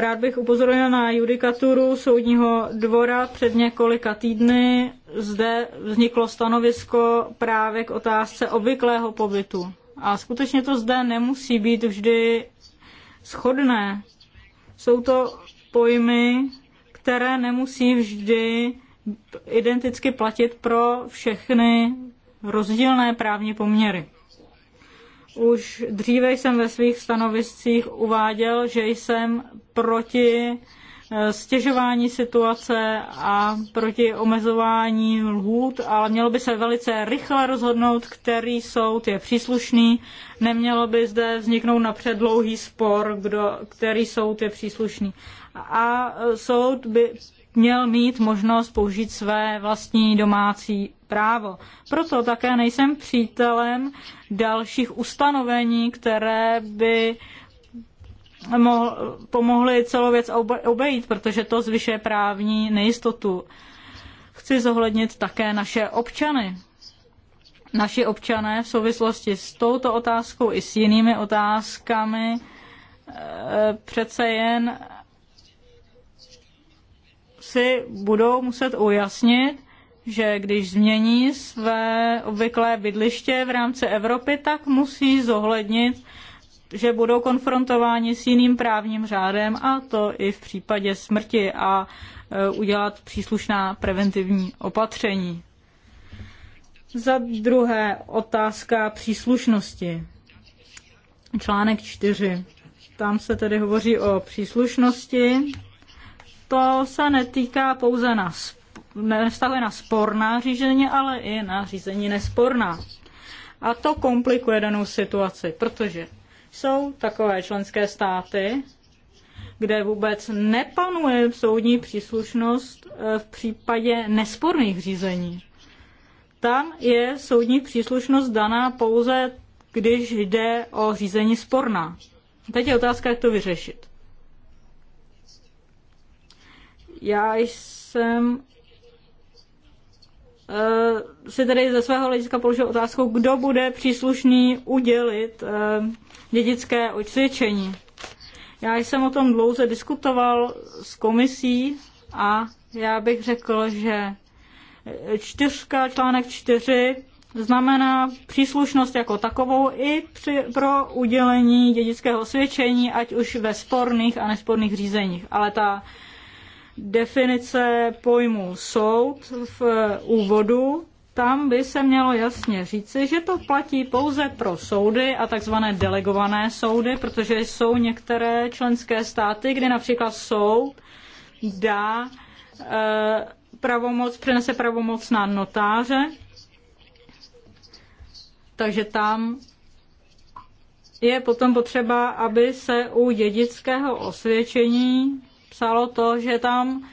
rád bych upozornil na judikaturu soudního dvora před několika týdny. Zde vzniklo stanovisko právě k otázce obvyklého pobytu. A skutečně to zde nemusí být vždy schodné. Jsou to pojmy, které nemusí vždy identicky platit pro všechny rozdílné právní poměry. Už dříve jsem ve svých stanoviscích uváděl, že jsem proti Eh, stěžování situace a proti omezování lhůt, ale mělo by se velice rychle rozhodnout, který soud je příslušný. Nemělo by zde vzniknout napřed dlouhý spor, kdo, který soud je příslušný. A eh, soud by měl mít možnost použít své vlastní domácí právo. Proto také nejsem přítelem dalších ustanovení, které by pomohly celou věc obejít, protože to zvyšuje právní nejistotu. Chci zohlednit také naše občany. Naši občané v souvislosti s touto otázkou i s jinými otázkami e, přece jen si budou muset ujasnit, že když změní své obvyklé bydliště v rámci Evropy, tak musí zohlednit že budou konfrontováni s jiným právním řádem a to i v případě smrti a e, udělat příslušná preventivní opatření. Za druhé otázka příslušnosti. Článek 4. Tam se tedy hovoří o příslušnosti. To se netýká pouze na, nevztahuje na sporná řízení, ale i na řízení nesporná. A to komplikuje danou situaci, protože jsou takové členské státy, kde vůbec nepanuje soudní příslušnost eh, v případě nesporných řízení. Tam je soudní příslušnost daná pouze, když jde o řízení sporná. Teď je otázka, jak to vyřešit. Já jsem Eh, si tedy ze svého hlediska položil otázku, kdo bude příslušný udělit eh, dědické odsvědčení. Já jsem o tom dlouze diskutoval s komisí a já bych řekl, že eh, čtyřka, článek čtyři znamená příslušnost jako takovou i při, pro udělení dědického svědčení, ať už ve sporných a nesporných řízeních. Ale ta definice pojmu soud v úvodu, tam by se mělo jasně říci, že to platí pouze pro soudy a takzvané delegované soudy, protože jsou některé členské státy, kde například soud dá e, pravomoc, přenese pravomoc na notáře, takže tam je potom potřeba, aby se u dědického osvědčení psalo to, že tam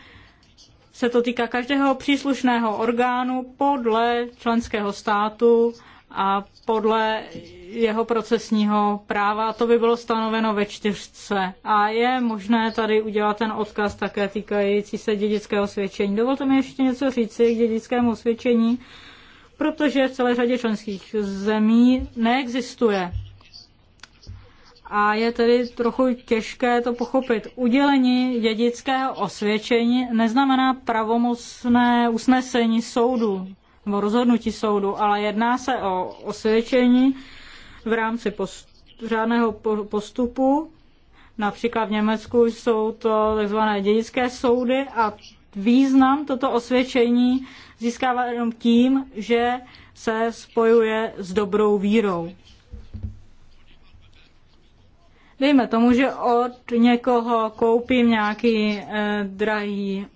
se to týká každého příslušného orgánu podle členského státu a podle jeho procesního práva. To by bylo stanoveno ve čtyřce. A je možné tady udělat ten odkaz také týkající se dědického svědčení. Dovolte mi ještě něco říci k dědickému svědčení, protože v celé řadě členských zemí neexistuje a je tedy trochu těžké to pochopit. Udělení dědického osvědčení neznamená pravomocné usnesení soudu nebo rozhodnutí soudu, ale jedná se o osvědčení v rámci post, řádného postupu. Například v Německu jsou to tzv. dědické soudy a význam toto osvědčení získává jenom tím, že se spojuje s dobrou vírou. Dejme tomu, že od někoho koupím nějaký eh, drahý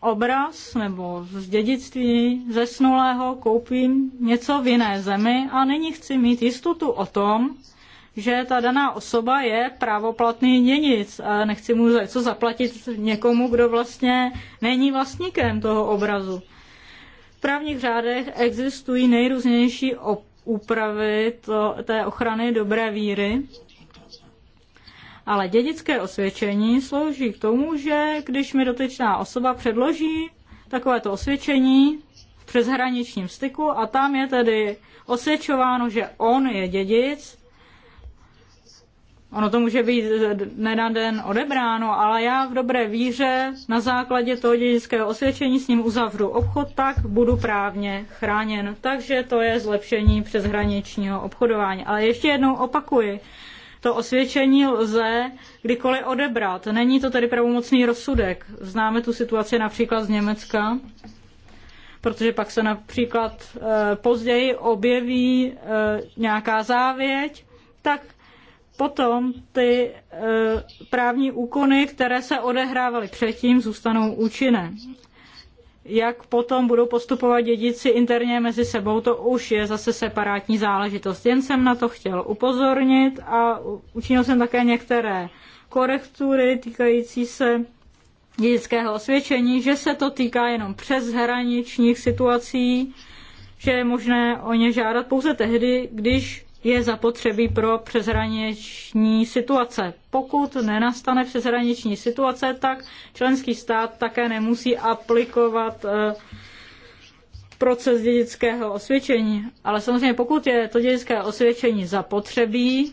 obraz nebo z dědictví zesnulého koupím něco v jiné zemi a nyní chci mít jistotu o tom, že ta daná osoba je právoplatný dědic a nechci mu co zaplatit někomu, kdo vlastně není vlastníkem toho obrazu. V právních řádech existují nejrůznější úpravy to, té ochrany dobré víry ale dědické osvědčení slouží k tomu, že když mi dotyčná osoba předloží takovéto osvědčení v přeshraničním styku a tam je tedy osvědčováno, že on je dědic, Ono to může být nenaden odebráno, ale já v dobré víře na základě toho dědického osvědčení s ním uzavřu obchod, tak budu právně chráněn. Takže to je zlepšení přeshraničního obchodování. Ale ještě jednou opakuji, to osvědčení lze kdykoliv odebrat. Není to tedy pravomocný rozsudek. Známe tu situaci například z Německa, protože pak se například eh, později objeví eh, nějaká závěť, tak potom ty eh, právní úkony, které se odehrávaly předtím, zůstanou účinné jak potom budou postupovat dědici interně mezi sebou, to už je zase separátní záležitost. Jen jsem na to chtěl upozornit a učinil jsem také některé korektury týkající se dědického osvědčení, že se to týká jenom přeshraničních situací, že je možné o ně žádat pouze tehdy, když je zapotřebí pro přeshraniční situace. Pokud nenastane přeshraniční situace, tak členský stát také nemusí aplikovat eh, proces dědického osvědčení. Ale samozřejmě, pokud je to dědické osvědčení zapotřebí,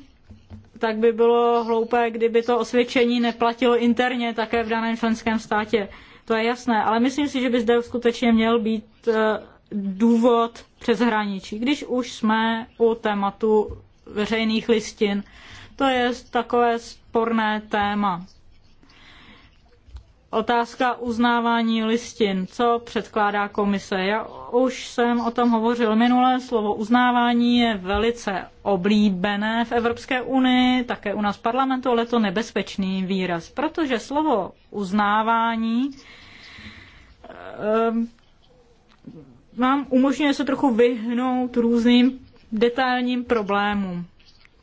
tak by bylo hloupé, kdyby to osvědčení neplatilo interně také v daném členském státě. To je jasné, ale myslím si, že by zde skutečně měl být eh, důvod přes hraničí, když už jsme u tématu veřejných listin. To je takové sporné téma. Otázka uznávání listin. Co předkládá komise? Já už jsem o tom hovořil minule. Slovo uznávání je velice oblíbené v Evropské unii, také u nás v parlamentu, ale to nebezpečný výraz, protože slovo uznávání ehm, vám umožňuje se trochu vyhnout různým detailním problémům.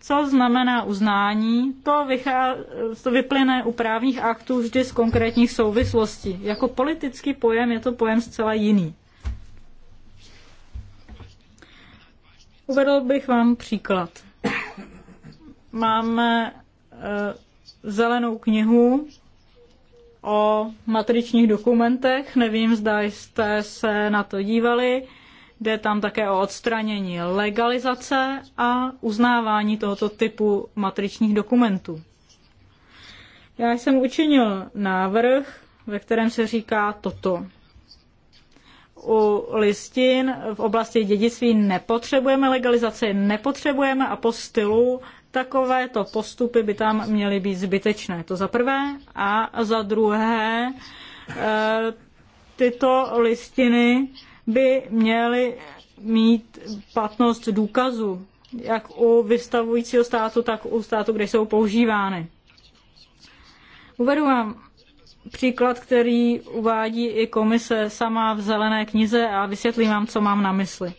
Co znamená uznání? To, vychá, to vyplyne u právních aktů vždy z konkrétních souvislostí. Jako politický pojem je to pojem zcela jiný. Uvedl bych vám příklad. Máme e, zelenou knihu o matričních dokumentech. Nevím, zda jste se na to dívali. Jde tam také o odstranění legalizace a uznávání tohoto typu matričních dokumentů. Já jsem učinil návrh, ve kterém se říká toto. U listin v oblasti dědictví nepotřebujeme legalizaci, nepotřebujeme a po stylu Takovéto postupy by tam měly být zbytečné. To za prvé. A za druhé, eh, tyto listiny by měly mít platnost důkazu, jak u vystavujícího státu, tak u státu, kde jsou používány. Uvedu vám příklad, který uvádí i komise sama v zelené knize a vysvětlím vám, co mám na mysli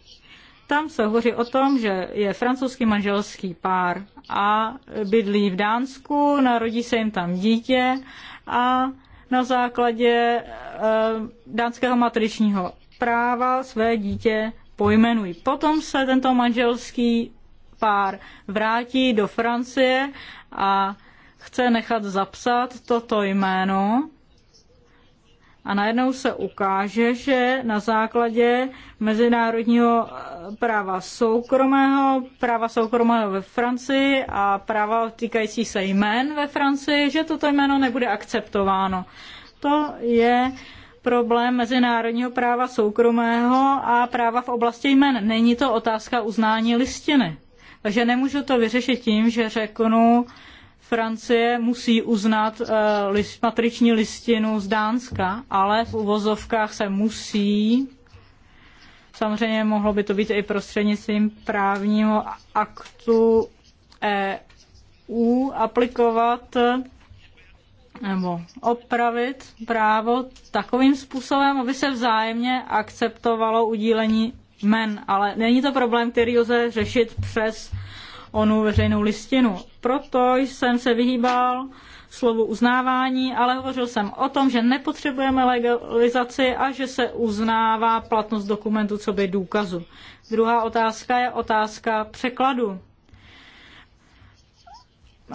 tam se hovoří o tom, že je francouzský manželský pár a bydlí v Dánsku, narodí se jim tam dítě a na základě eh, dánského matričního práva své dítě pojmenují. Potom se tento manželský pár vrátí do Francie a chce nechat zapsat toto jméno a najednou se ukáže, že na základě mezinárodního eh, práva soukromého, práva soukromého ve Francii a práva týkající se jmén ve Francii, že toto jméno nebude akceptováno. To je problém mezinárodního práva soukromého a práva v oblasti jmen. Není to otázka uznání listiny. Takže nemůžu to vyřešit tím, že řeknu, Francie musí uznat eh, list, matriční listinu z Dánska, ale v uvozovkách se musí. Samozřejmě mohlo by to být i prostřednictvím právního aktu EU aplikovat eh, nebo opravit právo takovým způsobem, aby se vzájemně akceptovalo udílení men. Ale není to problém, který lze řešit přes onu veřejnou listinu. Proto jsem se vyhýbal slovu uznávání, ale hovořil jsem o tom, že nepotřebujeme legalizaci a že se uznává platnost dokumentu co by důkazu. Druhá otázka je otázka překladu.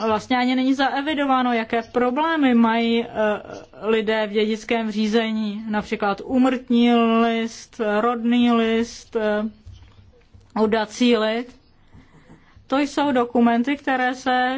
Vlastně ani není zaevidováno, jaké problémy mají e, lidé v dědickém řízení, například umrtní list, rodný list, udací e, list. To jsou dokumenty, které se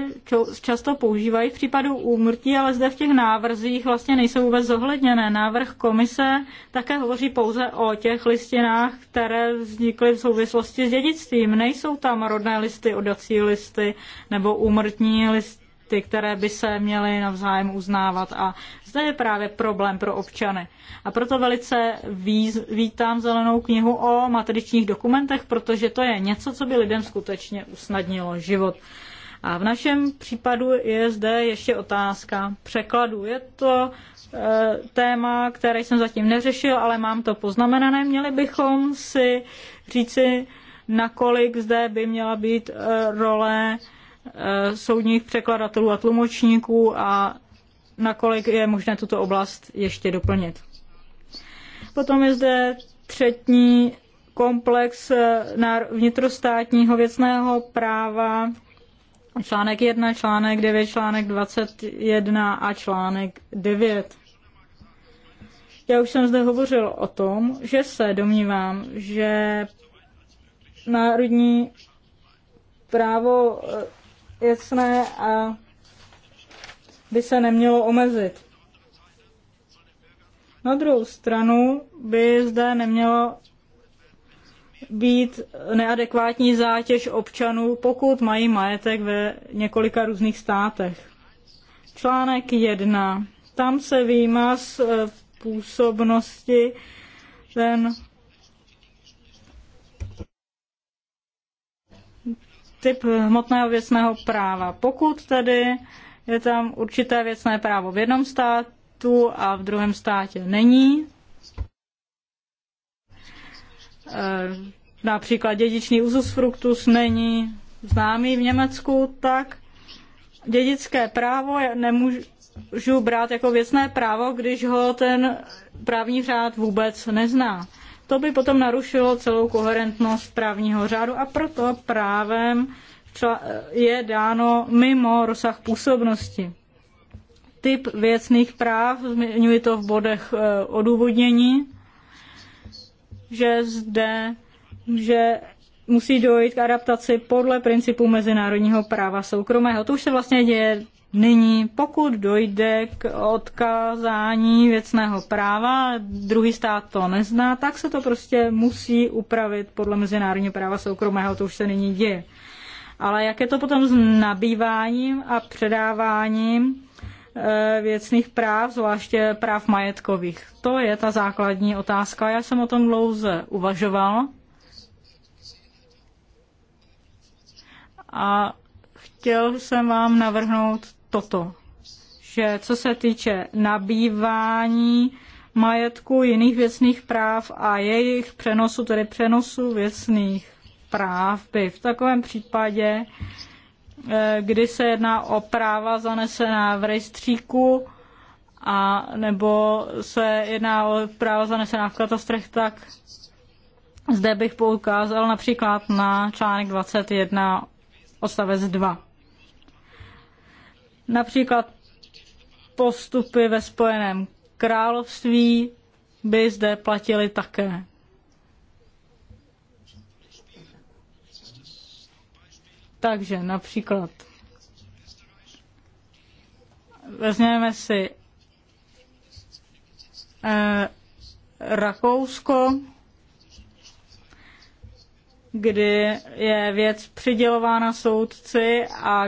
často používají v případu úmrtí, ale zde v těch návrzích vlastně nejsou vůbec zohledněné. Návrh komise také hovoří pouze o těch listinách, které vznikly v souvislosti s dědictvím. Nejsou tam rodné listy, odací listy nebo úmrtní listy které by se měly navzájem uznávat a to je právě problém pro občany. A proto velice víz, vítám zelenou knihu o matričních dokumentech, protože to je něco, co by lidem skutečně usnadnilo život. A v našem případu je zde ještě otázka překladu. Je to e, téma, které jsem zatím neřešil, ale mám to poznamenané. Měli bychom si říci, nakolik zde by měla být e, role e, soudních překladatelů a tlumočníků a nakolik je možné tuto oblast ještě doplnit. Potom je zde třetí komplex eh, vnitrostátního věcného práva, článek 1, článek 9, článek 21 a článek 9. Já už jsem zde hovořil o tom, že se domnívám, že národní právo věcné eh, a by se nemělo omezit. Na druhou stranu by zde nemělo být neadekvátní zátěž občanů, pokud mají majetek ve několika různých státech. Článek 1. Tam se výjima z e, působnosti ten typ hmotného věcného práva. Pokud tedy je tam určité věcné právo v jednom státu a v druhém státě není. Eh, Například dědičný uzus fructus není známý v Německu, tak dědické právo nemůžu brát jako věcné právo, když ho ten právní řád vůbec nezná. To by potom narušilo celou koherentnost právního řádu a proto právem Eh, je dáno mimo rozsah působnosti. Typ věcných práv, zmiňuji to v bodech eh, odůvodnění, že zde že musí dojít k adaptaci podle principu mezinárodního práva soukromého. To už se vlastně děje nyní, pokud dojde k odkázání věcného práva, druhý stát to nezná, tak se to prostě musí upravit podle mezinárodního práva soukromého, to už se nyní děje. Ale jak je to potom s nabýváním a předáváním eh, věcných práv, zvláště práv majetkových? To je ta základní otázka. Já jsem o tom dlouze uvažoval. A chtěl jsem vám navrhnout toto, že co se týče nabývání majetku jiných věcných práv a jejich přenosu, tedy přenosu věcných práv by v takovém případě, eh, kdy se jedná o práva zanesená v rejstříku, a nebo se jedná o práva zanesená v katastrech, tak zde bych poukázal například na článek 21 odstavec 2. Například postupy ve Spojeném království by zde platily také. Takže například vezměme si eh, Rakousko, kdy je věc přidělována soudci a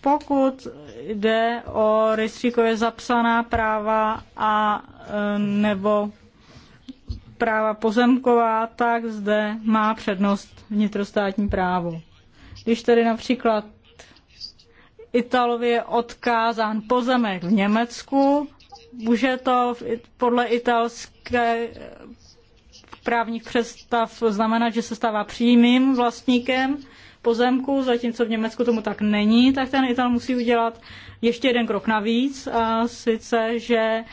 pokud jde o rejstříkově zapsaná práva a eh, nebo práva pozemková, tak zde má přednost vnitrostátní právo. Když tedy například Italovi je odkázán pozemek v Německu, může to podle italské právních představ znamenat, že se stává přímým vlastníkem pozemku, zatímco v Německu tomu tak není, tak ten Ital musí udělat ještě jeden krok navíc, a sice, že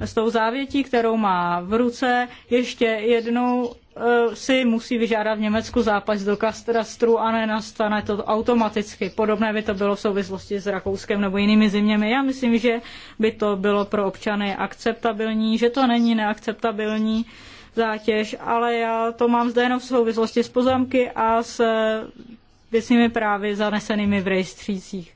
s tou závětí, kterou má v ruce, ještě jednou e, si musí vyžádat v Německu zápas do kastrastru a nenastane to automaticky. Podobné by to bylo v souvislosti s Rakouskem nebo jinými zeměmi. Já myslím, že by to bylo pro občany akceptabilní, že to není neakceptabilní zátěž, ale já to mám zde jenom v souvislosti s pozemky a s věcnými právy zanesenými v rejstřících.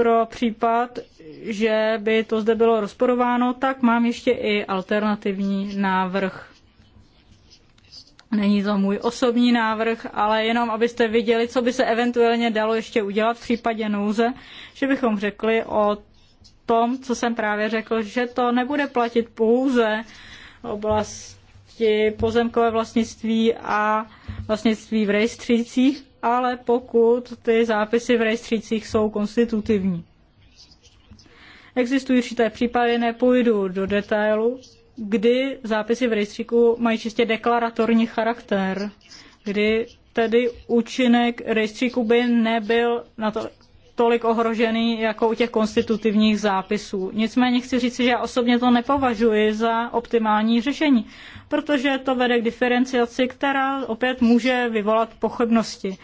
pro případ, že by to zde bylo rozporováno, tak mám ještě i alternativní návrh. Není to můj osobní návrh, ale jenom abyste viděli, co by se eventuálně dalo ještě udělat v případě nouze, že bychom řekli o tom, co jsem právě řekl, že to nebude platit pouze oblasti pozemkové vlastnictví a vlastnictví v rejstřících, ale pokud ty zápisy v rejstřících jsou konstitutivní. Existují určité případy, nepůjdu do detailu, kdy zápisy v rejstříku mají čistě deklaratorní charakter, kdy tedy účinek rejstříku by nebyl na to tolik ohrožený jako u těch konstitutivních zápisů. Nicméně chci říct, že já osobně to nepovažuji za optimální řešení, protože to vede k diferenciaci, která opět může vyvolat pochybnosti.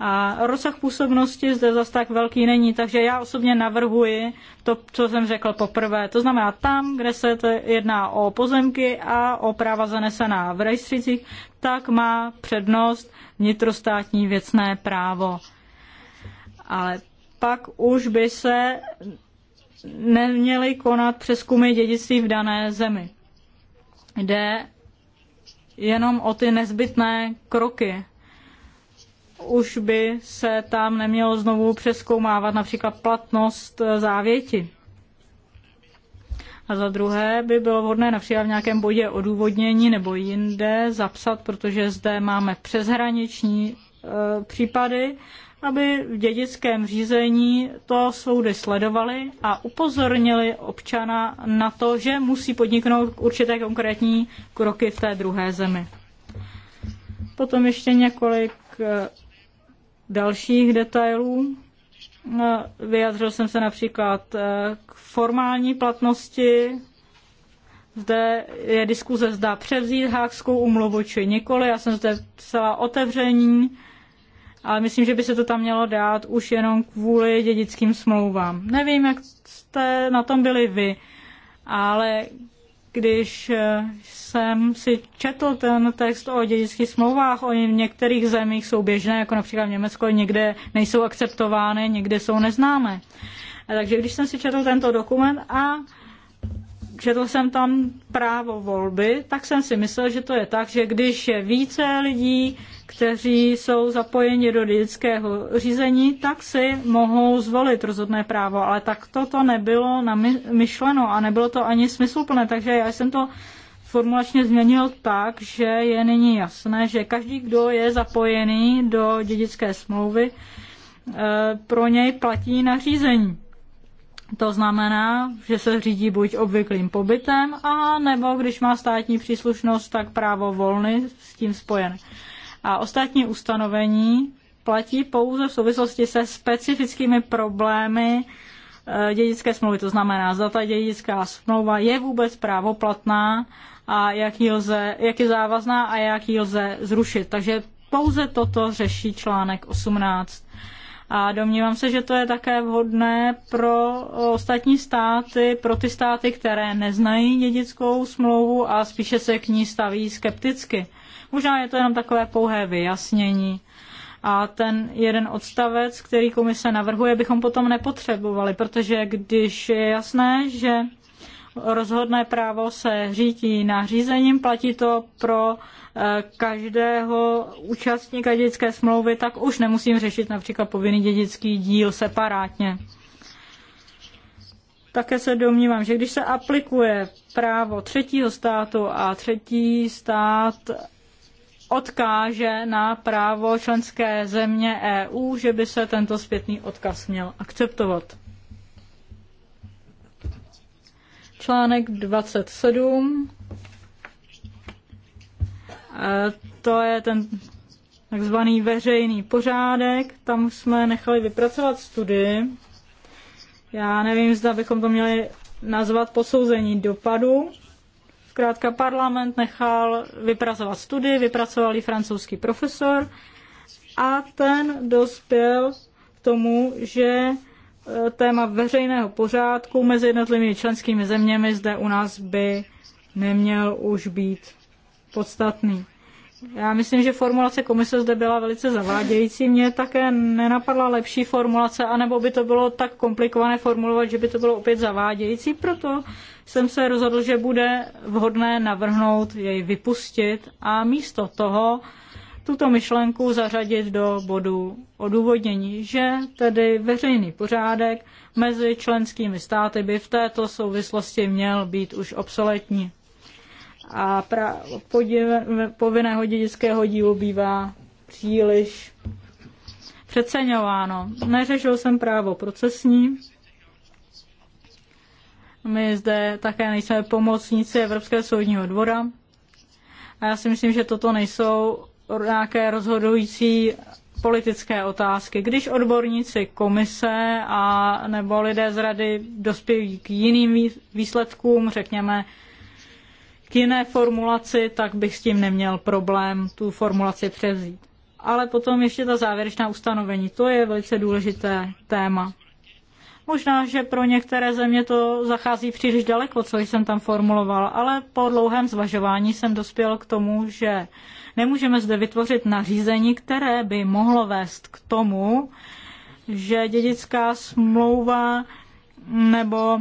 A rozsah působnosti zde zas tak velký není, takže já osobně navrhuji to, co jsem řekl poprvé. To znamená tam, kde se to jedná o pozemky a o práva zanesená v rejstřících, tak má přednost vnitrostátní věcné právo. Ale pak už by se neměly konat přeskumy dědictví v dané zemi. Jde jenom o ty nezbytné kroky. Už by se tam nemělo znovu přeskoumávat například platnost závěti. A za druhé by bylo vhodné například v nějakém bodě odůvodnění nebo jinde zapsat, protože zde máme přeshraniční e, případy aby v dědickém řízení to soudy sledovali a upozornili občana na to, že musí podniknout určité konkrétní kroky v té druhé zemi. Potom ještě několik eh, dalších detailů. Eh, Vyjadřil jsem se například eh, k formální platnosti. Zde je diskuze, zda převzít hákskou umluvu či nikoli. Já jsem zde celá otevření ale myslím, že by se to tam mělo dát už jenom kvůli dědickým smlouvám. Nevím, jak jste na tom byli vy, ale když eh, jsem si četl ten text o dědických smlouvách, oni v některých zemích jsou běžné, jako například v Německu, někde nejsou akceptovány, někde jsou neznámé. A takže když jsem si četl tento dokument a četl jsem tam právo volby, tak jsem si myslel, že to je tak, že když je více lidí, kteří jsou zapojeni do dědického řízení, tak si mohou zvolit rozhodné právo. Ale tak toto nebylo myšleno a nebylo to ani smysluplné, takže já jsem to formulačně změnil tak, že je nyní jasné, že každý, kdo je zapojený do dědické smlouvy, eh, pro něj platí nařízení. To znamená, že se řídí buď obvyklým pobytem, a nebo když má státní příslušnost, tak právo volny s tím spojené a ostatní ustanovení platí pouze v souvislosti se specifickými problémy eh, dědické smlouvy, to znamená, zda ta dědická smlouva je vůbec právoplatná a jak, ji lze, jak je závazná a jak ji lze zrušit. Takže pouze toto řeší článek 18. A domnívám se, že to je také vhodné pro ostatní státy, pro ty státy, které neznají dědickou smlouvu a spíše se k ní staví skepticky. Možná je to jenom takové pouhé vyjasnění. A ten jeden odstavec, který komise navrhuje, bychom potom nepotřebovali, protože když je jasné, že rozhodné právo se řídí nařízením, platí to pro eh, každého účastníka dědické smlouvy, tak už nemusím řešit například povinný dědický díl separátně. Také se domnívám, že když se aplikuje právo třetího státu a třetí stát odkáže na právo členské země EU, že by se tento zpětný odkaz měl akceptovat. Článek 27. E, to je ten takzvaný veřejný pořádek. Tam jsme nechali vypracovat studii. Já nevím, zda bychom to měli nazvat posouzení dopadu, Zkrátka parlament nechal vypracovat studii, vypracoval ji francouzský profesor a ten dospěl k tomu, že e, téma veřejného pořádku mezi jednotlivými členskými zeměmi zde u nás by neměl už být podstatný. Já myslím, že formulace komise zde byla velice zavádějící. Mně také nenapadla lepší formulace, anebo by to bylo tak komplikované formulovat, že by to bylo opět zavádějící. Proto jsem se rozhodl, že bude vhodné navrhnout jej vypustit a místo toho tuto myšlenku zařadit do bodu odůvodnění, že tedy veřejný pořádek mezi členskými státy by v této souvislosti měl být už obsoletní. A pra- povinného dědického dílu bývá příliš přeceňováno. Neřešil jsem právo procesní, my zde také nejsme pomocníci Evropského soudního dvora. A já si myslím, že toto nejsou nějaké rozhodující politické otázky. Když odborníci komise a nebo lidé z rady dospějí k jiným výsledkům, řekněme k jiné formulaci, tak bych s tím neměl problém tu formulaci převzít. Ale potom ještě ta závěrečná ustanovení, to je velice důležité téma. Možná, že pro některé země to zachází příliš daleko, co jsem tam formuloval, ale po dlouhém zvažování jsem dospěl k tomu, že nemůžeme zde vytvořit nařízení, které by mohlo vést k tomu, že dědická smlouva nebo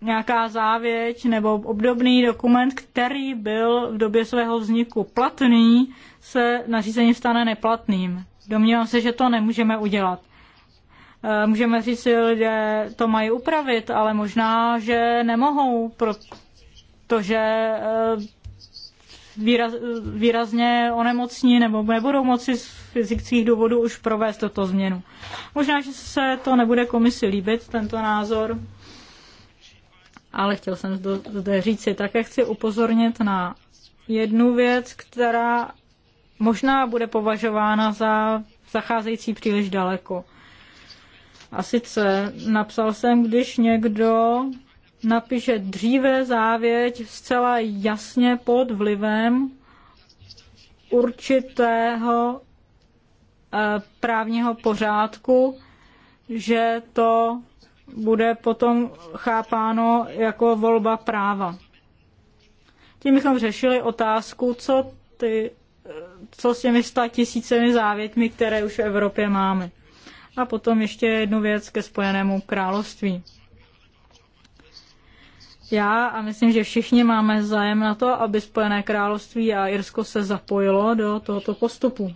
nějaká závěť nebo obdobný dokument, který byl v době svého vzniku platný, se nařízení stane neplatným. Domnívám se, že to nemůžeme udělat. Eh, můžeme říct, že lidé to mají upravit, ale možná, že nemohou, protože eh, výraz, výrazně onemocní nebo nebudou moci z fyzických důvodů už provést toto změnu. Možná, že se to nebude komisi líbit, tento názor, ale chtěl jsem zde říci, také chci upozornit na jednu věc, která možná bude považována za zacházející příliš daleko. A sice napsal jsem, když někdo napíše dříve závěť zcela jasně pod vlivem určitého eh, právního pořádku, že to bude potom chápáno jako volba práva. Tím bychom řešili otázku, co, ty, eh, co s těmi sta tisícemi závětmi, které už v Evropě máme. A potom ještě jednu věc ke Spojenému království. Já a myslím, že všichni máme zájem na to, aby Spojené království a Irsko se zapojilo do tohoto postupu.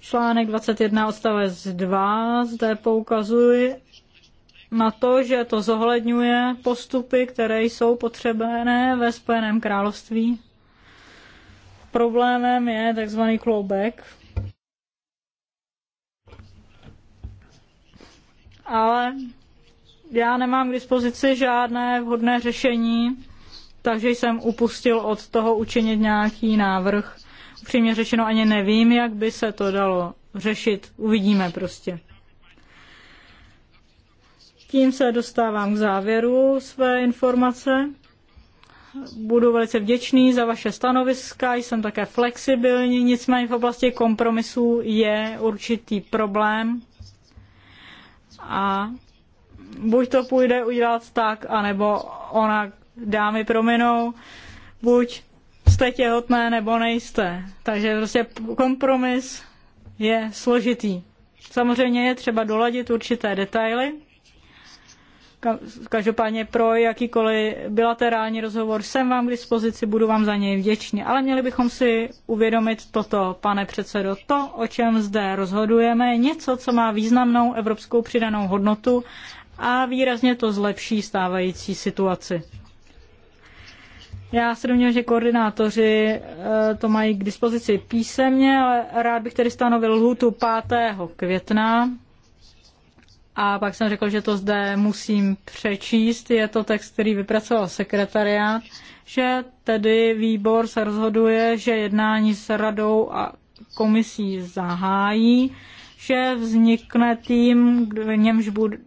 Článek 21 odstavec 2 zde poukazuje na to, že to zohledňuje postupy, které jsou potřebné ve Spojeném království. Problémem je tzv. clawback, ale já nemám k dispozici žádné vhodné řešení, takže jsem upustil od toho učinit nějaký návrh. Upřímně řečeno ani nevím, jak by se to dalo řešit. Uvidíme prostě. Tím se dostávám k závěru své informace. Budu velice vděčný za vaše stanoviska, jsem také flexibilní, nicméně v oblasti kompromisů je určitý problém, a buď to půjde udělat tak, anebo ona mi prominou, buď jste těhotné, nebo nejste. Takže prostě kompromis je složitý. Samozřejmě je třeba doladit určité detaily, Každopádně pro jakýkoliv bilaterální rozhovor jsem vám k dispozici, budu vám za něj vděčný. Ale měli bychom si uvědomit toto, pane předsedo, to, o čem zde rozhodujeme, je něco, co má významnou evropskou přidanou hodnotu a výrazně to zlepší stávající situaci. Já se domnívám, že koordinátoři eh, to mají k dispozici písemně, ale rád bych tedy stanovil lhůtu 5. května a pak jsem řekl, že to zde musím přečíst. Je to text, který vypracoval sekretariát, že tedy výbor se rozhoduje, že jednání s radou a komisí zahájí, že vznikne tým, v němž bude,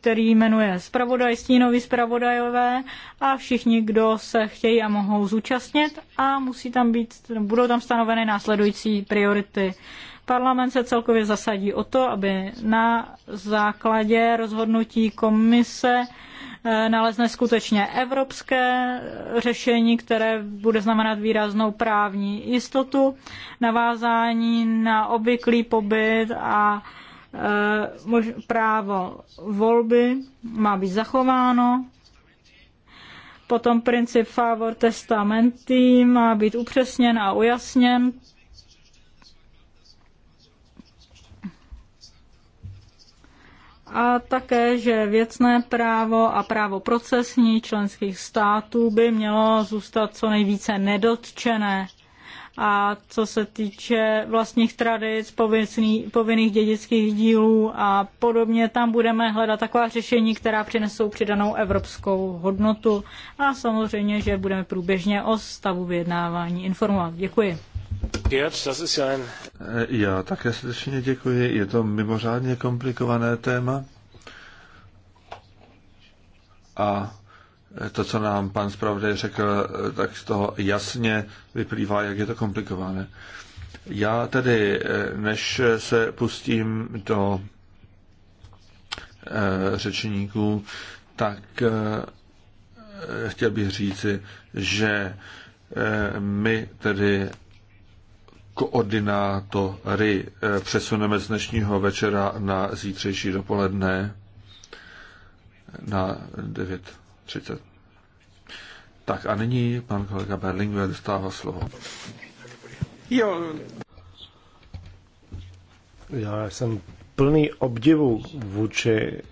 který jmenuje zpravodaj, stínový zpravodajové a všichni, kdo se chtějí a mohou zúčastnit a musí tam být, budou tam stanoveny následující priority. Parlament se celkově zasadí o to, aby na základě rozhodnutí komise eh, nalezne skutečně evropské eh, řešení, které bude znamenat výraznou právní jistotu, navázání na obvyklý pobyt a eh, právo volby má být zachováno. Potom princip favor testamenty má být upřesněn a ujasněn a také, že věcné právo a právo procesní členských států by mělo zůstat co nejvíce nedotčené. A co se týče vlastních tradic, povinný, povinných dědických dílů a podobně, tam budeme hledat taková řešení, která přinesou přidanou evropskou hodnotu. A samozřejmě, že budeme průběžně o stavu vyjednávání informovat. Děkuji. Eh, já také srdečně děkuji. Je to mimořádně komplikované téma. A eh, to, co nám pan zpravodaj řekl, eh, tak z toho jasně vyplývá, jak je to komplikované. Já tedy, než se pustím do řečníků, tak chtěl bych říci, že my tedy koordinátory eh, přesuneme z dnešního večera na zítřejší dopoledne na 9.30. Tak a nyní pan kolega Berlingve dostává slovo. Jo. Já jsem plný obdivu vůči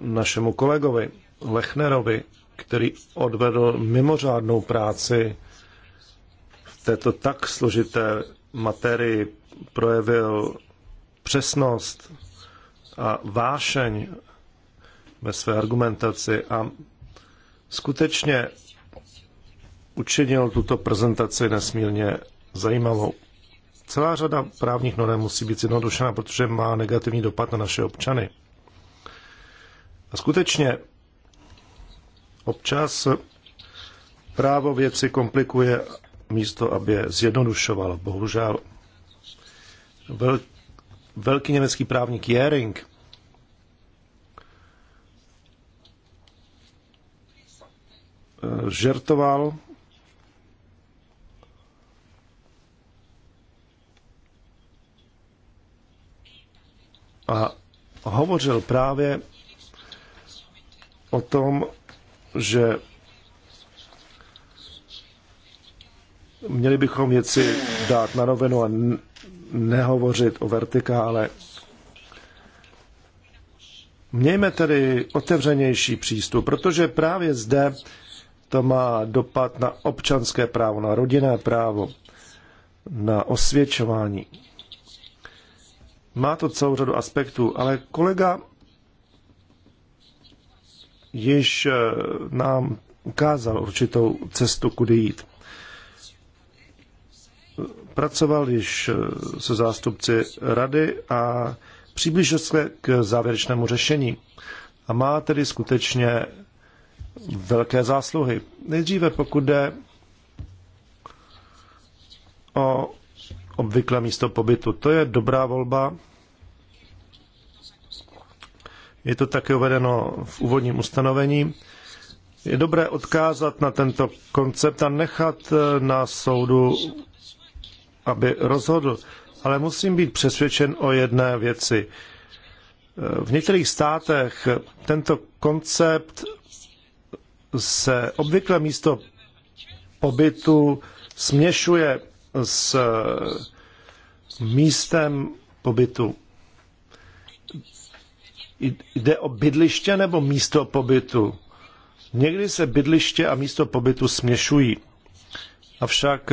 našemu kolegovi Lechnerovi, který odvedl mimořádnou práci této tak složité materii projevil přesnost a vášeň ve své argumentaci a skutečně učinil tuto prezentaci nesmírně zajímavou. Celá řada právních norm musí být zjednodušena, protože má negativní dopad na naše občany. A skutečně občas právo věci komplikuje místo, aby je zjednodušoval. Bohužel vel, velký německý právník Jering žertoval a hovořil právě o tom, že Měli bychom věci dát na rovinu a nehovořit o vertikále. Mějme tedy otevřenější přístup, protože právě zde to má dopad na občanské právo, na rodinné právo, na osvědčování. Má to celou řadu aspektů, ale kolega již eh, nám ukázal určitou cestu, kudy jít pracoval již eh, se zástupci rady a přiblížil se k závěrečnému řešení. A má tedy skutečně velké zásluhy. Nejdříve pokud jde o obvyklé místo pobytu. To je dobrá volba. Je to také uvedeno v úvodním ustanovení. Je dobré odkázat na tento koncept a nechat eh, na soudu aby rozhodl. Ale musím být přesvědčen o jedné věci. V některých státech tento koncept se obvykle místo pobytu směšuje s místem pobytu. Jde o bydliště nebo místo pobytu? Někdy se bydliště a místo pobytu směšují. Avšak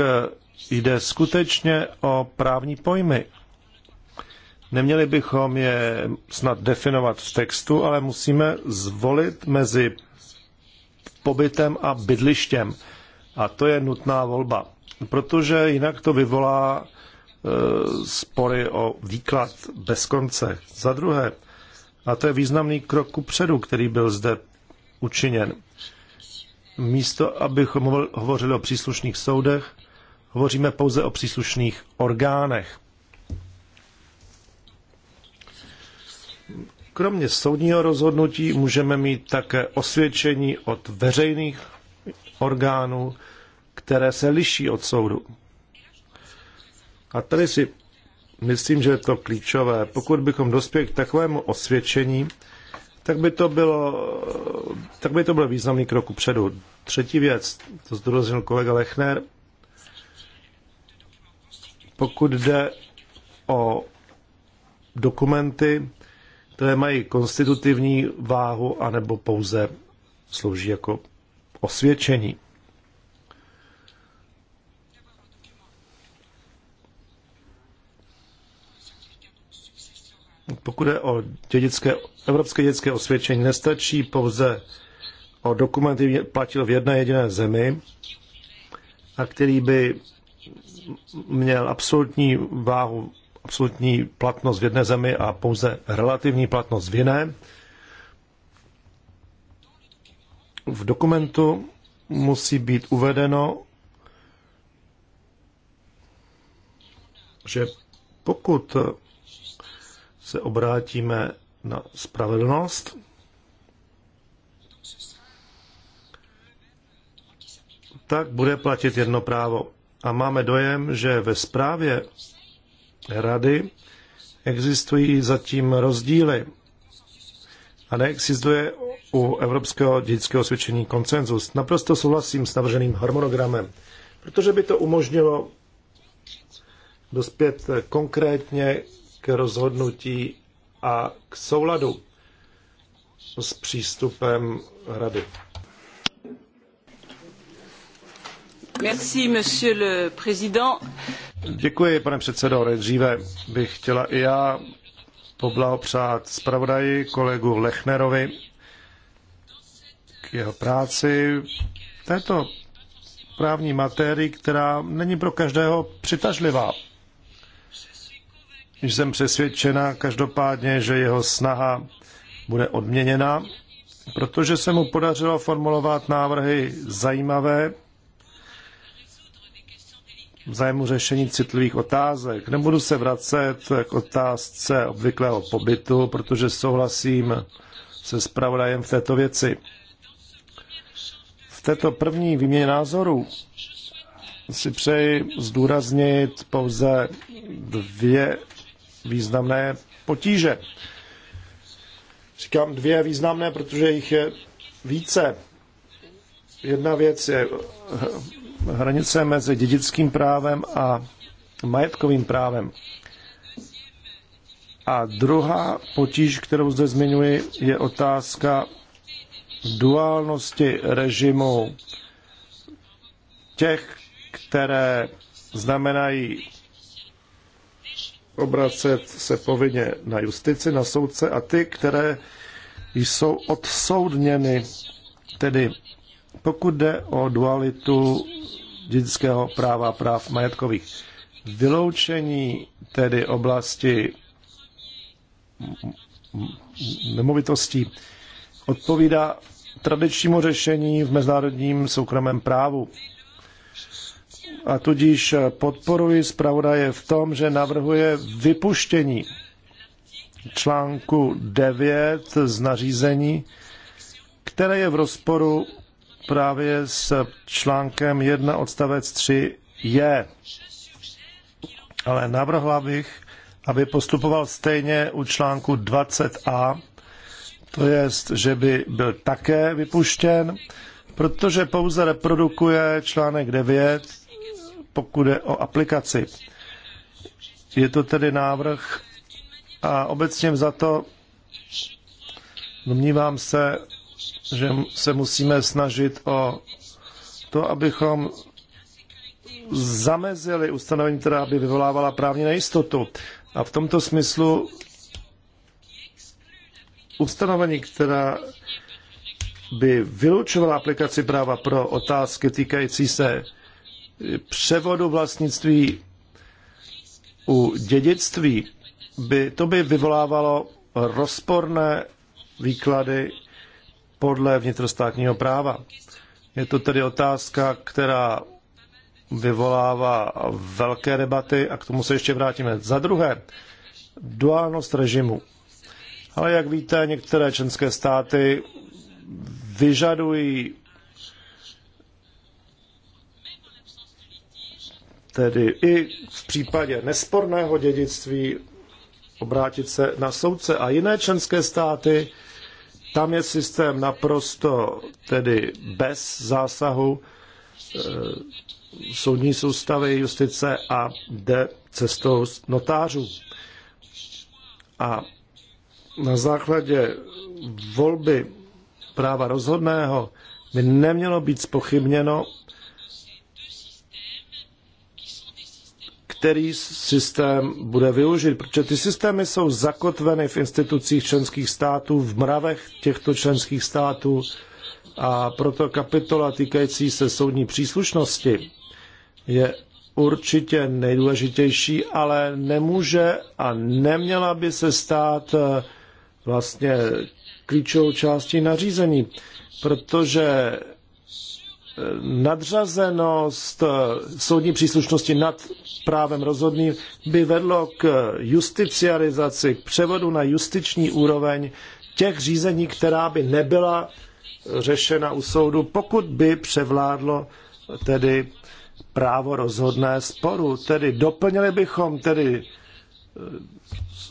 jde skutečně o právní pojmy. Neměli bychom je snad definovat v textu, ale musíme zvolit mezi pobytem a bydlištěm. A to je nutná volba, protože jinak to vyvolá e, spory o výklad bez konce. Za druhé, a to je významný krok ku předu, který byl zde učiněn. Místo, abychom hovořili o příslušných soudech, Hovoříme pouze o příslušných orgánech. Kromě soudního rozhodnutí můžeme mít také osvědčení od veřejných orgánů, které se liší od soudu. A tady si myslím, že je to klíčové. Pokud bychom dospěli k takovému osvědčení, tak by to bylo, tak by to byl významný krok upředu. Třetí věc, to zdůraznil kolega Lechner, pokud jde o dokumenty, které mají konstitutivní váhu anebo pouze slouží jako osvědčení. Pokud je o dědické, evropské dědické osvědčení, nestačí pouze o dokumenty platil v jedné jediné zemi a který by měl absolutní váhu, absolutní platnost v jedné zemi a pouze relativní platnost v jiné. V dokumentu musí být uvedeno, že pokud se obrátíme na spravedlnost, tak bude platit jedno právo a máme dojem, že ve zprávě rady existují zatím rozdíly a neexistuje u Evropského dětského osvědčení koncenzus. Naprosto souhlasím s navrženým harmonogramem, protože by to umožnilo dospět konkrétně k rozhodnutí a k souladu s přístupem rady. Děkuji, pane předsedo. Nejdříve bych chtěla i já poblahopřát zpravodaji kolegu Lechnerovi k jeho práci. Této právní matérii, která není pro každého přitažlivá. Jsem přesvědčena každopádně, že jeho snaha bude odměněna, protože se mu podařilo formulovat návrhy zajímavé zájmu řešení citlivých otázek. Nebudu se vracet k otázce obvyklého pobytu, protože souhlasím se zpravodajem v této věci. V této první výměně názorů si přeji zdůraznit pouze dvě významné potíže. Říkám dvě významné, protože jich je více. Jedna věc je hranice mezi dědickým právem a majetkovým právem. A druhá potíž, kterou zde zmiňuji, je otázka duálnosti režimu těch, které znamenají obracet se povinně na justici, na soudce a ty, které jsou odsoudněny. Tedy pokud jde o dualitu dědického práva a práv majetkových. Vyloučení tedy oblasti nemovitostí odpovídá tradičnímu řešení v mezinárodním soukromém právu. A tudíž podporuji zpravodaje v tom, že navrhuje vypuštění článku 9 z nařízení, které je v rozporu právě s článkem 1 odstavec 3 je. Ale navrhla bych, aby postupoval stejně u článku 20a, to jest, že by byl také vypuštěn, protože pouze reprodukuje článek 9, pokud je o aplikaci. Je to tedy návrh a obecně za to domnívám se, že se musíme snažit o to, abychom zamezili ustanovení, která by vyvolávala právní nejistotu. A v tomto smyslu ustanovení, která by vylučovala aplikaci práva pro otázky týkající se převodu vlastnictví u dědictví, by, to by vyvolávalo rozporné výklady podle vnitrostátního práva. Je to tedy otázka, která vyvolává velké debaty a k tomu se ještě vrátíme. Za druhé, duálnost režimu. Ale jak víte, některé členské státy vyžadují tedy i v případě nesporného dědictví obrátit se na soudce a jiné členské státy tam je systém naprosto tedy bez zásahu eh, soudní soustavy justice a jde cestou notářů. A na základě volby práva rozhodného by nemělo být spochybněno který systém bude využit, protože ty systémy jsou zakotveny v institucích členských států, v mravech těchto členských států a proto kapitola týkající se soudní příslušnosti je určitě nejdůležitější, ale nemůže a neměla by se stát eh, vlastně klíčovou částí nařízení, protože nadřazenost eh, soudní příslušnosti nad právem rozhodným by vedlo k justiciarizaci, k převodu na justiční úroveň těch řízení, která by nebyla řešena u soudu, pokud by převládlo tedy právo rozhodné sporu. Tedy doplnili bychom tedy eh,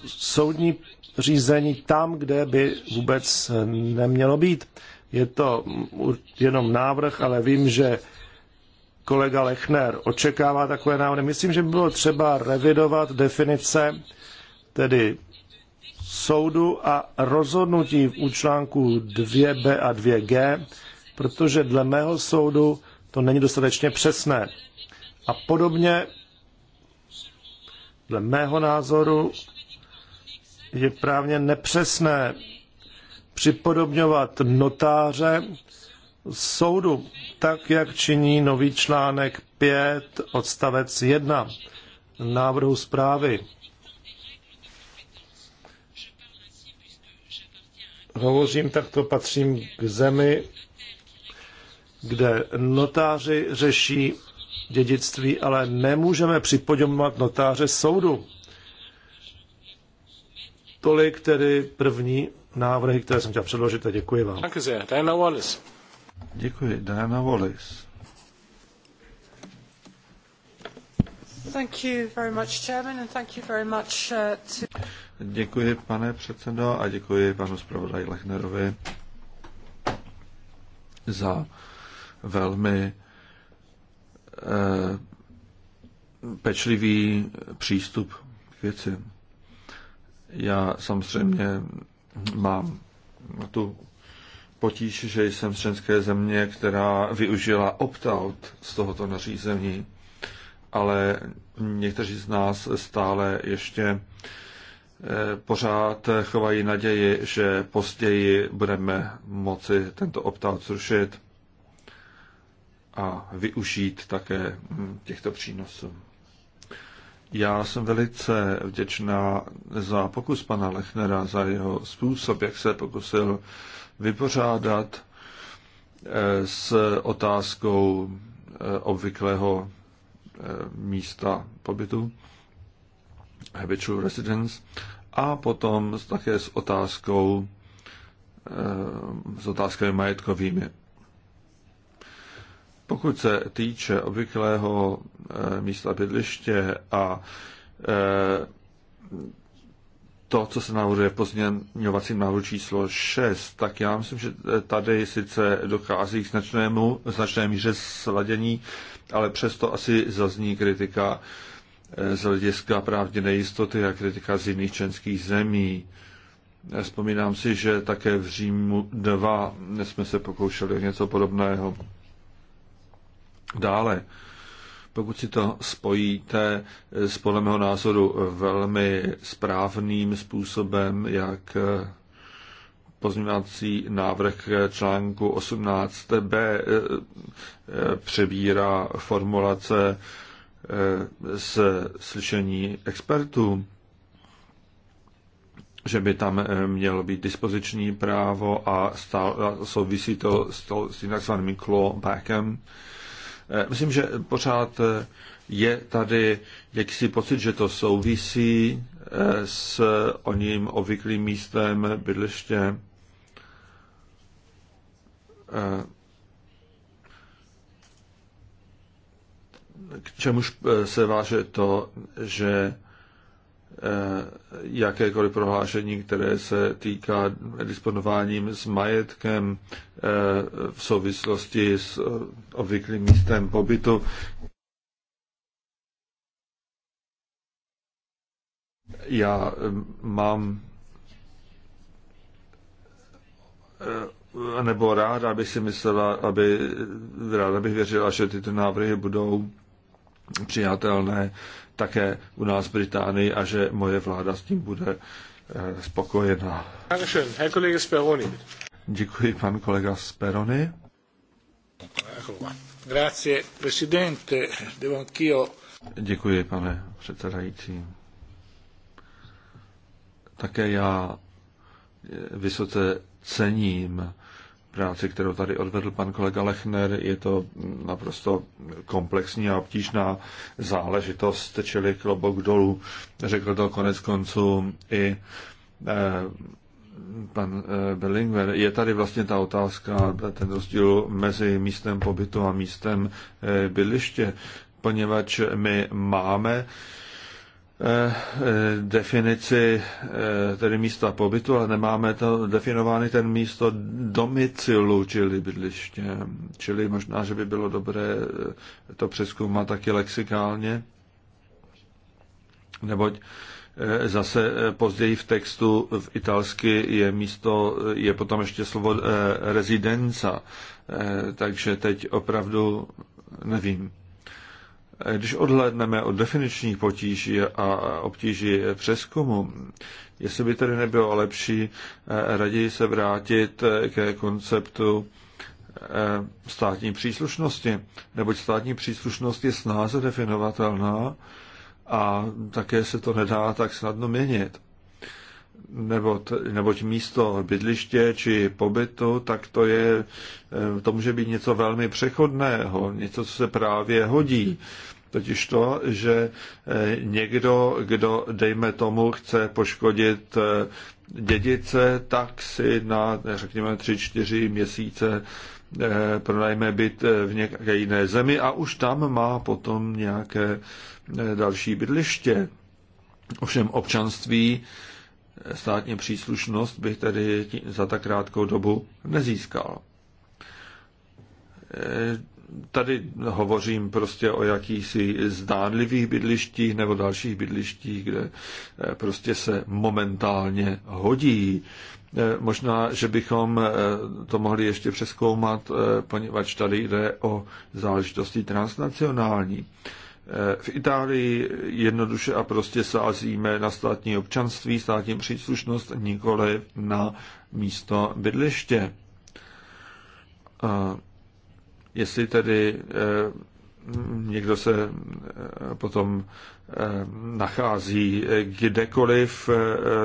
soudní řízení tam, kde by vůbec nemělo být. Je to jenom návrh, ale vím, že kolega Lechner očekává takové návrhy. Myslím, že by bylo třeba revidovat definice tedy soudu a rozhodnutí v účlánku 2b a 2g, protože dle mého soudu to není dostatečně přesné. A podobně, dle mého názoru, je právně nepřesné připodobňovat notáře soudu, tak jak činí nový článek 5 odstavec 1 návrhu zprávy. Hovořím takto, patřím k zemi, kde notáři řeší dědictví, ale nemůžeme připodobňovat notáře soudu. Tolik tedy první návrhy, které jsem chtěl předložit a děkuji vám. Diana Wallace. Děkuji, Diana Wallace. Thank you very much, Chairman, and thank you very much uh, to... Děkuji, pane předsedo, a děkuji panu zpravodaji Lechnerovi za velmi uh, pečlivý přístup k věci. Já samozřejmě mám tu potíž, že jsem z členské země, která využila opt-out z tohoto nařízení, ale někteří z nás stále ještě eh, pořád chovají naději, že později budeme moci tento opt-out zrušit a využít také hm, těchto přínosů. Já jsem velice vděčná za pokus pana Lechnera, za jeho způsob, jak se pokusil vypořádat eh, s otázkou eh, obvyklého eh, místa pobytu, habitual residence, a potom také s otázkou s otázkami majetkovými. Pokud se týče obvyklého eh, místa bydliště a eh, to, co se navrhuje v pozměňovacím návrhu číslo 6, tak já myslím, že tady sice dochází k značnému, značné míře sladění, ale přesto asi zazní kritika eh, z hlediska právně nejistoty a kritika z jiných členských zemí. Vzpomínám si, že také v Římu 2 jsme se pokoušeli něco podobného. Dále, pokud si to spojíte s podle mého názoru velmi správným způsobem, jak eh, pozměňovací návrh článku 18b eh, eh, přebírá formulace z slyšení expertů, že by tam mělo být dispoziční právo a, stále, a souvisí to s, to, s tím takzvaným clawbackem, Eh, myslím, že pořád eh, je tady jakýsi pocit, že to souvisí eh, s oním obvyklým místem bydliště. K čemuž se váže to, že Eh, jakékoliv prohlášení, které se týká disponováním s majetkem eh, v souvislosti s eh, obvyklým místem pobytu. Já mám nebo rád, aby si myslela, aby ráda bych věřila, že tyto návrhy budou přijatelné také u nás v Británii a že moje vláda s tím bude eh, spokojená. Děkuji, pan kolega Speroni. Grazie, presidente. Devo anch'io... Děkuji, pane předsedající. Také já eh, vysoce cením práci, kterou tady odvedl pan kolega Lechner. Je to naprosto komplexní a obtížná záležitost, čili klobok dolů. Řekl to konec konců i eh, pan eh, Berlingwer, je tady vlastně ta otázka, ten rozdíl mezi místem pobytu a místem eh, bydliště, poněvadž my máme Eh, eh, definici eh, tedy místa pobytu, ale nemáme to definovány ten místo domicilu, čili bydliště. Čili možná, že by bylo dobré to přeskoumat taky lexikálně, neboť zase později v textu v italsky je místo, je potom ještě slovo rezidenca, takže teď opravdu nevím. Když odhlédneme od definičních potíží a obtíží přeskumu, jestli by tedy nebylo lepší eh, raději se vrátit eh, ke konceptu eh, státní příslušnosti, neboť státní příslušnost je snáze definovatelná a také se to nedá tak snadno měnit nebo neboť místo bydliště či pobytu, tak to, je, eh, to může být něco velmi přechodného, něco, co se právě hodí. Totiž to, že eh, někdo, kdo, dejme tomu, chce poškodit eh, dědice, tak si na, řekněme, tři, čtyři měsíce pronajme byt v nějaké jiné zemi a už tam má potom nějaké další bydliště. Ovšem občanství státní příslušnost bych tedy za tak krátkou dobu nezískal. E, tady hovořím prostě o jakýchsi zdánlivých bydlištích nebo dalších bydlištích, kde e, prostě se momentálně hodí. E, možná, že bychom to mohli ještě přeskoumat, poněvadž tady jde o záležitosti transnacionální. Eh, v Itálii jednoduše a prostě sázíme na státní občanství, státní příslušnost, nikoli na místo bydliště. A jestli tedy eh, někdo se eh, potom nachází kdekoliv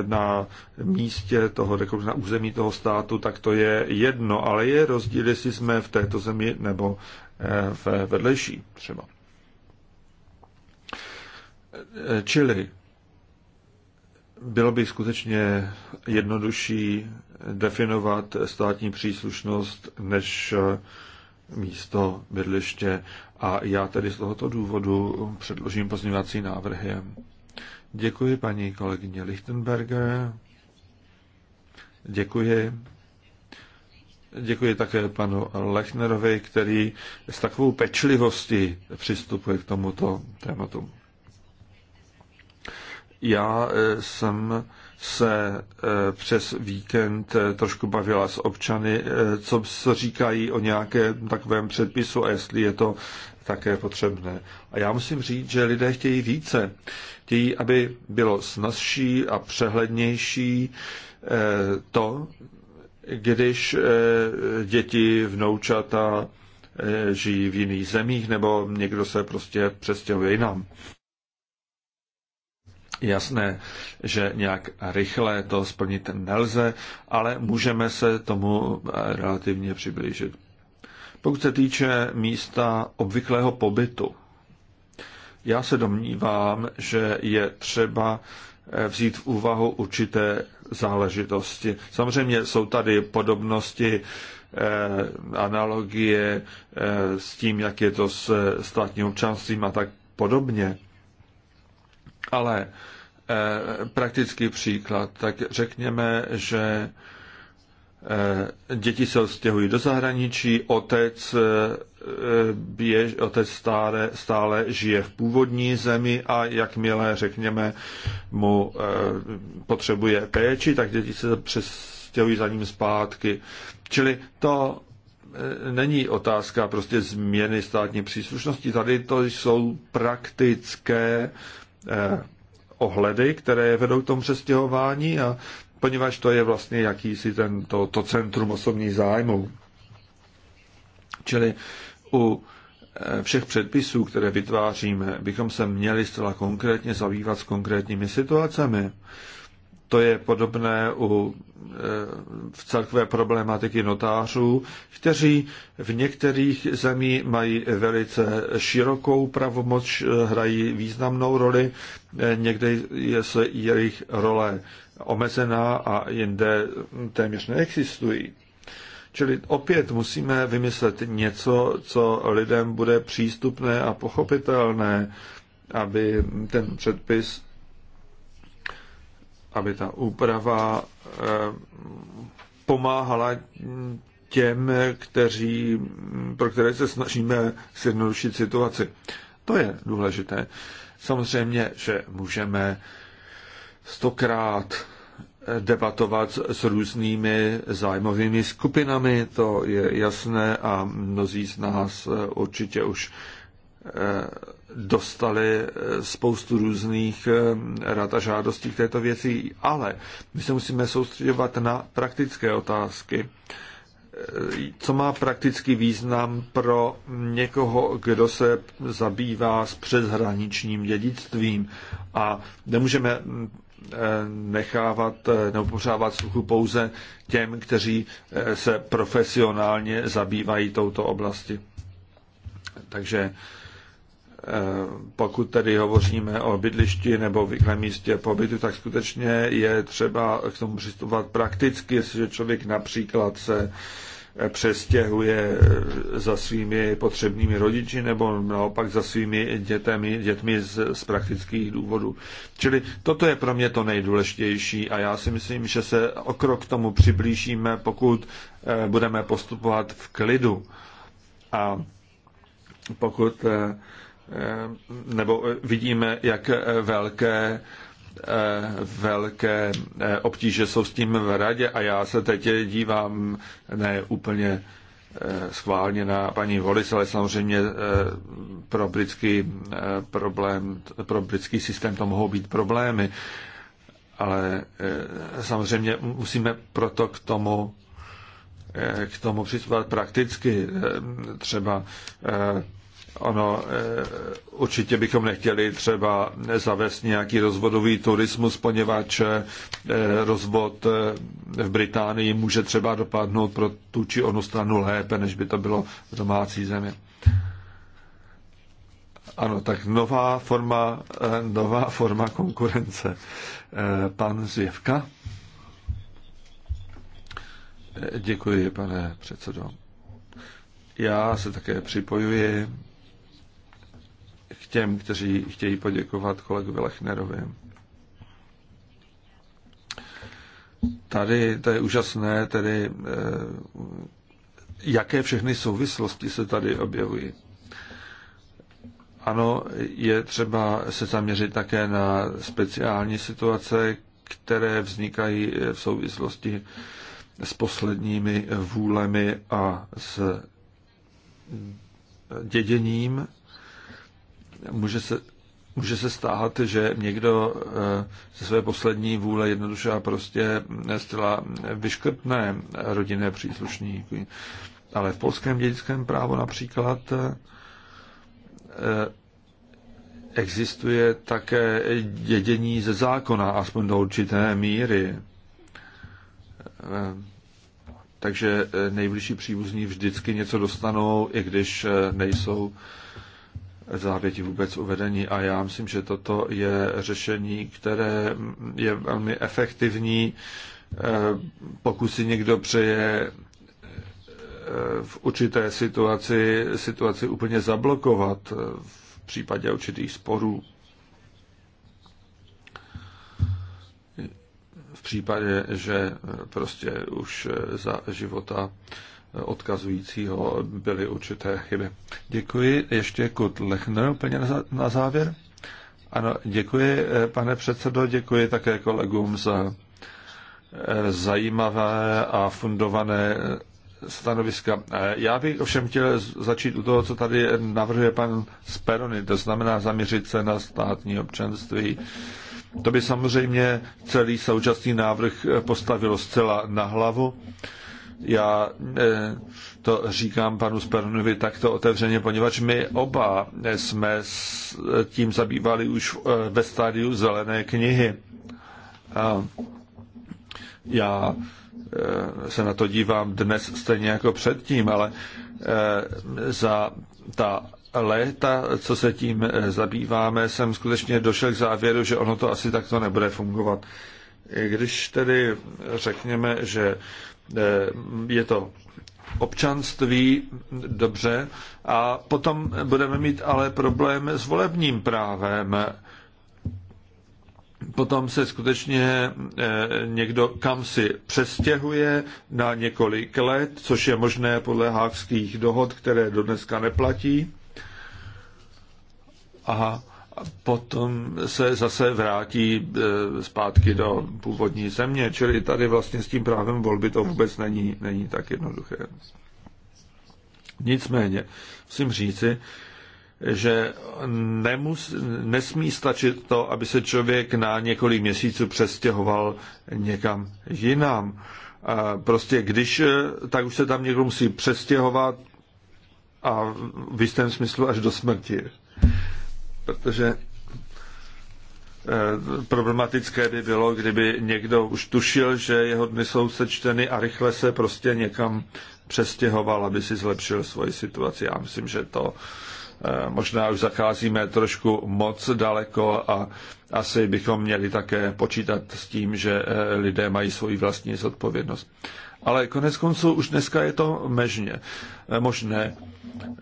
na místě toho, kdekoliv na území toho státu, tak to je jedno, ale je rozdíl, jestli jsme v této zemi nebo v vedlejší třeba. Čili bylo by skutečně jednodušší definovat státní příslušnost než místo bydliště. A já tedy z tohoto důvodu předložím pozměňovací návrhy. Děkuji paní kolegyně Lichtenberger. Děkuji. Děkuji také panu Lechnerovi, který s takovou pečlivostí přistupuje k tomuto tématu. Já eh, jsem se eh, přes víkend eh, trošku bavila s občany, co říkají o nějakém takovém předpisu a jestli je to také potřebné. A já musím říct, že lidé chtějí více. Chtějí, aby bylo snazší a přehlednější to, když děti, vnoučata žijí v jiných zemích nebo někdo se prostě přestěhuje jinam jasné, že nějak rychle to splnit nelze, ale můžeme se tomu relativně přiblížit. Pokud se týče místa obvyklého pobytu, já se domnívám, že je třeba eh, vzít v úvahu určité záležitosti. Samozřejmě jsou tady podobnosti, eh, analogie eh, s tím, jak je to s státním občanstvím a tak podobně. Ale eh, praktický příklad, tak řekněme, že eh, děti se odstěhují do zahraničí, otec, eh, běž, otec stále, stále žije v původní zemi a jakmile, řekněme, mu potřebuje péči, tak děti se přestěhují za ním zpátky. Čili to není otázka prostě změny státní příslušnosti, tady to jsou praktické Eh, ohledy, které vedou k tomu přestěhování, a poněvadž to je vlastně jakýsi ten, to, to centrum osobních zájmů. Čili u eh, všech předpisů, které vytváříme, bychom se měli zcela konkrétně zabývat s konkrétními situacemi. To je podobné u e, v celkové problematiky notářů, kteří v některých zemí mají velice širokou pravomoc, e, hrají významnou roli, e, někde je se jejich role omezená a jinde téměř neexistují. Čili opět musíme vymyslet něco, co lidem bude přístupné a pochopitelné, aby ten předpis aby ta úprava eh, pomáhala těm, kteří, pro které se snažíme zjednodušit situaci. To je důležité. Samozřejmě, že můžeme stokrát debatovat s různými zájmovými skupinami, to je jasné a mnozí z nás eh, určitě už eh, dostali eh, spoustu různých eh, rad a žádostí k této věci, ale my se musíme soustředovat na praktické otázky. Eh, co má praktický význam pro někoho, kdo se zabývá s přeshraničním dědictvím a nemůžeme mm, nechávat nebo pořávat sluchu pouze těm, kteří se profesionálně zabývají touto oblasti. Takže Eh, pokud tedy hovoříme o bydlišti nebo obvyklém místě pobytu, tak skutečně je třeba k tomu přistupovat prakticky, jestliže člověk například se eh, přestěhuje eh, za svými potřebnými rodiči nebo naopak za svými dětemi, dětmi z, z praktických důvodů. Čili toto je pro mě to nejdůležitější a já si myslím, že se o krok k tomu přiblížíme, pokud budeme postupovat v klidu. A pokud Eh, nebo eh, vidíme, jak eh, velké velké obtíže jsou s tím v radě a já se teď dívám ne úplně schválně na paní Volis, ale samozřejmě pro britský problém, pro britský systém to mohou být problémy, ale samozřejmě musíme proto k tomu k tomu přistupovat prakticky. Třeba Ono, eh, určitě bychom nechtěli třeba zavést nějaký rozvodový turismus, poněvadž eh, rozvod eh, v Británii může třeba dopadnout pro tu či onu stranu lépe, než by to bylo v domácí zemi. Ano, tak nová forma, nová forma konkurence. Pan Zjevka. Děkuji, pane předsedo. Já se také připojuji těm, kteří chtějí poděkovat kolegovi Lechnerovi. Tady to je úžasné, tedy eh, jaké všechny souvislosti se tady objevují. Ano, je třeba se zaměřit také na speciální situace, které vznikají eh, v souvislosti s posledními vůlemi a s děděním může se, může se stát, že někdo eh, ze své poslední vůle jednoduše a prostě zcela vyškrtne rodinné příslušníky. Ale v polském dědickém právu například eh, existuje také dědění ze zákona, aspoň do určité míry. Eh, takže nejbližší příbuzní vždycky něco dostanou, i když nejsou závěti vůbec uvedení. A já myslím, že toto je řešení, které je velmi efektivní. Eh, pokud si někdo přeje eh, v určité situaci, situaci úplně zablokovat eh, v případě určitých sporů, v případě, že prostě už za života odkazujícího byly určité chyby. Děkuji. Ještě Kurt Lechner, úplně na závěr. Ano, děkuji, eh, pane předsedo, děkuji také kolegům za eh, zajímavé a fundované eh, stanoviska. Já bych ovšem chtěl začít u toho, co tady navrhuje pan Sperony, to znamená zaměřit se na státní občanství. To by samozřejmě celý současný návrh postavilo zcela na hlavu. Já eh, to říkám panu Spernovi takto otevřeně, poněvadž my oba jsme s eh, tím zabývali už eh, ve stádiu zelené knihy. A já se na to dívám dnes stejně jako předtím, ale za ta léta, co se tím zabýváme, jsem skutečně došel k závěru, že ono to asi takto nebude fungovat. Když tedy řekněme, že Eh, je to občanství, dobře, a potom budeme mít ale problém s volebním právem. Potom se skutečně eh, někdo kam si přestěhuje na několik let, což je možné podle hákských dohod, které do dneska neplatí. Aha potom se zase vrátí e, zpátky do původní země, čili tady vlastně s tím právem volby to vůbec není, není tak jednoduché. Nicméně, musím říci, že nemus, nesmí stačit to, aby se člověk na několik měsíců přestěhoval někam jinam. Prostě když, e, tak už se tam někdo musí přestěhovat a v jistém smyslu až do smrti protože eh, problematické by bylo, kdyby někdo už tušil, že jeho dny jsou sečteny a rychle se prostě někam přestěhoval, aby si zlepšil svoji situaci. Já myslím, že to eh, možná už zacházíme trošku moc daleko a asi bychom měli také počítat s tím, že eh, lidé mají svoji vlastní zodpovědnost. Ale konec konců už dneska je to mežně, možné.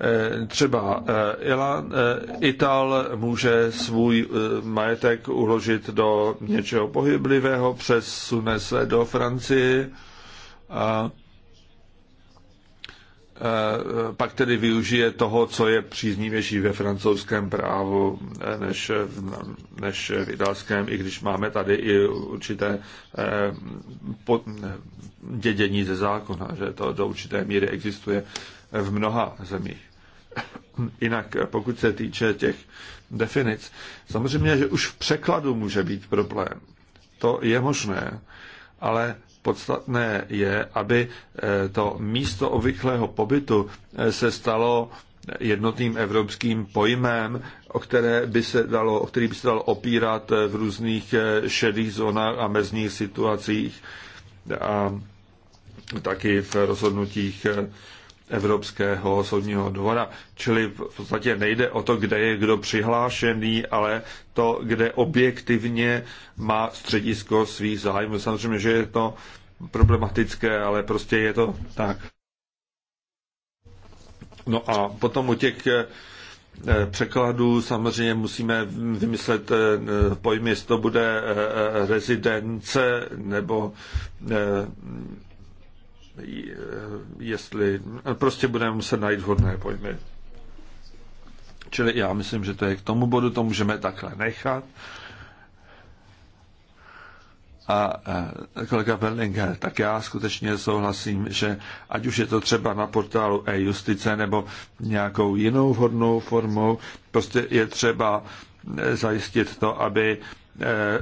Eh, třeba eh, eh, Ital může svůj majetek uložit do něčeho pohyblivého, přesune se do Francie. a Eh, pak tedy využije toho, co je příznivější ve francouzském právu eh, než, než v italském, i když máme tady i určité eh, dědění ze zákona, že to do určité míry existuje v mnoha zemích. Jinak, pokud se týče těch definic, samozřejmě, že už v překladu může být problém. To je možné, ale Podstatné je, aby eh, to místo obvyklého pobytu eh, se stalo jednotným evropským pojmem, o, které by se dalo, o který by se dalo opírat eh, v různých šedých zónách a mezních situacích a taky v rozhodnutích Evropského soudního dvora. Čili v podstatě nejde o to, kde je kdo přihlášený, ale to, kde objektivně má středisko svých zájmů. Samozřejmě, že je to problematické, ale prostě je to tak. No a potom u těch eh, eh, překladů samozřejmě musíme vymyslet eh, pojmy, jestli to bude rezidence nebo jestli prostě budeme muset najít vhodné pojmy. Čili já myslím, že to je k tomu bodu, to můžeme takhle nechat a eh, kolega Berlinger, tak já skutečně souhlasím, že ať už je to třeba na portálu e-justice nebo nějakou jinou vhodnou formou, prostě je třeba eh, zajistit to, aby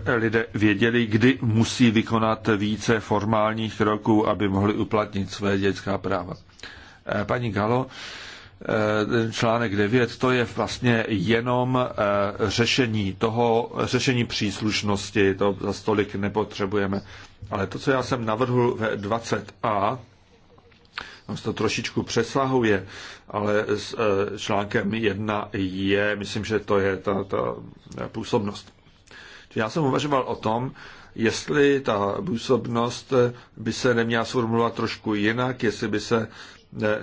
eh, lidé věděli, kdy musí vykonat více formálních kroků, aby mohli uplatnit své dětská práva. Paní Galo, Eh, článek 9, to je vlastně jenom eh, řešení toho, řešení příslušnosti, to za stolik nepotřebujeme. Ale to, co já jsem navrhl ve 20a, tam se to trošičku přesahuje, ale s eh, článkem 1 je, myslím, že to je ta, ta působnost. Čiže já jsem uvažoval o tom, jestli ta působnost by se neměla sformulovat trošku jinak, jestli by se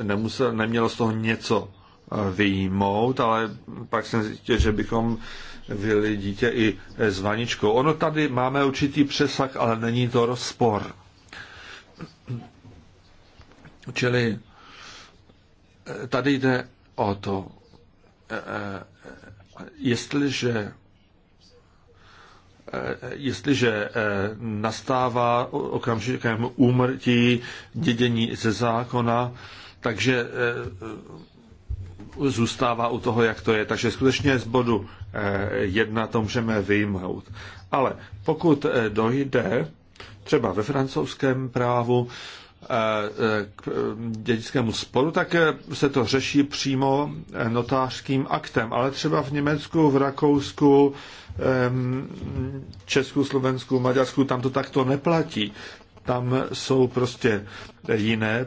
nemusel, nemělo z toho něco eh, vyjmout, ale pak jsem zjistil, že bychom vyli dítě i s vaničkou. Ono tady máme určitý přesah, ale není to rozpor. Čili eh, tady jde o to, eh, jestliže Eh, jestliže eh, nastává okamžikem úmrtí dědění ze zákona, takže eh, zůstává u toho, jak to je. Takže skutečně z bodu jedna to můžeme vyjmout. Ale pokud dojde třeba ve francouzském právu E, k e, dědickému sporu, tak e, se to řeší přímo notářským aktem. Ale třeba v Německu, v Rakousku, Česku, Slovensku, Maďarsku, tam to takto neplatí. Tam jsou prostě jiné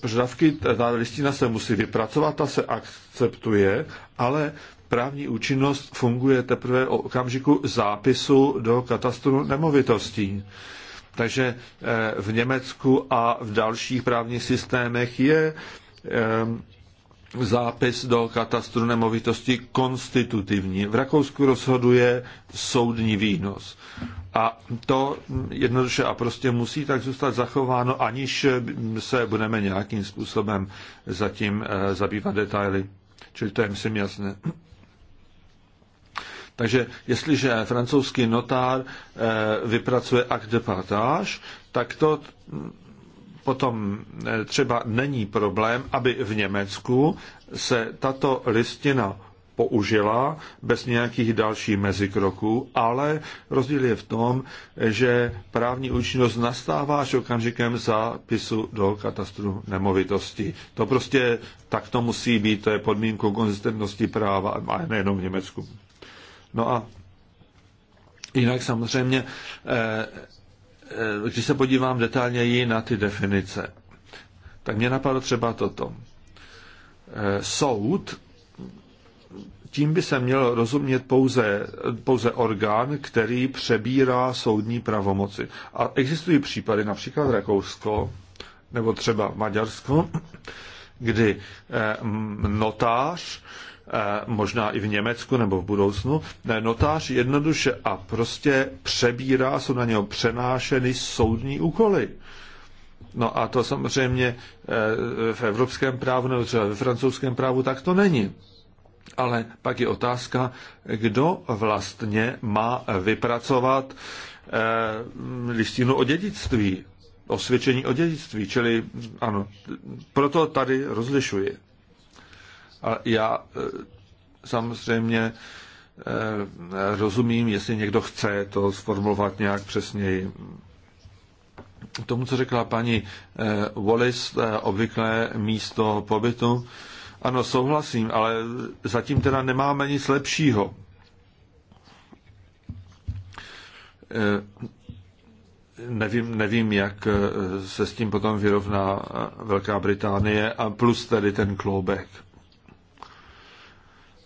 požadavky. Ta listina se musí vypracovat, ta se akceptuje, ale právní účinnost funguje teprve o okamžiku zápisu do katastru nemovitostí. Takže eh, v Německu a v dalších právních systémech je eh, zápis do katastru nemovitosti konstitutivní. V Rakousku rozhoduje soudní výnos. A to jednoduše a prostě musí tak zůstat zachováno, aniž se budeme nějakým způsobem zatím eh, zabývat detaily. Čili to je, myslím, jasné. Takže jestliže francouzský notár eh, vypracuje akt de partage, tak to mm, potom eh, třeba není problém, aby v Německu se tato listina použila bez nějakých dalších mezikroků, ale rozdíl je v tom, že právní účinnost nastává až okamžikem zápisu do katastru nemovitosti. To prostě tak to musí být, to je podmínkou konzistentnosti práva, a nejenom v Německu. No a jinak samozřejmě, eh, eh, když se podívám detailněji na ty definice, tak mě napadlo třeba toto. Eh, soud, tím by se měl rozumět pouze, pouze orgán, který přebírá soudní pravomoci. A existují případy, například Rakousko, nebo třeba Maďarsko, kdy notář Eh, možná i v Německu nebo v budoucnu, eh, notář jednoduše a prostě přebírá, jsou na něho přenášeny soudní úkoly. No a to samozřejmě eh, v evropském právu nebo třeba ve francouzském právu tak to není. Ale pak je otázka, kdo vlastně má vypracovat listinu o dědictví, osvědčení o dědictví, čili ano, proto tady rozlišuji. A já e, samozřejmě e, rozumím, jestli někdo chce to sformulovat nějak přesněji. K tomu, co řekla paní e, Wallis, obvyklé místo pobytu. Ano, souhlasím, ale zatím teda nemáme nic lepšího. Nevím, nevím, jak se s tím potom vyrovná Velká Británie a plus tedy ten kloubek.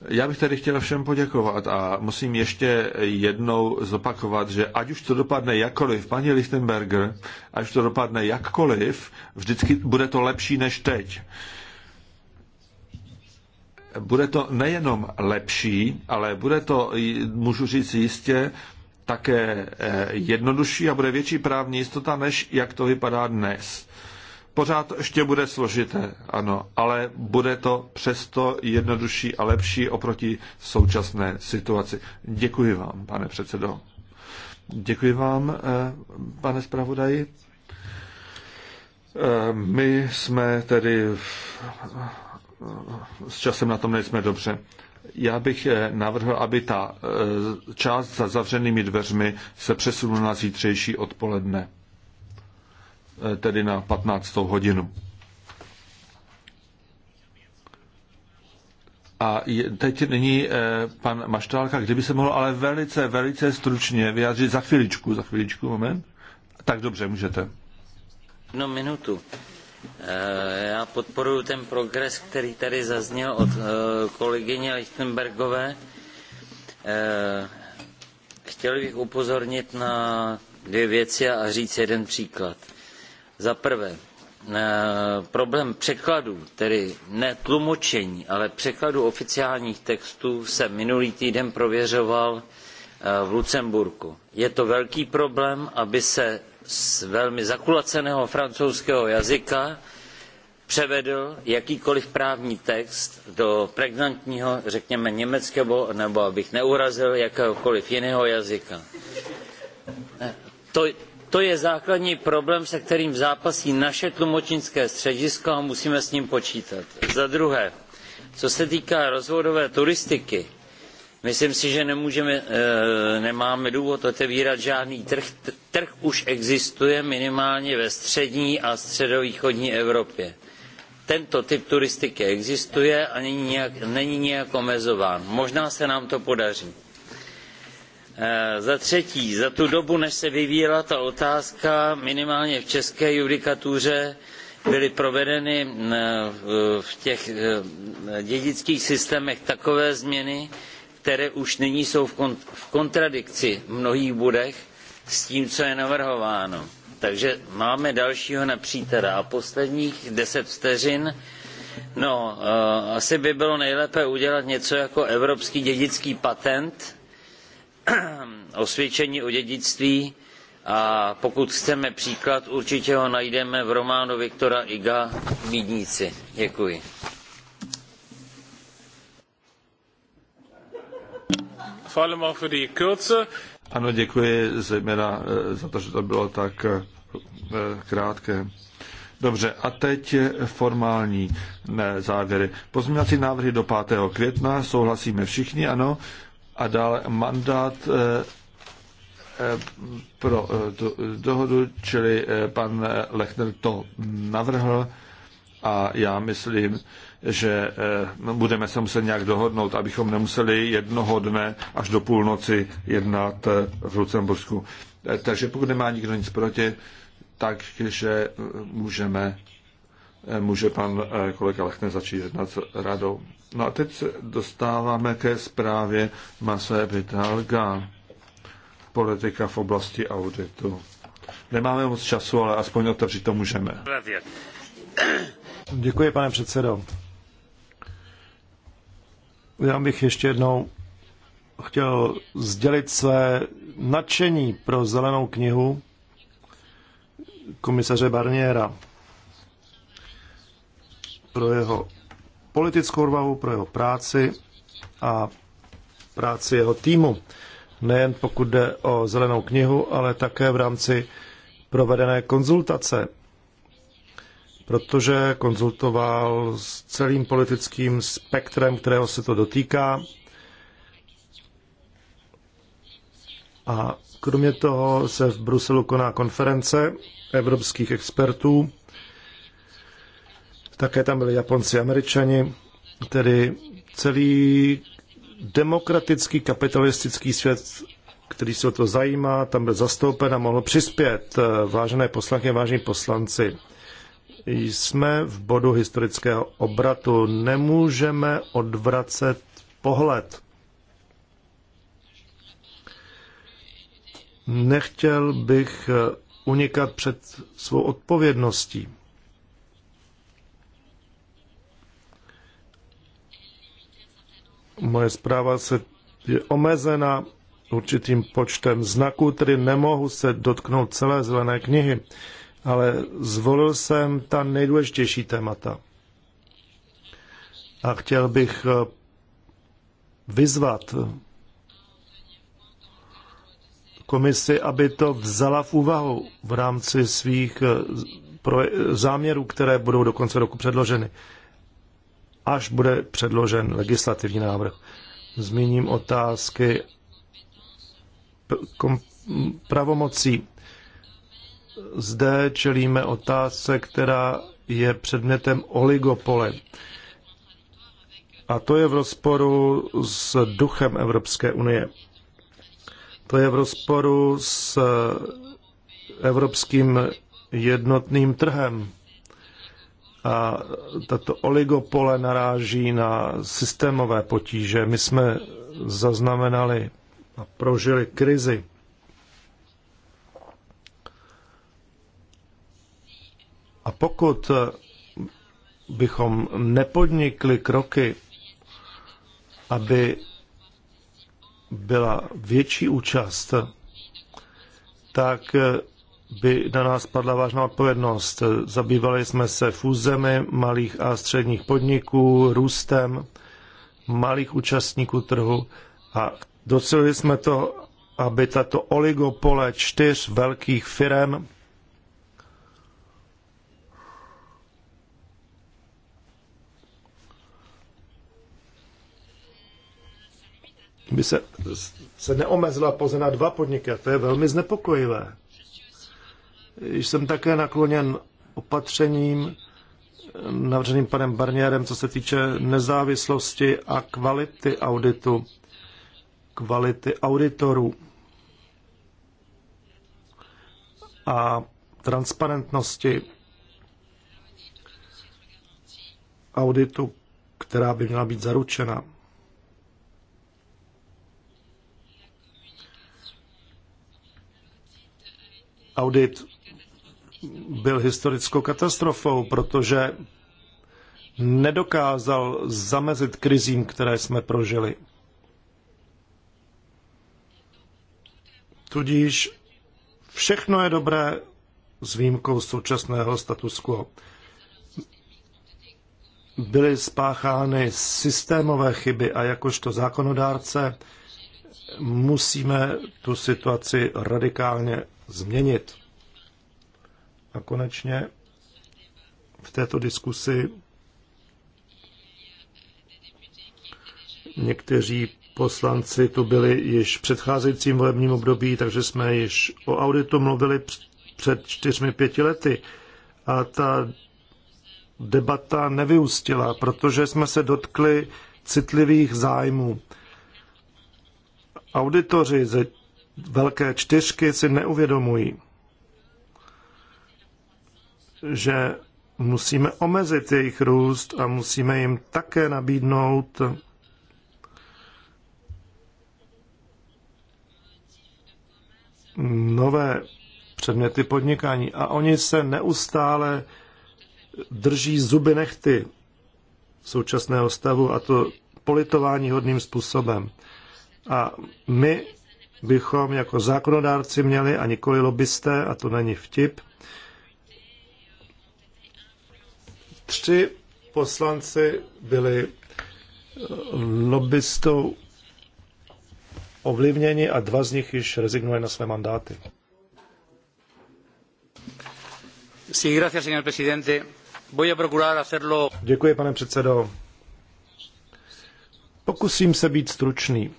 Já bych tady chtěl všem poděkovat a musím ještě jednou zopakovat, že ať už to dopadne jakkoliv, paní Lichtenberger, ať už to dopadne jakkoliv, vždycky bude to lepší než teď. Bude to nejenom lepší, ale bude to, můžu říct jistě, také eh, jednodušší a bude větší právní jistota, než jak to vypadá dnes. Pořád to ještě bude složité, ano, ale bude to přesto jednodušší a lepší oproti současné situaci. Děkuji vám, pane předsedo. Děkuji vám, eh, pane zpravodaji. Eh, my jsme tedy s časem na tom nejsme dobře. Já bych eh, navrhl, aby ta část za zavřenými dveřmi se přesunula na zítřejší odpoledne. Eh, tedy na 15. hodinu. A teď nyní eh, pan Maštálka, kdyby se mohl ale velice, velice stručně vyjádřit za chviličku, za chviličku, moment. Tak dobře, můžete. No minutu. Eh, já podporuji ten progres, který tady zazněl od kolegyně Lichtenbergové. Chtěl bych upozornit na dvě věci a říct jeden příklad za prvé, eh, problém překladů, tedy ne tlumočení, ale překladu oficiálních textů jsem minulý týden prověřoval eh, v Lucemburku. Je to velký problém, aby se z velmi zakulaceného francouzského jazyka převedl jakýkoliv právní text do pregnantního, řekněme německého, nebo abych neurazil jakéhokoliv jiného jazyka. Eh, to, to je základní problém, se kterým zápasí naše tlumočnické středisko a musíme s ním počítat. Za druhé, co se týká rozvodové turistiky, myslím si, že nemůžeme, eh, nemáme důvod otevírat žádný trh. Trh už existuje minimálně ve střední a středovýchodní Evropě. Tento typ turistiky existuje a není nijak, není nijak omezován. Možná se nám to podaří Eh, za třetí za tu dobu než se vyvíjela ta otázka minimálně v české judikatuře byly provedeny eh, v těch eh, dědických systémech takové změny které už nyní jsou v kontradikci v mnohých bodech s tím co je navrhováno. takže máme dalšího nepřítele. a posledních deset vteřin no asi by bylo nejlépe udělat něco jako evropský dědický patent (clears throat) osvědčení o dědictví a pokud chceme příklad, určitě ho najdeme v románu Viktora Iga Bídníci. Děkuji. Ano, děkuji zejména eh, za to, že to bylo tak eh, krátké. Dobře, a teď formální eh, závěry. Pozměňovací návrhy do 5. května, souhlasíme všichni, ano a dále mandát eh, eh, pro tu eh, dohodu, čili pan Lechner to navrhl a já myslím, že budeme se muset nějak dohodnout, abychom nemuseli jednoho dne až do půlnoci jednat v Lucembursku. Takže pokud nemá nikdo nic proti, takže můžeme, může pan kolega Lechner začít jednat s radou. No a teď se dostáváme ke zprávě Masé Vitalga, politika v oblasti auditu. Nemáme moc času, ale aspoň otevřít to můžeme. Děkuji, pane předsedo. Já bych ještě jednou chtěl sdělit své nadšení pro zelenou knihu komisaře Barniera pro jeho politickou odvahu, pro jeho práci a práci jeho týmu. Nejen pokud jde o zelenou knihu, ale také v rámci provedené konzultace, protože konzultoval s celým politickým spektrem, kterého se to dotýká. A kromě toho se v Bruselu koná konference evropských expertů také tam byli Japonci, Američani, tedy celý demokratický kapitalistický svět, který se o to zajímá, tam byl zastoupen a mohl přispět. Vážené poslanky, vážení poslanci, jsme v bodu historického obratu. Nemůžeme odvracet pohled. Nechtěl bych unikat před svou odpovědností. Moje zpráva se je omezena určitým počtem znaků, tedy nemohu se dotknout celé zelené knihy, ale zvolil jsem ta nejdůležitější témata. A chtěl bych eh, vyzvat eh, komisi, aby to vzala v úvahu v rámci svých eh, záměrů, které budou do konce roku předloženy až bude předložen legislativní návrh. Zmíním otázky pravomocí. Zde čelíme otázce, která je předmětem oligopole. A to je v rozporu s duchem Evropské unie. To je v rozporu s evropským jednotným trhem a tato oligopole naráží na systémové potíže. My jsme zaznamenali a prožili krizi. A pokud bychom nepodnikli kroky, aby byla větší účast, tak by na nás padla vážná odpovědnost. Zabývali jsme se fúzemi malých a středních podniků, růstem malých účastníků trhu a docelili jsme to, aby tato oligopole čtyř velkých firm by se, se neomezila pouze na dva podniky a to je velmi znepokojivé. Jsem také nakloněn opatřením navrženým panem Barnierem, co se týče nezávislosti a kvality auditu, kvality auditorů a transparentnosti auditu, která by měla být zaručena. Audit byl historickou katastrofou, protože nedokázal zamezit krizím, které jsme prožili. Tudíž všechno je dobré s výjimkou současného status quo. Byly spáchány systémové chyby a jakožto zákonodárce musíme tu situaci radikálně změnit. A konečně v této diskusi někteří poslanci tu byli již v předcházejícím volebním období, takže jsme již o auditu mluvili před čtyřmi, pěti lety. A ta debata nevyústila, protože jsme se dotkli citlivých zájmů. Auditoři ze velké čtyřky si neuvědomují, že musíme omezit jejich růst a musíme jim také nabídnout nové předměty podnikání. A oni se neustále drží zuby nechty současného stavu a to politování hodným způsobem. A my bychom jako zákonodárci měli, a nikoli lobbysté, a to není vtip, Tři poslanci byli eh, lobbystou ovlivněni a dva z nich již rezignovali na své mandáty. Děkuji, pane předsedo. Pokusím se být stručný,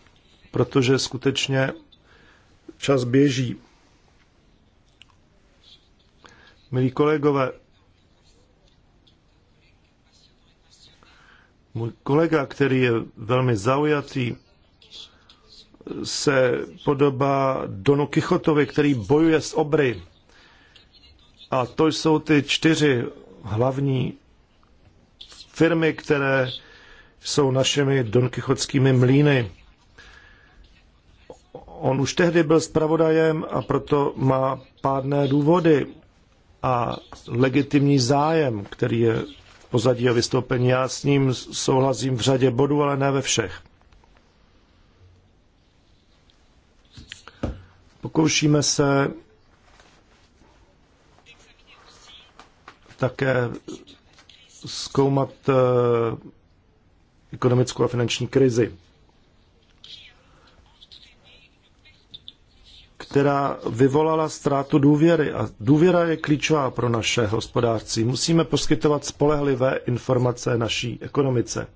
protože skutečně čas běží. Milí kolegové, Můj kolega, který je velmi zaujatý, se podobá Donu Kichotovi, který bojuje s obry. A to jsou ty čtyři hlavní firmy, které jsou našimi donkichotskými mlýny. On už tehdy byl zpravodajem a proto má pádné důvody a legitimní zájem, který je pozadí jeho vystoupení. Já s ním souhlasím v řadě bodů, ale ne ve všech. Pokoušíme se také zkoumat eh, ekonomickou a finanční krizi. která vyvolala ztrátu důvěry. A důvěra je klíčová pro naše hospodářství. Musíme poskytovat spolehlivé informace naší ekonomice.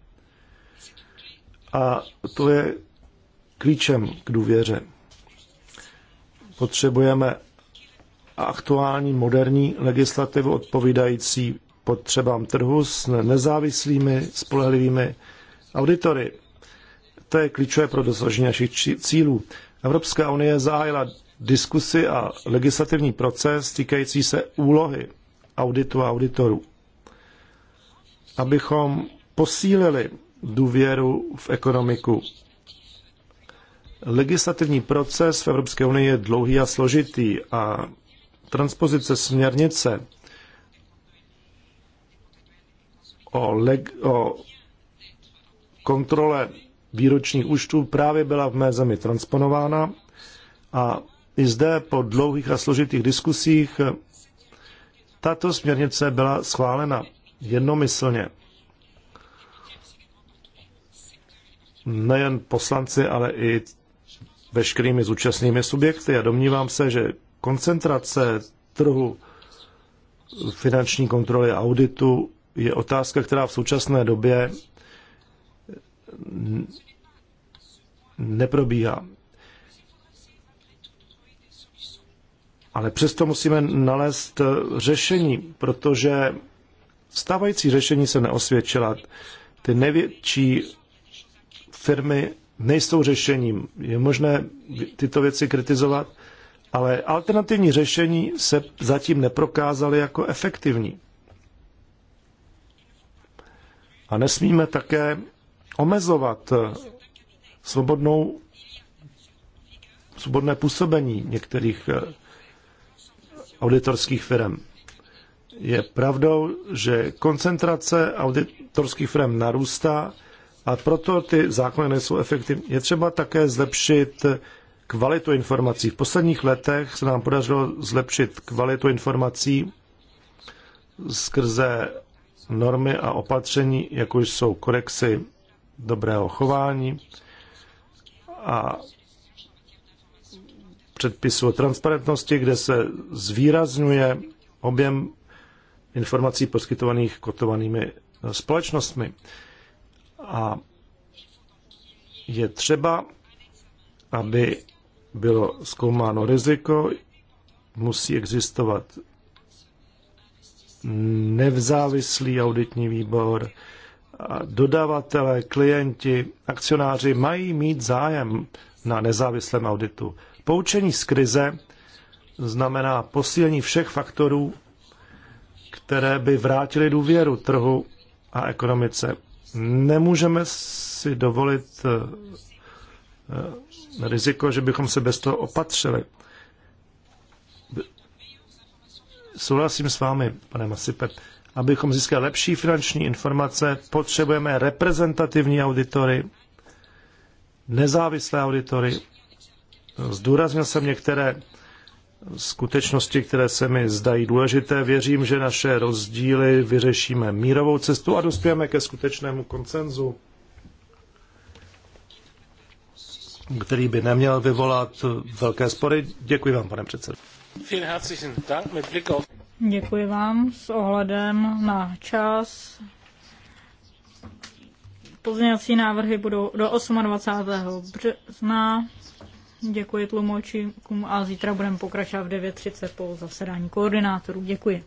A to je klíčem k důvěře. Potřebujeme aktuální moderní legislativu odpovídající potřebám trhu s nezávislými spolehlivými auditory. To je klíčové pro dosažení našich cílů. Evropská unie zahájila diskusi a legislativní proces týkající se úlohy auditu a auditorů. Abychom posílili důvěru v ekonomiku. Legislativní proces v Evropské unii je dlouhý a složitý a transpozice směrnice o, leg, o kontrole výročních účtů právě byla v mé zemi transponována a i zde po dlouhých a složitých diskusích tato směrnice byla schválena jednomyslně. Nejen poslanci, ale i veškerými zúčastnými subjekty. Já domnívám se, že koncentrace trhu finanční kontroly a auditu je otázka, která v současné době neprobíhá. Ale přesto musíme nalézt eh, řešení, protože stávající řešení se neosvědčila. Ty největší firmy nejsou řešením. Je možné tyto věci kritizovat, ale alternativní řešení se zatím neprokázaly jako efektivní. A nesmíme také omezovat eh, svobodnou, svobodné působení některých eh, auditorských firm. Je pravdou, že koncentrace auditorských firm narůstá a proto ty zákony nejsou efektivní. Je třeba také zlepšit kvalitu informací. V posledních letech se nám podařilo zlepšit kvalitu informací skrze normy a opatření, jako jsou korexy dobrého chování a předpisu o transparentnosti, kde se zvýrazňuje objem informací poskytovaných kotovanými eh, společnostmi. A je třeba, aby bylo zkoumáno riziko, musí existovat nevzávislý auditní výbor, dodavatelé, klienti, akcionáři mají mít zájem na nezávislém auditu. Poučení z krize znamená posílení všech faktorů, které by vrátily důvěru trhu a ekonomice. Nemůžeme si dovolit eh, eh, riziko, že bychom se bez toho opatřili. Souhlasím s vámi, pane Masipe. Abychom získali lepší finanční informace, potřebujeme reprezentativní auditory, nezávislé auditory Zdůraznil jsem některé skutečnosti, které se mi zdají důležité. Věřím, že naše rozdíly vyřešíme mírovou cestu a dospějeme ke skutečnému koncenzu, který by neměl vyvolat velké spory. Děkuji vám, pane předsedo. Děkuji vám s ohledem na čas. Pozměňovací návrhy budou do 28. března Děkuji tlumočníkům a zítra budeme pokračovat v 9.30 po zasedání koordinátorů. Děkuji.